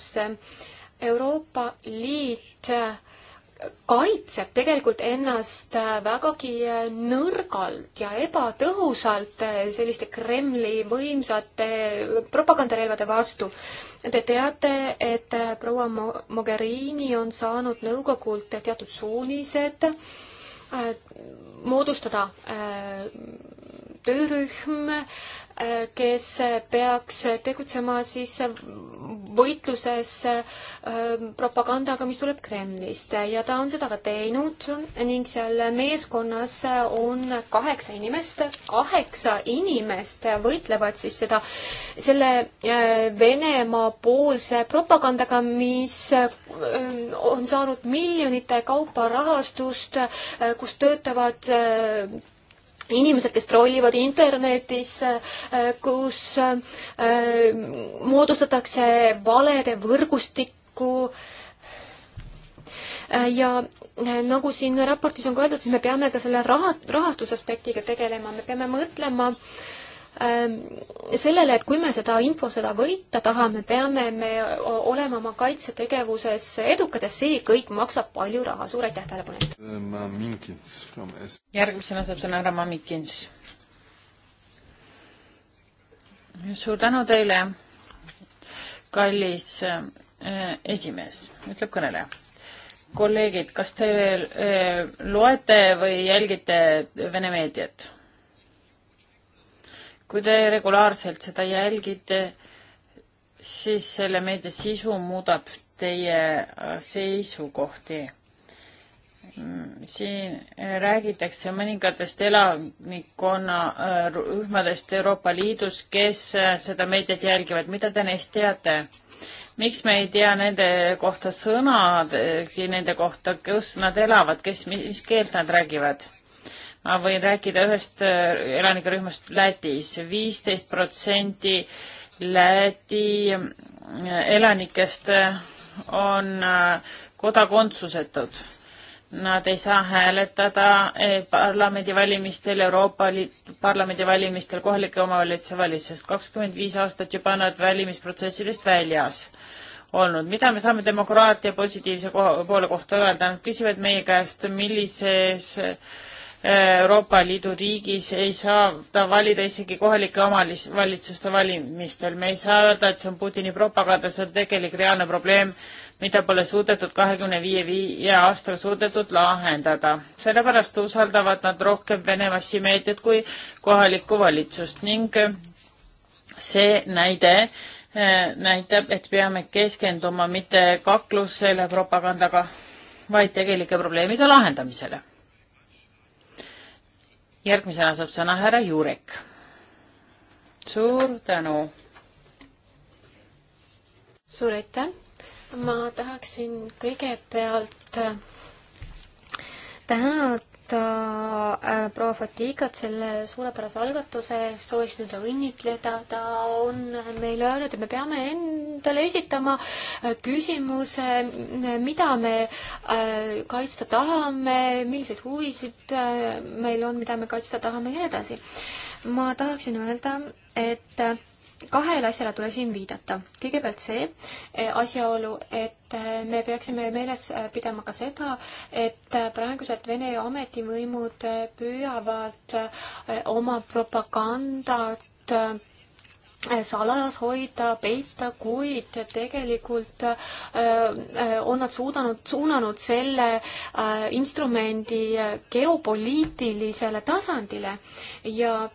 C: Euroopa Liit äh, kaitseb tegelikult ennast äh, vägagi äh, nõrgalt ja ebatõhusalt äh, selliste Kremli võimsate propagandarelvade vastu. Te teate, et proua Mogherini on saanud nõukogult teatud suunised moodustada töörühm, kes peaks tegutsema siis võitluses ähm, propagandaga, mis tuleb Kremlist ja ta on seda ka teinud ning seal meeskonnas on kaheksa inimest, kaheksa inimest võitlevad siis seda, selle äh, Venemaa-poolse propagandaga, mis ähm, on saanud miljonite kaupa rahastust, äh, kus töötavad äh, inimesed, kes trollivad internetis, äh, kus äh, moodustatakse valede võrgustikku äh, ja nagu siin raportis on ka öeldud, siis me peame ka selle raha, rahastusaspektiga tegelema, me peame mõtlema äh, Ähm, sellele, et kui me seda infosõda võita tahame, peame me olema oma kaitsetegevuses edukad ja see kõik maksab palju raha. suur aitäh tähelepanu
A: eest! Äh,
B: järgmisena saab sõna härra Mamikins. suur tänu teile, kallis äh, esimees, ütleb kõneleja. kolleegid, kas te äh, loete või jälgite Vene meediat? kui te regulaarselt seda jälgite, siis selle meedia sisu muudab teie äh, seisukohti. Mm, siin äh, räägitakse mõningatest elanikkonna äh, rühmadest Euroopa Liidus, kes seda meediat jälgivad, mida te neist teate? miks me ei tea nende kohta sõnadki, nende kohta, kus nad elavad, kes, mis keelt nad räägivad? ma võin rääkida ühest äh, elanikerühmast Lätis, viisteist protsenti Läti äh, elanikest äh, on kodakondsusetud. Nad ei saa hääletada parlamendivalimistel, Euroopa Liidu parlamendivalimistel, kohalike omavalitsuse valimisest. kakskümmend viis aastat juba nad valimisprotsessidest väljas olnud. mida me saame demokraatia positiivse poole kohta öelda? Nad küsivad meie käest, millises äh, Euroopa Liidu riigis ei saa ta valida isegi kohalike omavalitsuste valimistel. me ei saa öelda, et see on Putini propaganda, see on tegelik reaalne probleem, mida pole suudetud kahekümne viie viie aastaga suudetud lahendada. sellepärast usaldavad nad rohkem Vene massimeediat kui kohalikku valitsust ning see näide eh, näitab, et peame keskenduma mitte kaklusele propagandaga, vaid tegelike probleemide lahendamisele järgmisena saab sõna härra Jurek. suur tänu. suur aitäh.
C: ma tahaksin kõigepealt äh, tänada ta äh, proua Fatigat selle suurepärase algatuse eest, sooviksin teda õnnitleda, ta on meile öelnud, et me peame endale esitama äh, küsimuse, äh, mida me äh, kaitsta tahame, milliseid huvisid äh, meil on, mida me kaitsta tahame ja nii edasi. ma tahaksin öelda, et äh, kahele asjale tule siin viidata. kõigepealt see eh, asjaolu, et eh, me peaksime meeles eh, pidama ka seda, et praegused Vene ametivõimud püüavad oma propagandat salajas hoida, peita, kuid tegelikult öö, on nad suudanud, suunanud selle öö, instrumendi geopoliitilisele tasandile ja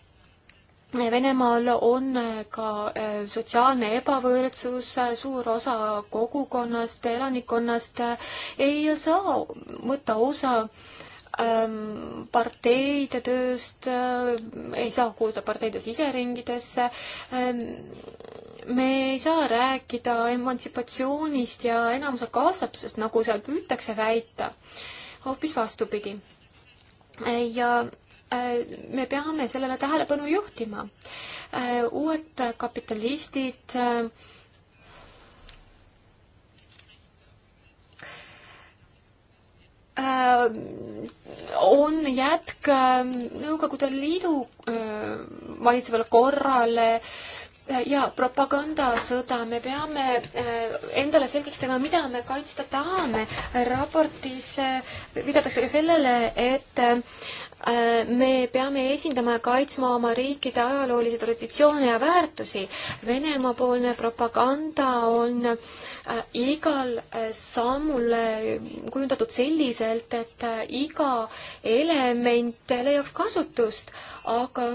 C: Venemaal on ka äh, sotsiaalne ebavõrdsus, suur osa kogukonnast, elanikkonnast äh, ei saa võtta osa ähm, parteide tööst, äh, ei saa kuulda parteide siseringidesse. Ähm, me ei saa rääkida emantsipatsioonist ja enamuse kaasatusest, nagu seal püütakse väita. hoopis vastupidi. ja Äh, me peame sellele tähelepanu juhtima. Äh, uued kapitalistid äh, on jätk Nõukogude Liidu valitsevale korrale ja propagandasõda, me peame endale selgeks tegema, mida me kaitsta tahame. raportis viidatakse ka sellele, et Äh, me peame esindama ja kaitsma oma riikide ajaloolisi traditsioone ja väärtusi. Venemaa-poolne propaganda on äh, igal äh, sammul kujundatud selliselt, et iga element leiaks kasutust, aga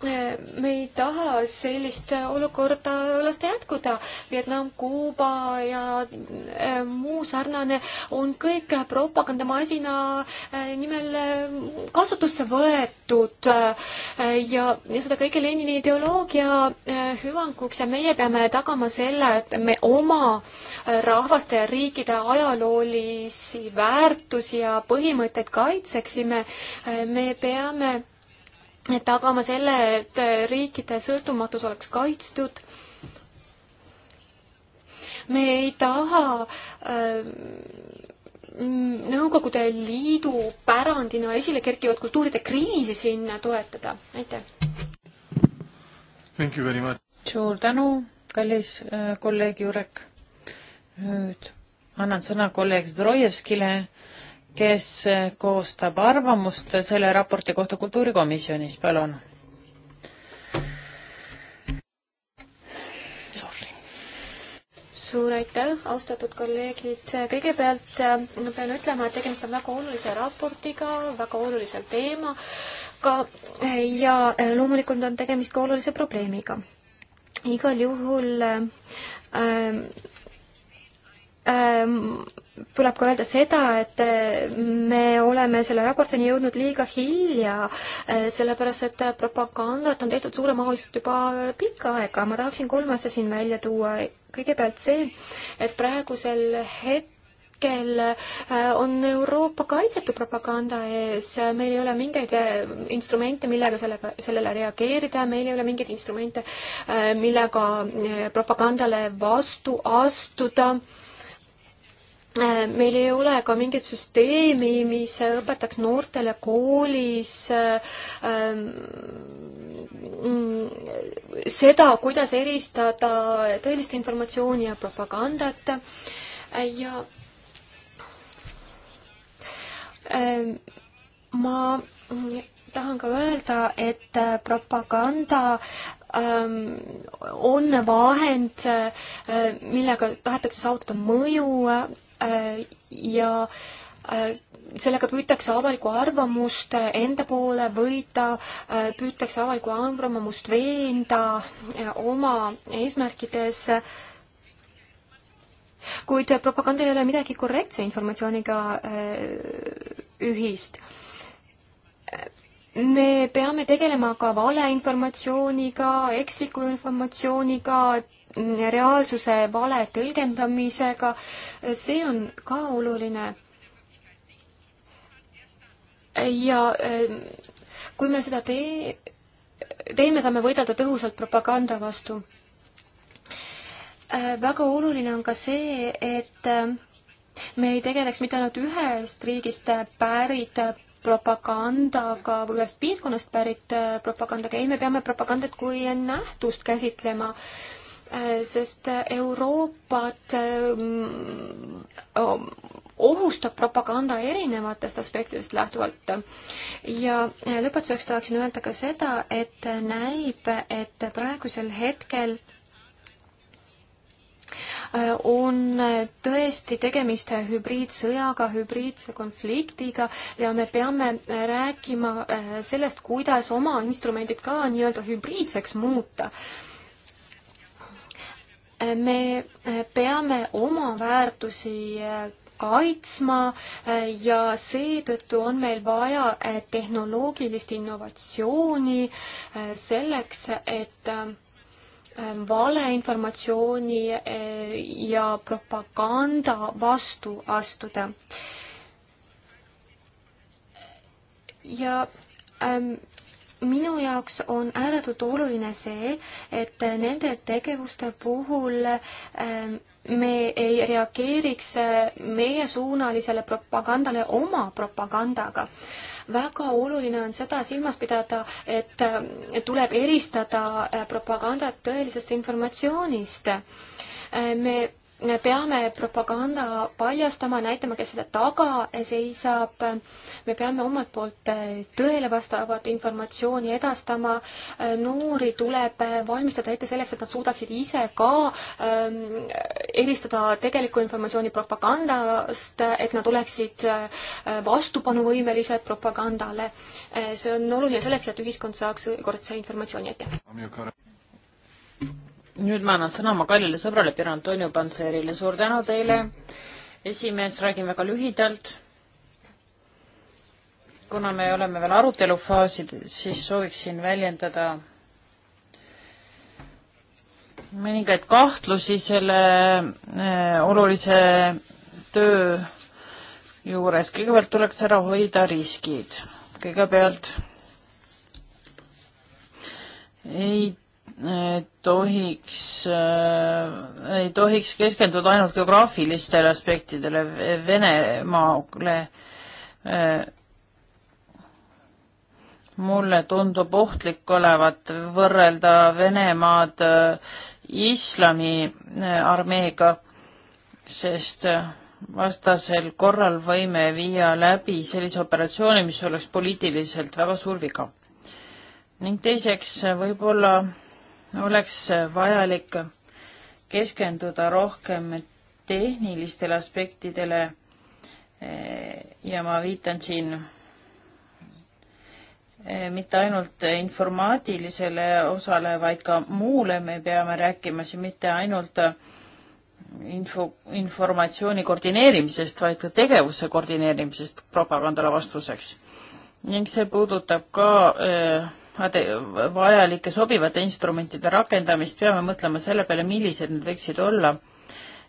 C: me ei taha sellist olukorda lasta jätkuda. Vietnam, Kuuba ja äh, muu sarnane on kõik propagandamasina äh, nimel äh, kasutusse võetud ja, ja seda kõike Lenini ideoloogia hüvanguks ja meie peame tagama selle, et me oma rahvaste ja riikide ajaloolisi väärtusi ja põhimõtteid kaitseksime. me peame tagama selle, et riikide sõltumatus oleks kaitstud. me ei taha äh, Nõukogude Liidu pärandina esile kerkivat kultuuride kriisi siin toetada.
B: aitäh! suur tänu, kallis äh, kolleeg Jurek. nüüd annan sõna kolleeg Zdrojevskile kes koostab arvamust selle raporti kohta kultuurikomisjonis, palun.
C: suur aitäh, austatud kolleegid, kõigepealt äh, ma pean ütlema, et tegemist on väga olulise raportiga, väga olulisel teemaga ja äh, loomulikult on tegemist ka olulise probleemiga. igal juhul ähm, ähm, tuleb ka öelda seda, et eh, me oleme selle raportini jõudnud liiga hilja, eh, sellepärast et propagandat on tehtud suuremahuliselt juba pikka aega. ma tahaksin kolm asja siin välja tuua. kõigepealt see, et praegusel hetkel hetkel eh, on Euroopa kaitsetu propaganda ees, meil ei ole mingeid instrumente, millega sellega, sellele reageerida, meil ei ole mingeid instrumente, millega propagandale vastu astuda Äh, meil ei ole ka mingit süsteemi, mis õpetaks noortele koolis äh, ähm, mm, seda, kuidas eristada tõelist informatsiooni ja propagandat äh, ja ähm, ma mm, tahan ka öelda, et propaganda ähm, on vahend, millega tahetakse saavutada mõju Äh, ja äh, sellega püütakse avalikku arvamust äh, enda poole võita, püütakse avalikku arvamust veenda oma eesmärkides kuid propagandal ei ole midagi korrektse informatsiooniga ühist. me peame tegelema ka valeinformatsiooniga, eksliku informatsiooniga, reaalsuse vale tõlgendamisega, see on ka oluline. ja eh, kui me seda tee-, teeme, saame võidelda tõhusalt propaganda vastu. Eh, väga oluline on ka see, et eh, me ei tegeleks mitte ainult ühest riigist pärit propagandaga või ühest piirkonnast pärit propagandaga, ei, me peame propagandat kui nähtust käsitlema Äh, sest äh, Euroopat ähm, ähm, ohustab propaganda erinevatest aspektidest lähtuvalt. ja äh, lõpetuseks tahaksin öelda ka seda, et näib, et praegusel hetkel on tõesti tegemist hübriidsõjaga, hübriidse konfliktiga ja me peame rääkima sellest, kuidas oma instrumendid ka nii-öelda hübriidseks muuta me eh, peame oma väärtusi eh, kaitsma eh, ja seetõttu on meil vaja tehnoloogilist innovatsiooni selleks, et valeinformatsiooni ja propaganda vastu astuda. ja ähm, minu jaoks on ääretult oluline see, et nende tegevuste puhul ähm, me ei reageeriks äh, meiesuunalisele propagandale oma propagandaga. väga oluline on seda silmas pidada, et äh, tuleb eristada äh, propagandat tõelisest informatsioonist. me me peame propaganda paljastama, näitama, kes selle taga seisab, me peame omalt poolt eh, tõele vastavat informatsiooni edastama, eh, noori tuleb eh, valmistada ette selleks, et nad suudaksid ise ka ähm, eristada tegelikku informatsiooni propagandast, et nad oleksid vastupanuvõimelised propagandale. see on oluline selleks, et ühiskond saaks
B: korrektse informatsiooni, aitäh! nüüd ma annan sõna oma kallile sõbrale Pier Antonio Panserile, suur tänu teile. esimees, räägin väga lühidalt. kuna me oleme veel arutelufaasid, siis sooviksin väljendada mõningaid kahtlusi selle äh, olulise töö juures. kõigepealt tuleks ära hoida riskid. kõigepealt ei tohiks, äh, ei tohiks keskenduda ainult geograafilistele aspektidele Venemaale. Äh, mulle tundub ohtlik olevat võrrelda Venemaad äh, islami armeega, sest vastasel korral võime viia läbi sellise operatsiooni, mis oleks poliitiliselt väga suur viga. ning teiseks võib-olla oleks vajalik keskenduda rohkem tehnilistele aspektidele ja ma viitan siin eh, mitte ainult informaatilisele osale, vaid ka muule me peame rääkima siin mitte ainult info, informatsiooni koordineerimisest, vaid ka tegevuse koordineerimisest propagandale vastuseks. ning see puudutab ka äh, vajalike sobivate instrumentide rakendamist, peame mõtlema selle peale, millised need võiksid olla,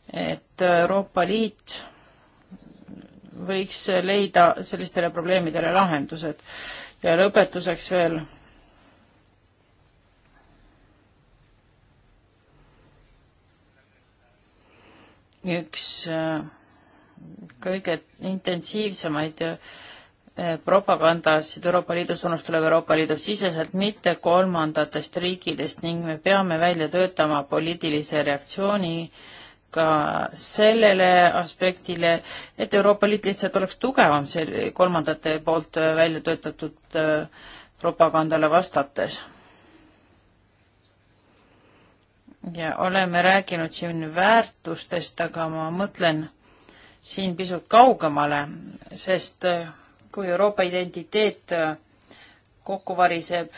B: et Euroopa Liit võiks leida sellistele probleemidele lahendused. ja lõpetuseks veel üks äh, kõige intensiivsemaid Eh, propagandasid Euroopa Liidu suunas tuleb Euroopa Liidu siseselt, mitte kolmandatest riikidest ning me peame välja töötama poliitilise reaktsiooni ka sellele aspektile, et Euroopa Liit lihtsalt oleks tugevam sel-, kolmandate poolt eh, välja töötatud eh, propagandale vastates. ja oleme rääkinud siin väärtustest, aga ma mõtlen siin pisut kaugemale, sest kui Euroopa identiteet äh, kokku variseb,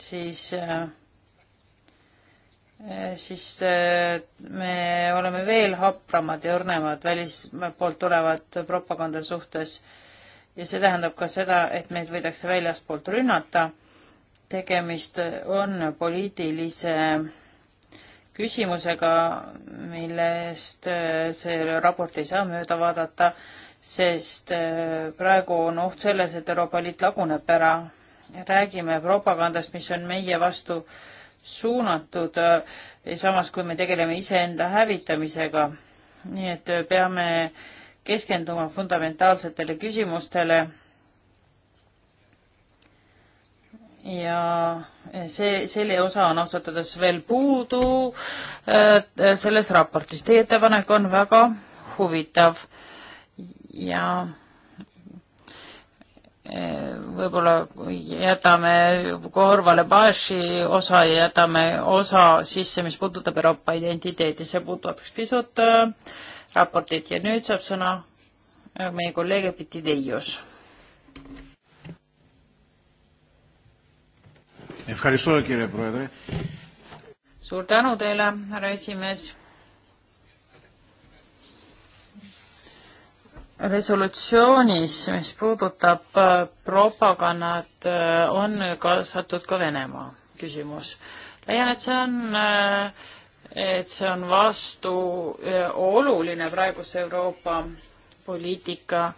B: siis, äh, äh, siis me oleme veel hapramad ja õrnemad välispoolt tulevat propaganda suhtes. ja see tähendab ka seda, et meid võidakse väljaspoolt rünnata. tegemist on poliitilise küsimusega, millest see raport ei saa mööda vaadata sest äh, praegu on oht selles, et Euroopa Liit laguneb ära. räägime propagandast, mis on meie vastu suunatud, äh, samas kui me tegeleme iseenda hävitamisega. nii et äh, peame keskenduma fundamentaalsetele küsimustele. ja see, selle osa on ausalt öeldes veel puudu selles raportis. Teie ettepanek on väga huvitav ja e, võib-olla jätame korvale Baši osa ja jätame osa sisse, mis puudutab Euroopa identiteeti, see puudutaks pisut e, raportit ja nüüd saab sõna e, meie kolleeg Epiti Teius. suur tänu teile, härra esimees resolutsioonis, mis puudutab äh, propagandat, äh, on kaasatud ka Venemaa küsimus. leian, et see on, äh, et see on vastuoluline praeguse Euroopa poliitika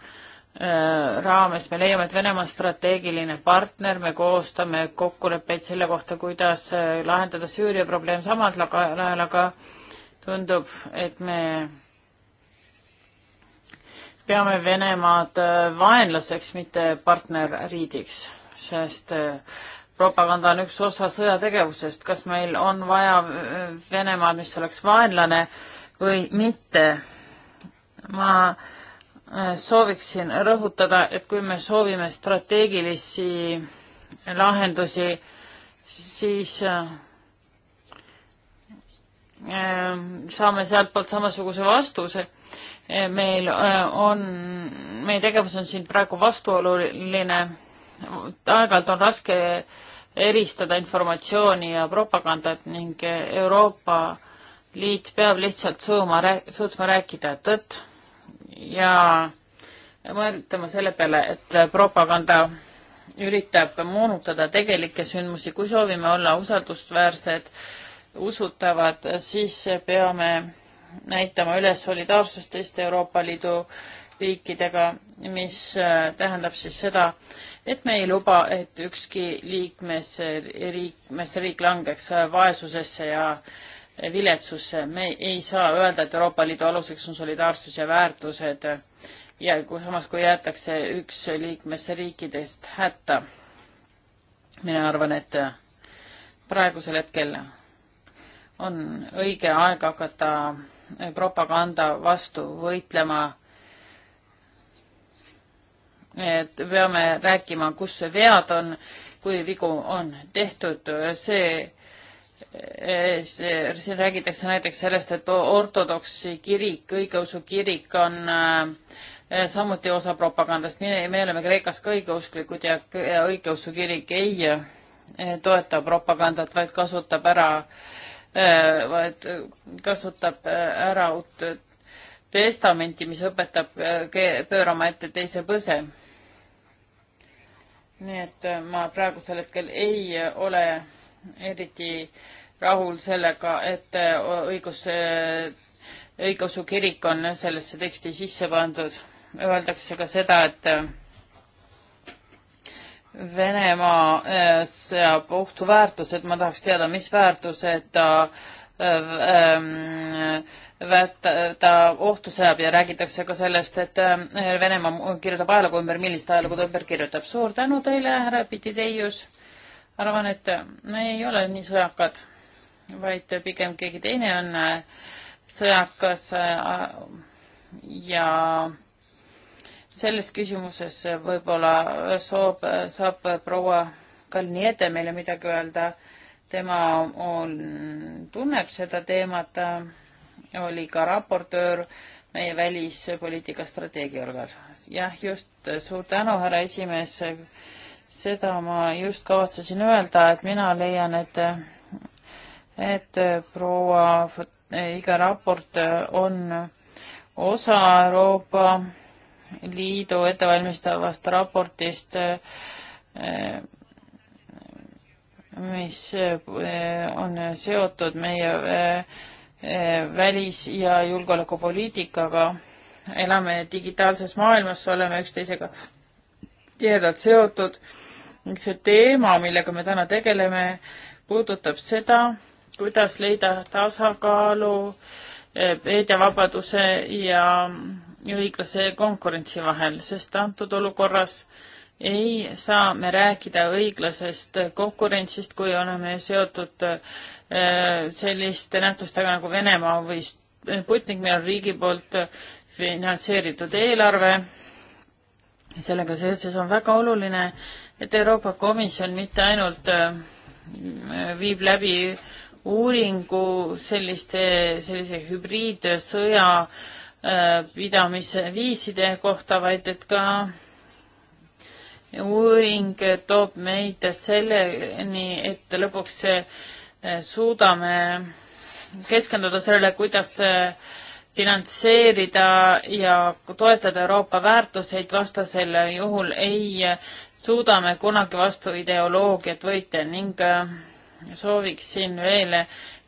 B: raames. me leiame, et Venemaa on strateegiline partner, me koostame kokkuleppeid selle kohta, kuidas lahendada Süüria probleem samal ajal, aga tundub, et me peame Venemaad äh, vaenlaseks, mitte partnerriigiks, sest äh, propaganda on üks osa sõjategevusest, kas meil on vaja äh, Venemaad, mis oleks vaenlane või mitte. ma sooviksin rõhutada, et kui me soovime strateegilisi lahendusi, siis saame sealtpoolt samasuguse vastuse meil äh, on, meie tegevus on siin praegu vastuoluline, aeg-ajalt on raske eristada informatsiooni ja propagandat ning Euroopa Liit peab lihtsalt suuma, suutma rääkida tõtt ja mõtlema selle peale, et propaganda üritab moonutada tegelikke sündmusi, kui soovime olla usaldusväärsed, usutavad, siis peame näitama üles solidaarsust teiste Euroopa Liidu riikidega, mis äh, tähendab siis seda, et me ei luba, et ükski liikmesriik, liikmesriik langeks äh, vaesusesse ja viletsusse. me ei saa öelda, et Euroopa Liidu aluseks on solidaarsus ja väärtused ja kui samas, kui jäetakse üks liikmesriikidest hätta. mina arvan, et äh, praegusel hetkel on õige aeg hakata propaganda vastu võitlema. et peame rääkima, kus vead on, kui vigu on tehtud, see siin räägitakse näiteks sellest, et ortodoksi kirik, õigeusu kirik on äh, samuti osa propagandast. me oleme Kreekas ka õigeusklikud ja õigeusu kirik ei äh, toeta propagandat, vaid kasutab ära äh, Äh, vaid äh, kasutab äh, ära uut testamenti, mis õpetab pöörama ette teise põse. nii et ma praegusel hetkel ei ole eriti rahul sellega, et õigus, õigeusu kirik on sellesse teksti sisse pandud. Öeldakse ka seda, et Venemaa äh, seab ohtu väärtused, ma tahaks teada, mis väärtused ta äh, ähm, ta, ta ohtu seab ja räägitakse ka sellest, et äh, Venemaa kirjutab ajalugu ümber, millist ajalugu ta ümber kirjutab. suur tänu teile, härra Pitideius. arvan, et me ei ole nii sõjakad, vaid pigem keegi teine on sõjakas ja selles küsimuses võib-olla soob, saab proua Kalniete meile midagi öelda. tema on, tunneb seda teemat, oli ka raportöör meie välispoliitika strateegiaorgas. jah, just, suur tänu, härra esimees. seda ma just kavatsesin öelda, et mina leian, et, et proua, iga raport on osa Euroopa Liidu ettevalmistavast raportist, mis eh, on seotud meie eh, välis- ja julgeolekupoliitikaga. elame digitaalses maailmas, oleme üksteisega tihedalt seotud ning see teema, millega me täna tegeleme, puudutab seda, kuidas leida tasakaalu eh, meediavabaduse ja ja õiglase konkurentsi vahel, sest antud olukorras ei saa me rääkida õiglasest konkurentsist, kui oleme seotud äh, selliste nähtustega nagu Venemaa või Sputnik, meil on riigi poolt finantseeritud eelarve. sellega seoses on väga oluline, et Euroopa Komisjon mitte ainult äh, viib läbi uuringu selliste, sellise hübriidsõja äh, Äh, pidamisviiside kohta, vaid et ka uuring toob meid selleni, et lõpuks äh, suudame keskenduda sellele, kuidas äh, finantseerida ja toetada Euroopa väärtuseid, vastasel juhul ei suuda me kunagi vastu ideoloogiat võita ning sooviksin veel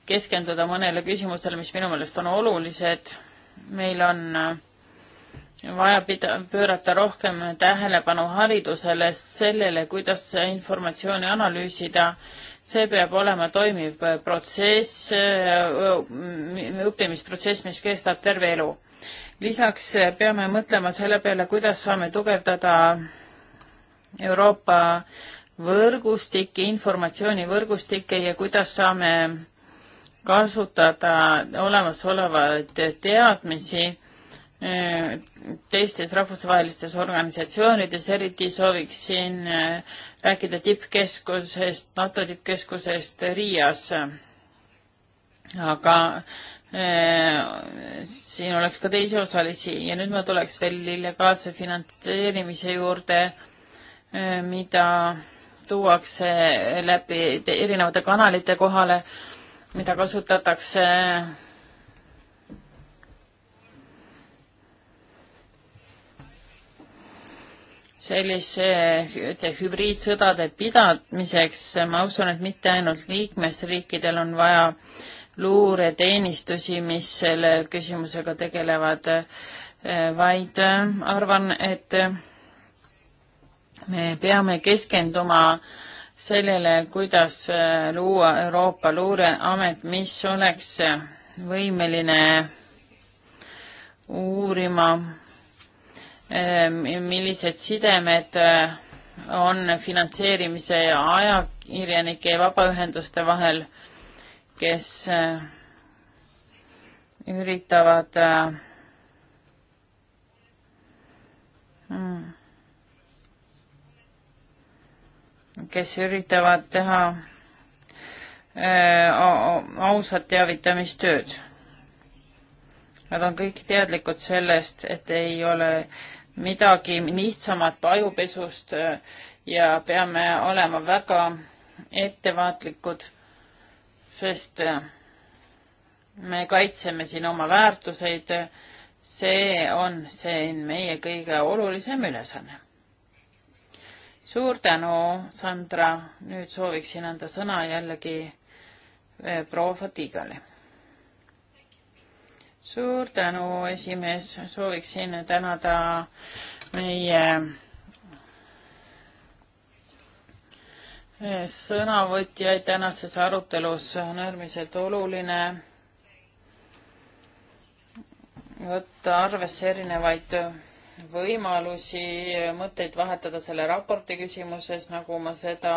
B: keskenduda mõnele küsimusele, mis minu meelest on olulised meil on äh, vaja pida-, pöörata rohkem tähelepanu haridusele, sellele, kuidas informatsiooni analüüsida, see peab olema toimiv protsess, äh, õppimisprotsess, mis kestab terve elu. lisaks äh, peame mõtlema selle peale, kuidas saame tugevdada Euroopa võrgustikke, informatsioonivõrgustikke ja kuidas saame kasutada olemasolevaid teadmisi eh, teistes rahvusvahelistes organisatsioonides, eriti sooviksin eh, rääkida tippkeskusest, NATO tippkeskusest Riias. aga eh, siin oleks ka teisi osalisi ja nüüd ma tuleks veel illegaalse finantseerimise juurde, mida tuuakse läbi erinevate kanalite kohale äh, mida kasutatakse sellise hübriidsõdade pidamiseks, ma usun, et mitte ainult liikmesriikidel on vaja luureteenistusi, mis selle küsimusega tegelevad, vaid arvan, et me peame keskenduma äh, sellele, kuidas äh, luua Euroopa luureamet, mis oleks äh, võimeline uurima, ähm, millised sidemed äh, on finantseerimise ja ajakirjanike ja vabaühenduste vahel, kes üritavad äh, kes üritavad teha äh, ausat teavitamistööd. Nad on kõik teadlikud sellest, et ei ole midagi lihtsamat ajupesust äh, ja peame olema väga ettevaatlikud, sest äh, me kaitseme siin oma väärtuseid. see on siin meie kõige olulisem ülesanne suur tänu, Sandra, nüüd sooviksin anda sõna jällegi eh, proua Fatigale. suur tänu, esimees, sooviksin tänada meie eh, sõnavõtjaid tänases arutelus, on äärmiselt oluline võtta arvesse erinevaid võimalusi mõtteid vahetada selle raporti küsimuses, nagu ma seda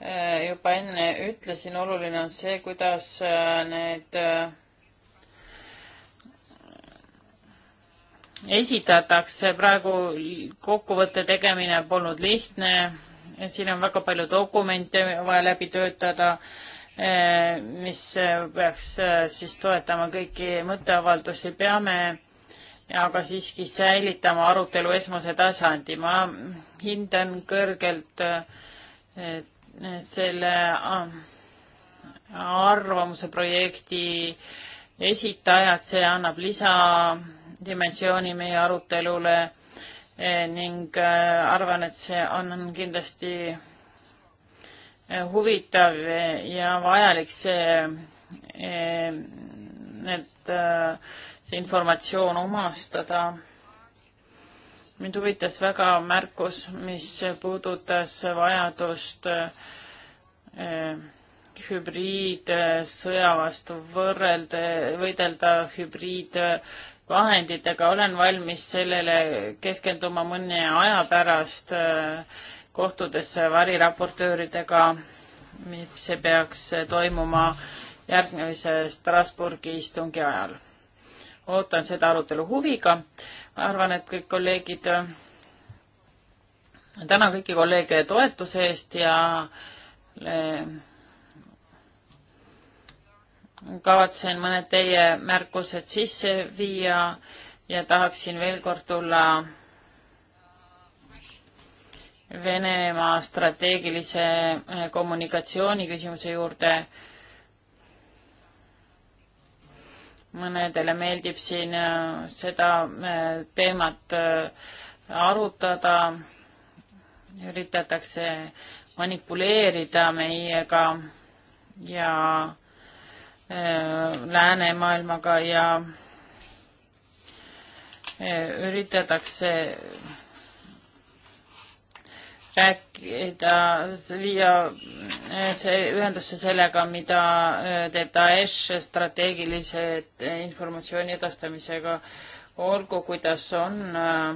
B: äh, juba enne ütlesin, oluline on see, kuidas äh, need äh, esitatakse, praegu kokkuvõtte tegemine polnud lihtne, et siin on väga palju dokumente vaja läbi töötada, mis peaks siis toetama kõiki mõtteavaldusi, peame aga siiski säilitama arutelu esmase tasandi. ma hindan kõrgelt eh, selle äh, arvamuse projekti esitajad, see annab lisadimensiooni meie arutelule eh, ning äh, arvan, et see on kindlasti eh, huvitav ja vajalik see, need äh, see informatsioon omastada. mind huvitas väga märkus, mis puudutas vajadust eh, hübriidsõja eh, vastu võrrelda, võidelda hübriidvahenditega, olen valmis sellele keskenduma mõne aja pärast, eh, kohtudes variraportööridega, mis peaks toimuma järgmise Strasbourgi istungi ajal ootan seda arutelu huviga. arvan, et kõik kolleegid, tänan kõiki kolleege toetuse eest ja kavatsen mõned teie märkused sisse viia ja tahaksin veel kord tulla Venemaa strateegilise eh, kommunikatsiooni küsimuse juurde mõnedele meeldib siin äh, seda äh, teemat äh, arutada, üritatakse manipuleerida meiega ja läänemaailmaga ja üritatakse rääkida, viia eh, see ühendusse sellega, mida eh, teeb Daesh strateegilise eh, informatsiooni edastamisega, olgu kuidas on äh,,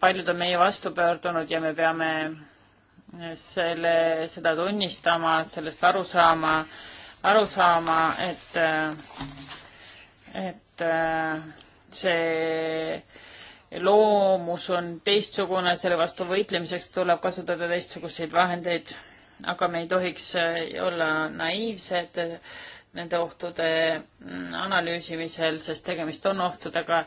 B: paljud on meie vastu pöördunud ja me peame selle, seda tunnistama, sellest aru saama, aru saama, et, et see loomus on teistsugune, selle vastu võitlemiseks tuleb kasutada teistsuguseid vahendeid, aga me ei tohiks äh, olla naiivsed äh, nende ohtude mm, analüüsimisel, sest tegemist on ohtudega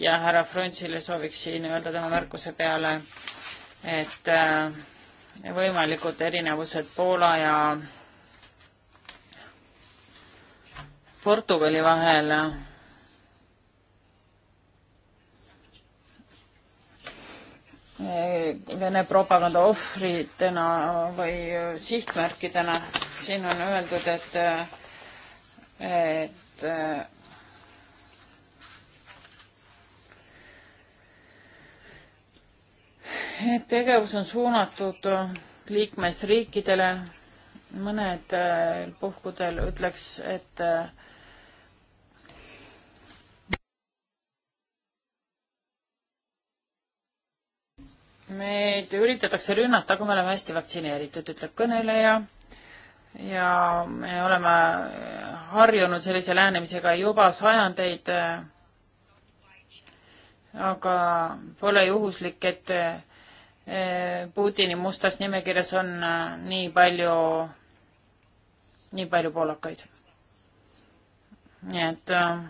B: ja härra Frunzile sooviksin öelda tema märkuse peale, et äh, võimalikud erinevused Poola ja Portugali vahel Eh, Vene propaganda ohvritena või eh, sihtmärkidena. siin on öeldud, et, eh, et et tegevus on suunatud liikmesriikidele, mõned puhkudel ütleks, et meid üritatakse rünnata, aga me oleme hästi vaktsineeritud, ütleb kõneleja. ja me oleme harjunud sellise lähenemisega juba sajandeid. aga pole juhuslik, et e, Putini mustas nimekirjas on e, nii palju, nii palju poolakaid. nii et äh,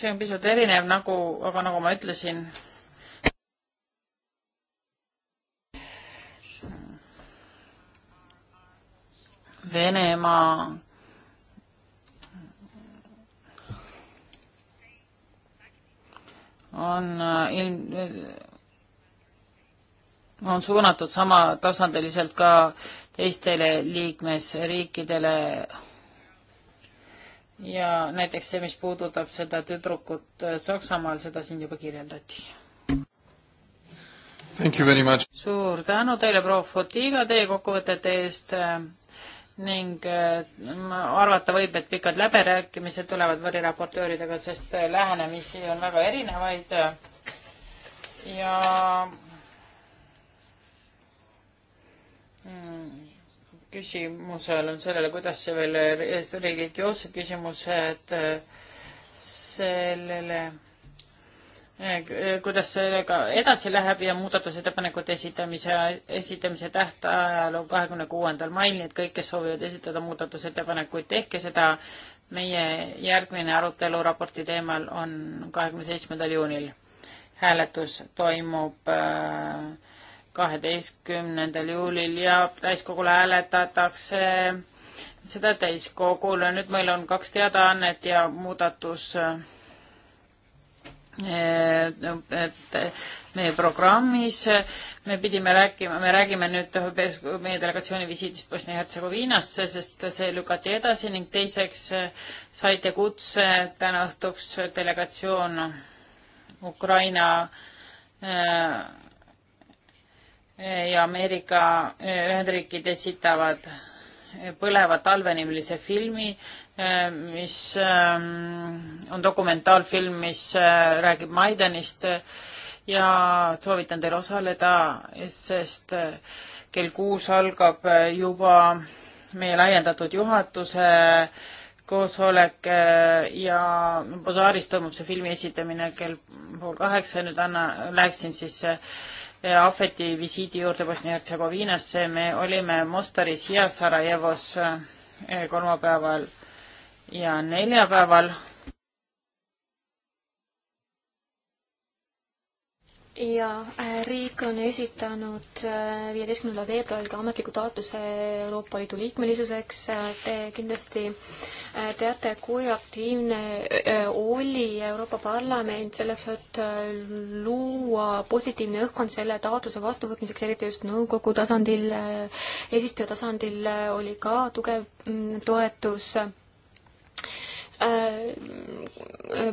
B: see on pisut erinev nagu, aga nagu ma ütlesin, Venemaa on ilm-, on suunatud samatasandiliselt ka teistele liikmesriikidele ja näiteks see, mis puudutab seda tüdrukut äh, Saksamaal, seda siin juba kirjeldati. suur tänu teile, proua Fotiga, teie kokkuvõtete eest äh, ning äh, arvata võib, et pikad läbirääkimised tulevad variraportööridega, sest lähenemisi on väga erinevaid ja küsimuse all on sellele, kuidas see veel religioossed küsimused äh, sellele, äh, kuidas sellega edasi läheb ja muudatusettepanekute esitamise, esitamise tähtajal on kahekümne kuuendal mail, nii et kõik, kes soovivad esitada muudatusettepanekuid, tehke seda. meie järgmine arutelu raporti teemal on kahekümne seitsmendal juunil. hääletus toimub äh, kaheteistkümnendal juulil ja täiskogule hääletatakse seda täiskogule. nüüd meil on kaks teadaannet ja muudatus eh, meie programmis. me pidime rääkima, me räägime nüüd meie delegatsiooni visiidist Bosnia-Hertsegoviinasse, sest see lükati edasi ning teiseks saite kutse täna õhtuks delegatsioon Ukraina eh, ja Ameerika eh, Ühendriigid esitavad eh, põleva talvenimelise filmi, eh, mis on dokumentaalfilm, mis räägib Maidanist ja soovitan teil osaleda, sest kell kuus algab juba meie laiendatud juhatuse koosolek ja Bazaaris toimub see filmi esitamine kell pool kaheksa, nüüd anna, läheksin siis Ahveti visiidi juurde Bosnia-Hertsegoviinasse. me olime Mostaris ja Sarajevos eh, kolmapäeval ja neljapäeval
C: ja äh, riik on esitanud äh, viieteistkümnendal veebruaril ka ametliku taotluse Euroopa Liidu liikmelisuseks. Äh, te kindlasti teate, kui aktiivne oli Euroopa Parlament selleks, et luua positiivne õhkkond selle taotluse vastuvõtmiseks, eriti just nõukogu tasandil, eesistuja tasandil oli ka tugev mm, toetus Äh,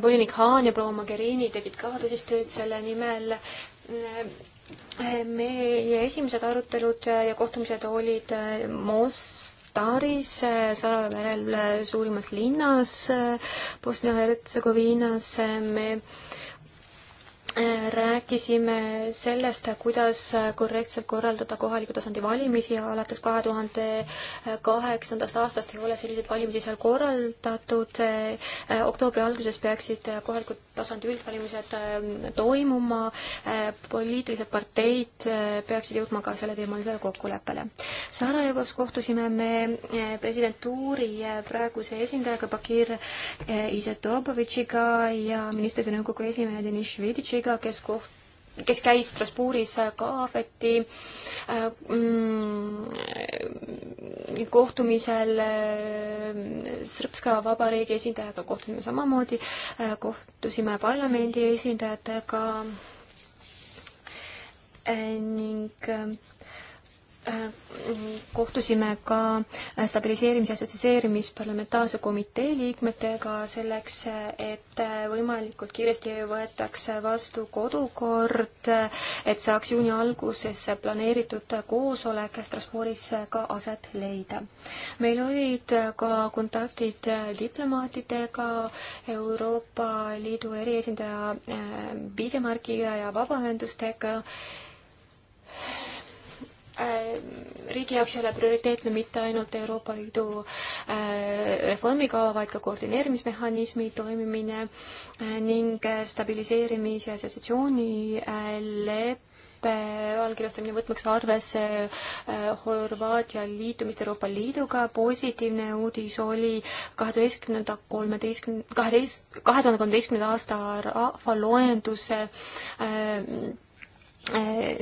C: volinik Haan ja proua Mogherini tegid ka tõsist tööd selle nimel. Äh, meie esimesed arutelud ja kohtumised olid äh, Mostaris, Sarave merel suurimas linnas Bosnia-Hertsegoviinas. me rääkisime sellest, kuidas korrektselt korraldada kohaliku tasandi valimisi ja alates kahe tuhande kaheksandast aastast ei ole selliseid valimisi seal korraldatud. oktoobri alguses peaksid kohaliku tasandi üldvalimised ähm, toimuma. poliitilised parteid äh, peaksid jõudma ka selleteemalisele kokkuleppele. Sarajevos kohtusime me äh, presidentuuri äh, praeguse esindajaga Bakir Izetobovitšiga ja ministrite nõukogu esimehe Deniss Šveditšiga Preda, kes koht-, kes käis Strasbourgis äh, Kaafeti äh, mm, kohtumisel äh, Srpska Vabariigi esindajaga kohtusime samamoodi, kohtusime parlamendi esindajatega ning Äh, kohtusime ka stabiliseerimis- ja assotsieerimisparlamentaarse komitee liikmetega selleks, et võimalikult kiiresti võetaks vastu kodukord, et saaks juuni alguses planeeritud koosolek Strasbourgis ka aset leida. meil olid ka kontaktid diplomaatidega, Euroopa Liidu eriesindaja Piidemarkiga äh, ja vabaühendustega Äh, riigi jaoks ei ole prioriteetne mitte ainult Euroopa Liidu äh, reformikava, vaid ka koordineerimismehhanismi toimimine äh, ning stabiliseerimis- ja assotsiatsioonilepp, leppe allkirjastamine võtmaks arvesse Horvaatia liitumist Euroopa Liiduga. positiivne uudis oli kaheteistkümnenda, kolmeteistkümne, kaheteist, kahe tuhande kolmeteistkümnenda aasta rahvaloenduse äh, Äh,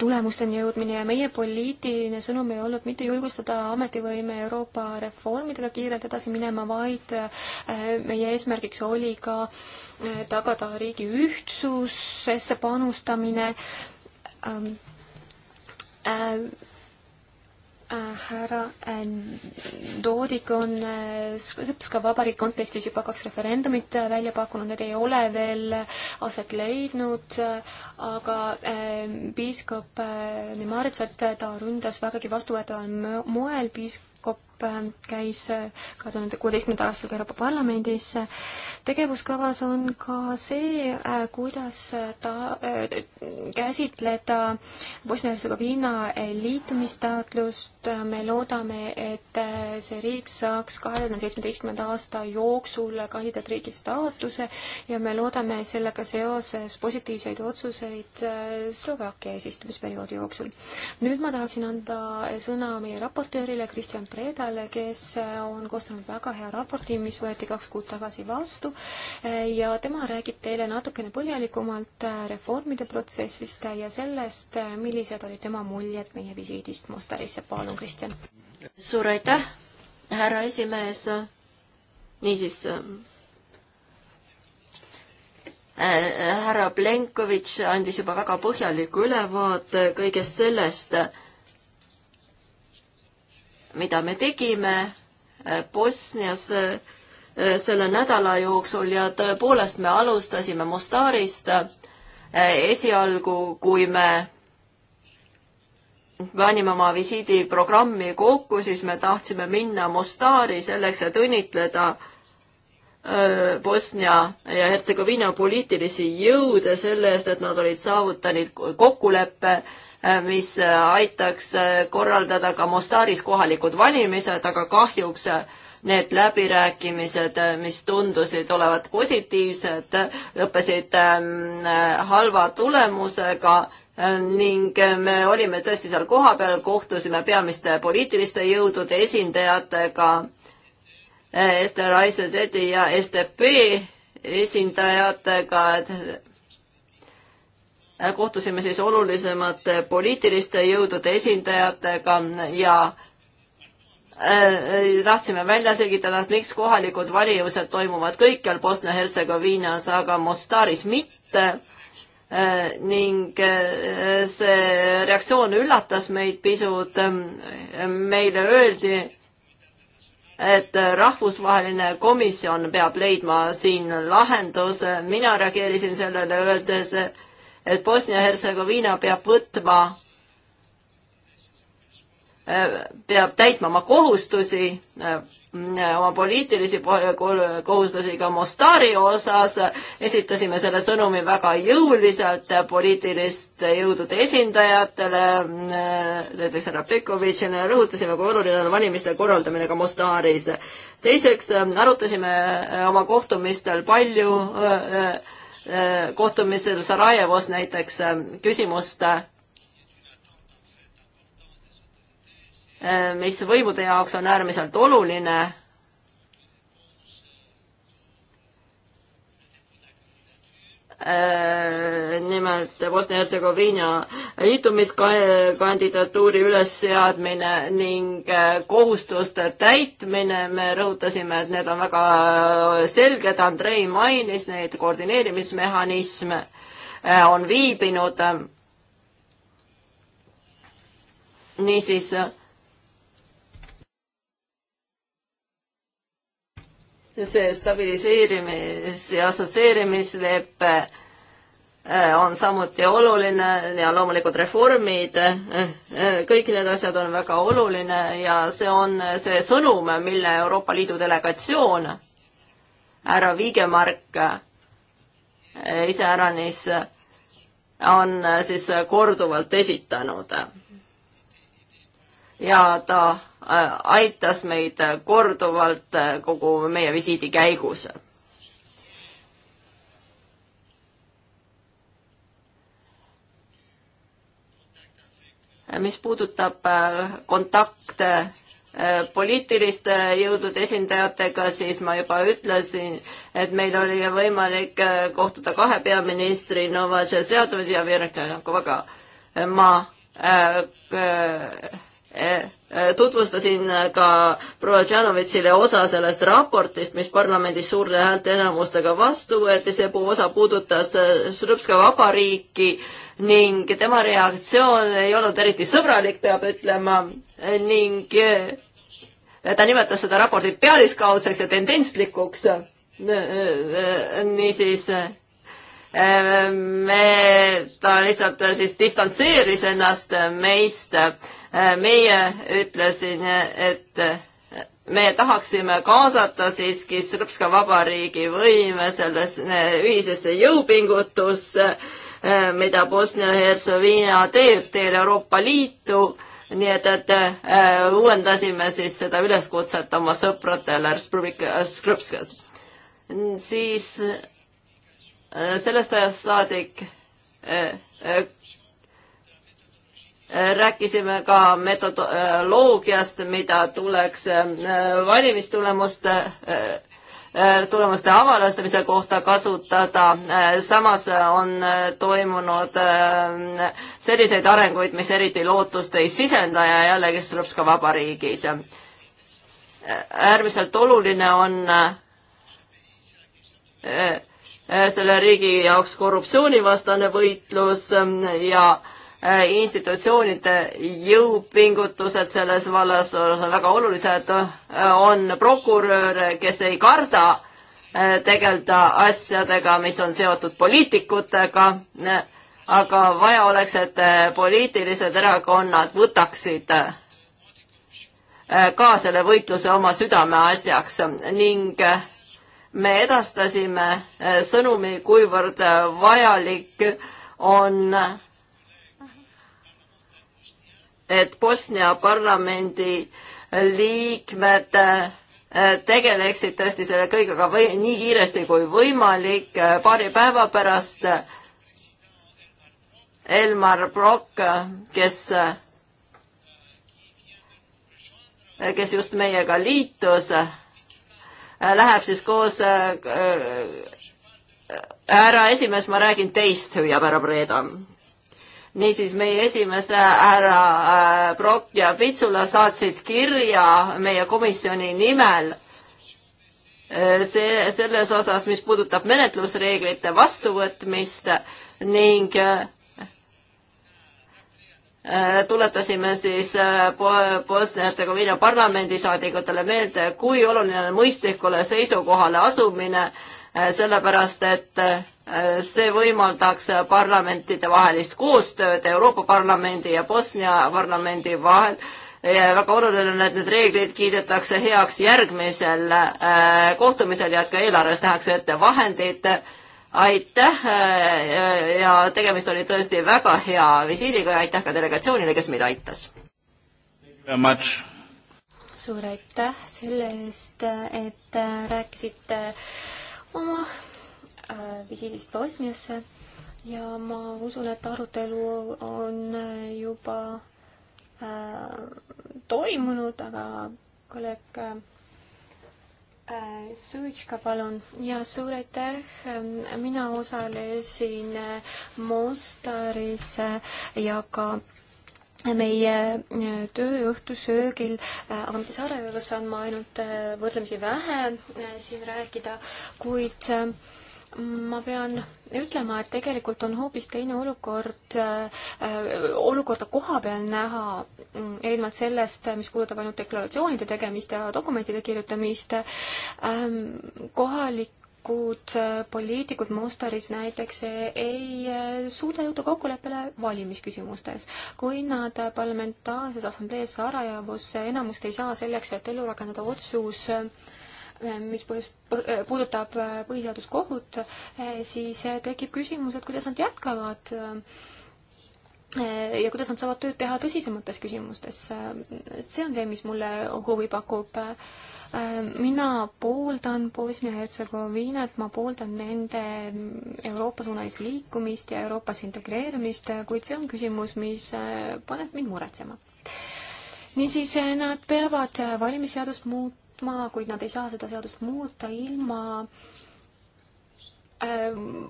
C: tulemusteni jõudmine ja meie poliitiline sõnum ei olnud mitte julgustada ametivõime Euroopa reformidega kiirelt edasi minema, vaid äh, meie eesmärgiks oli ka äh, tagada riigi ühtsusesse panustamine ähm, Äh, härra äh, Doodik on äh, Sõpska vabariik kontekstis juba kaks referendumit välja pakkunud, need ei ole veel aset leidnud, aga piiskop Nimaritsat ta ründas vägagi vastuvõetaval moel, piiskop Äh, käis äh, kahe tuhande kuueteistkümnendal aastal ka Euroopa Parlamendis. tegevuskavas on ka see, äh, kuidas ta käsitleda Bosnia-Hertsegoviina liitumistaotlust. me loodame, et see riik saaks kahe tuhande seitsmeteistkümnenda aasta jooksul kandidaatriigi staatuse ja me loodame sellega seoses positiivseid otsuseid Slovakkia eesistumisperioodi jooksul. nüüd ma tahaksin anda sõna meie raportöörile Kristjan Preda, Kaarale, kes äh, on koostanud väga hea raporti, mis võeti kaks kuud tagasi vastu äh, ja tema räägib teile natukene põhjalikumalt äh, reformide protsessist ja sellest, millised olid tema muljed meie visiidist Mostarisse. palun, Kristjan. suur aitäh, härra esimees. niisiis
D: härra Plenkovitš andis juba väga põhjaliku ülevaate kõigest sellest, mida me tegime äh, Bosnias äh, äh, selle nädala jooksul ja tõepoolest me alustasime Mostarist esialgu, kui me panime oma visiidiprogrammi kokku, siis me tahtsime minna Mostari selleks, et õnnitleda Bosnia ja Hertsegoviina poliitilisi jõude selle eest, et nad olid saavutanud kokkuleppe Äh, mis äh, aitaks äh, korraldada ka Mostaris kohalikud valimised, aga kahjuks need läbirääkimised, mis tundusid olevat positiivsed, lõppesid ähm, halva tulemusega ning me olime tõesti seal kohapeal, kohtusime peamiste poliitiliste jõudude esindajatega, Ester Aisesedi ja STP esindajatega, et kohtusime siis olulisemate poliitiliste jõudude esindajatega ja äh, tahtsime välja selgitada, et miks kohalikud valimised toimuvad kõikjal Bosnia-Hertsegoviinas, aga Mostaris mitte. Äh, ning äh, see reaktsioon üllatas meid pisut. meile öeldi, et rahvusvaheline komisjon peab leidma siin lahenduse. mina reageerisin sellele öeldes, et et Bosnia-Hertsegoviina peab võtma, äh, peab täitma oma kohustusi, äh, oma poliitilisi kohustusi ka Mostari osas. esitasime selle sõnumi väga jõuliselt poliitiliste jõudude esindajatele, äh, näiteks härra Pekovitšile, rõhutasime, kui oluline on valimiste korraldamine ka Mostaris. teiseks arutasime oma kohtumistel palju äh, Äh, kohtumisel Sarajevos näiteks äh, küsimust, äh, mis võimude jaoks on äärmiselt oluline Äh, nimelt Bosnia-Hertsegoviina liitumiskandidatuuri ülesseadmine ning äh, kohustuste täitmine, me rõhutasime, et need on väga äh, selged, Andrei mainis neid, koordineerimismehhanism on viibinud. niisiis see stabiliseerimis- ja assotsieerimislepe äh, on samuti oluline ja loomulikult reformid, äh, kõik need asjad on väga oluline ja see on see sõnum, mille Euroopa Liidu delegatsioon, härra Viigemark äh, iseäranis on siis korduvalt esitanud. ja ta Äh, aitas meid korduvalt äh, kogu meie visiidi käigus. mis puudutab äh, kontakte poliitiliste jõudude esindajatega, siis ma juba ütlesin, et meil oli võimalik kohtuda kahe peaministri, Novotše seaduse ja Vjernitšenkovaga. ma äh, äh, tutvustasin ka proua Tšanovitšile osa sellest raportist, mis parlamendis suurte häälteenamustega vastu võeti, see osa puudutas äh, Srpska vabariiki ning tema reaktsioon ei olnud eriti sõbralik, peab ütlema, ning äh, ta nimetas seda raportit pealiskaudseks ja tendentslikuks. Äh, niisiis me, ta lihtsalt siis distantseeris ennast meist Äh, meie ütlesime, et äh, me tahaksime kaasata siiski Srpska Vabariigi võime sellesse ühisesse jõupingutusse, äh, mida Bosnia-Hertsegiina teeb teel Euroopa Liitu nii et, et äh, uuendasime siis seda üleskutset oma sõpradele Skrõpskas. siis äh, sellest ajast saadik äh, rääkisime ka metodoloogiast, äh, mida tuleks äh, valimistulemuste äh, tulemuste avalastamise kohta kasutada. samas on toimunud selliseid arenguid, mis eriti lootust ei sisenda ja jällegi Srpska vabariigis. äärmiselt oluline on selle riigi jaoks korruptsioonivastane võitlus ja Äh, institutsioonide jõupingutused selles vallas on väga olulised, äh, on prokuröre, kes ei karda äh, tegeleda asjadega, mis on seotud poliitikutega, aga vaja oleks, et poliitilised erakonnad võtaksid ka selle võitluse oma südameasjaks ning me edastasime sõnumi, kuivõrd vajalik on et Bosnia parlamendi liikmed eh, tegeleksid tõesti selle kõigega või nii kiiresti kui võimalik eh, paari päeva pärast. Eh, Elmar Brock, kes, kes just meiega liitus, läheb siis koos härra esimees, ma räägin teist, hüüab härra Breda niisiis, meie esimees härra äh, Brock ja Pitsula saatsid kirja meie komisjoni nimel äh, see, selles osas, mis puudutab menetlusreeglite vastuvõtmist ning äh, tuletasime siis Bosnia-Hertsegoviina parlamendisaadikutele meelde, kui oluline on mõistlikule seisukohale asumine Äh, sellepärast et äh, see võimaldaks parlamentide vahelist koostööd Euroopa Parlamendi ja Bosnia parlamendi vahel ja väga oluline on, et need reeglid kiidetakse heaks järgmisel äh, kohtumisel ja et ka eelarves nähakse ette vahendid. aitäh ja tegemist oli tõesti väga hea visiidiga ja aitäh ka delegatsioonile, kes meid aitas.
C: suur aitäh selle eest, et rääkisite oma äh, visiidist Bosniasse ja ma usun, et arutelu on äh, juba äh, toimunud, aga kolleeg Suitška, palun. ja suur aitäh. Ähm, mina osalesin Mostaris ja ka meie äh, töö õhtusöögil, äh, aga mitte Sarajevosse on ma ainult äh, võrdlemisi vähe siin rääkida, kuid ma pean ütlema, et tegelikult on hoopis teine olukord, olukorda koha peal näha, mm, erinevalt sellest, mis puudutab ainult deklaratsioonide tegemist ja dokumentide kirjutamist, ähm, kohalik üksikud poliitikud Mustaris näiteks ei eh, suuda jõuda kokkuleppele valimisküsimustes. kui nad parlamentaarses assamblees Sarajevos enamust ei saa selleks, et ellu rakendada otsus, eh, mis eh, puudutab põhiseaduskohut, siis tekib küsimus, et kuidas nad jätkavad ja kuidas nad saavad tööd teha tõsisemates küsimustes. see on see, mis mulle huvi pakub Äh, mina pooldan Bosnia-Hertsegoviinat, ma pooldan nende Euroopa-suunalist liikumist ja Euroopasse integreerumist, kuid see on küsimus, mis äh, paneb mind muretsema. niisiis, äh, nad peavad valimisseadust muutma, kuid nad ei saa seda seadust muuta ilma äh,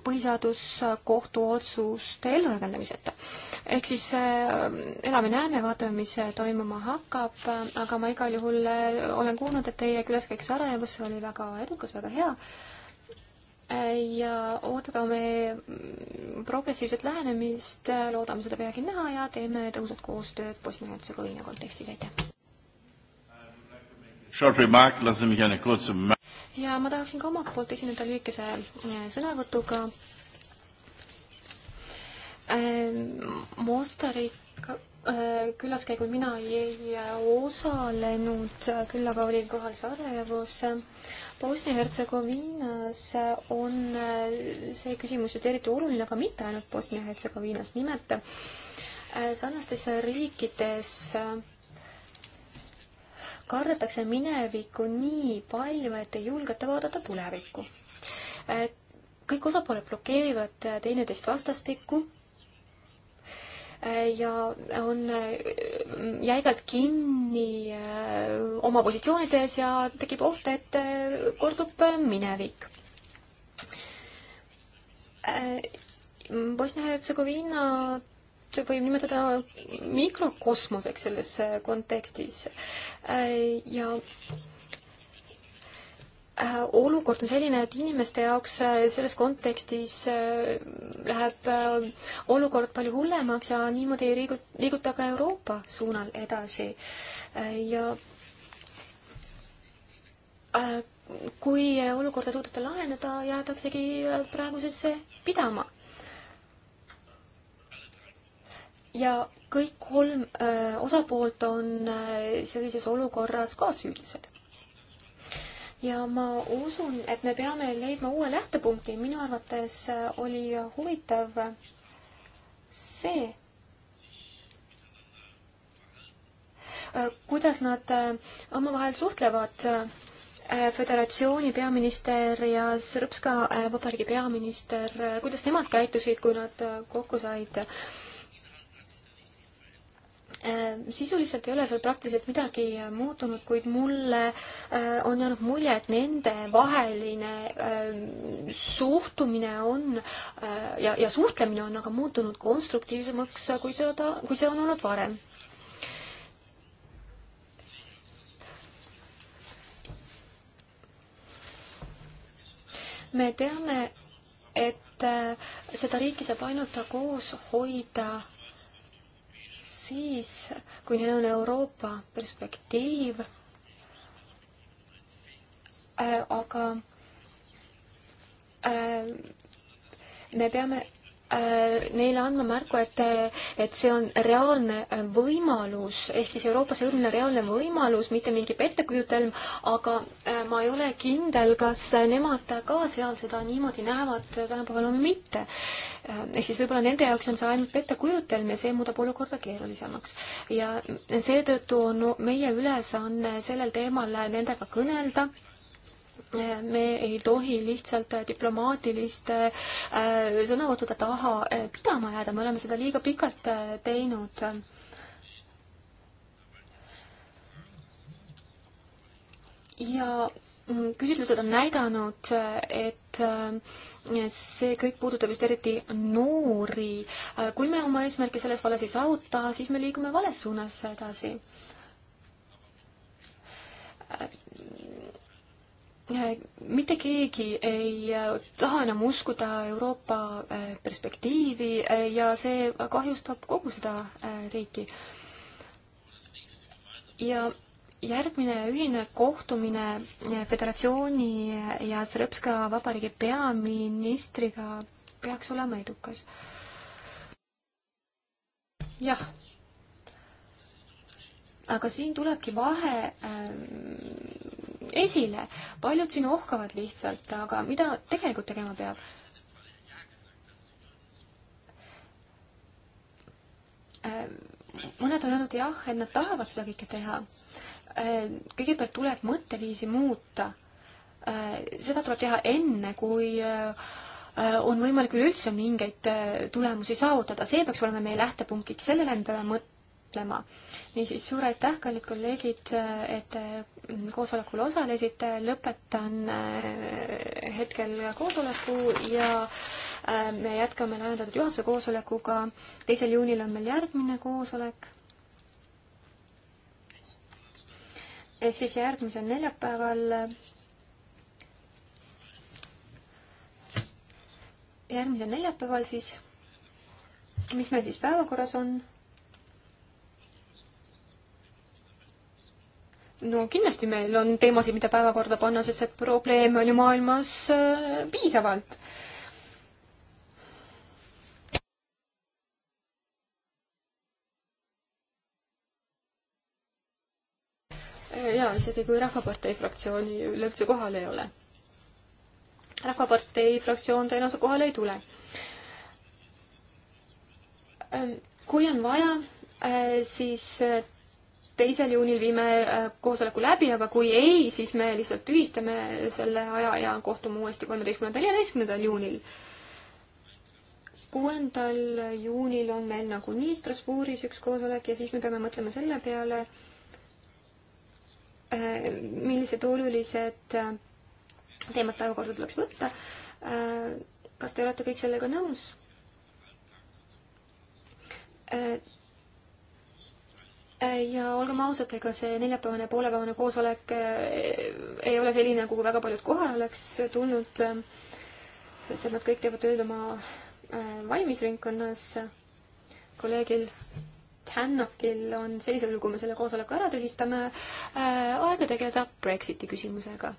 C: põhiseaduskohtu otsuste ellurakendamiseta. ehk siis elame-näeme, vaatame, mis toimuma hakkab, aga ma igal juhul olen kuulnud, et teie külaskäik Sarajevosse oli väga edukas, väga hea ja ootame progressiivset lähenemist, loodame seda peagi näha ja teeme tõhusat koostööd Bosnia-Hertsegoviina kontekstis, aitäh! ja ma tahaksin ka omalt poolt esineda lühikese eh, sõnavõtuga. Ähm, Mostarit äh, külaskäigul mina ei osalenud, küll aga olin kohal Sarajevos. Bosnia-Hertsegoviinas on äh, see küsimus just eriti oluline, aga mitte ainult Bosnia-Hertsegoviinas, nimelt äh, sarnastes riikides äh, kardetakse minevikku nii palju, et ei julgeta vaadata tulevikku. Äh, kõik osapooled blokeerivad äh, teineteist vastastikku äh, ja on jäigalt kinni oma positsioonides ja tekib oht, et kordub minevik. Bosnia-Hertsegoviina võib nimetada mikrokosmoseks selles äh, kontekstis. Äh, ja äh, olukord on selline, et inimeste jaoks selles kontekstis läheb olukord palju hullemaks ja niimoodi ei liigu, liiguta ka Euroopa suunal edasi. ja kui olukorda suudeta lahendada, jäädaksegi praegusesse pidama. ja kõik kolm äh, osapoolt on äh, sellises olukorras ka süüdlased. ja ma usun, et me peame leidma uue lähtepunkti, minu arvates äh, oli huvitav see äh,, kuidas nad äh, omavahel suhtlevad äh, föderatsiooni peaminister ja Srpska äh, vabariigi peaminister, kuidas nemad käitusid, kui nad äh, kokku said äh, Ehm, sisuliselt ei ole seal praktiliselt midagi äh, muutunud, kuid mulle äh, on jäänud mulje, et nende vaheline ehm, suhtumine on äh, ja, ja suhtlemine on aga muutunud konstruktiivsemaks, kui seda, kui see on olnud varem. me teame, et seda riiki saab ainult koos hoida siis, kui neil on Euroopa perspektiiv, äh, aga äh, me peame Äh, neile andma märku, et, et see on reaalne äh, võimalus, ehk siis Euroopa sõlmine reaalne võimalus, mitte mingi pettekujutelm, aga äh, ma ei ole kindel, kas nemad ka seal seda niimoodi näevad tänapäeval või mitte. ehk siis võib-olla nende jaoks on see ainult pettekujutelm ja see muudab olukorda keerulisemaks. ja seetõttu on meie ülesanne sellel teemal nendega kõnelda me ei tohi lihtsalt diplomaatiliste äh, sõnavõttude taha äh, pidama jääda, me oleme seda liiga pikalt äh, teinud. ja mm, küsitlused on näidanud, et see kõik puudutab just eriti noori. kui me oma eesmärke selles vallas ei saavuta, siis me liigume vales suunas edasi mitte keegi ei äh, taha enam uskuda Euroopa äh, perspektiivi äh, ja see kahjustab kogu seda riiki. ja järgmine ühine kohtumine Föderatsiooni ja Srpska Vabariigi peaministriga peaks olema edukas. jah. aga siin tulebki vahe ähm, esile. paljud siin ohkavad lihtsalt, aga mida tegelikult tegema peab? mõned on öelnud jah, et nad tahavad seda kõike teha. kõigepealt tuleb mõtteviisi muuta. seda tuleb teha enne, kui äh, on võimalik üleüldse mingeid äh, tulemusi saavutada, see peaks olema meie lähtepunktiks, sellele me peame mõtlema. niisiis, suur aitäh, kallid kolleegid, äh, et koosolekul osalesite, lõpetan äh, hetkel koosoleku ja äh, me jätkame laiendatud juhatuse koosolekuga. teisel juunil on meil järgmine koosolek. ehk siis järgmisel neljapäeval järgmisel neljapäeval siis, mis meil siis päevakorras on? no kindlasti meil on teemasid, mida päevakorda panna, sest et probleeme on ju maailmas äh, piisavalt. Äh, ja isegi kui Rahvapartei fraktsiooni üleüldse kohal ei ole. rahvapartei fraktsioon tõenäoliselt kohale ei tule. Äh, kui on vaja, siis teisel juunil viime äh, koosoleku läbi, aga kui ei, siis me lihtsalt tühistame selle aja ja kohtume uuesti kolmeteistkümnendal, neljateistkümnendal juunil. kuuendal juunil on meil nagunii Strasbourgis üks koosolek ja siis me peame mõtlema selle peale, äh, millised olulised äh, teemad päevakorda tuleks võtta. kas te olete kõik sellega nõus? Äh, ja olgem ausad, ega see neljapäevane poolepäevane koosolek äh, ei ole selline, kuhu väga paljud kohale oleks tulnud, äh, sest et nad kõik teevad tööd oma valimisringkonnas. kolleegil Tännakil on sellisel juhul, kui me selle koosoleku ära tühistame, aega tegeleda Brexiti küsimusega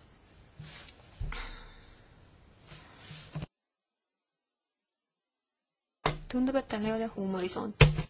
C: tundub, et tal ei ole huumorisoont.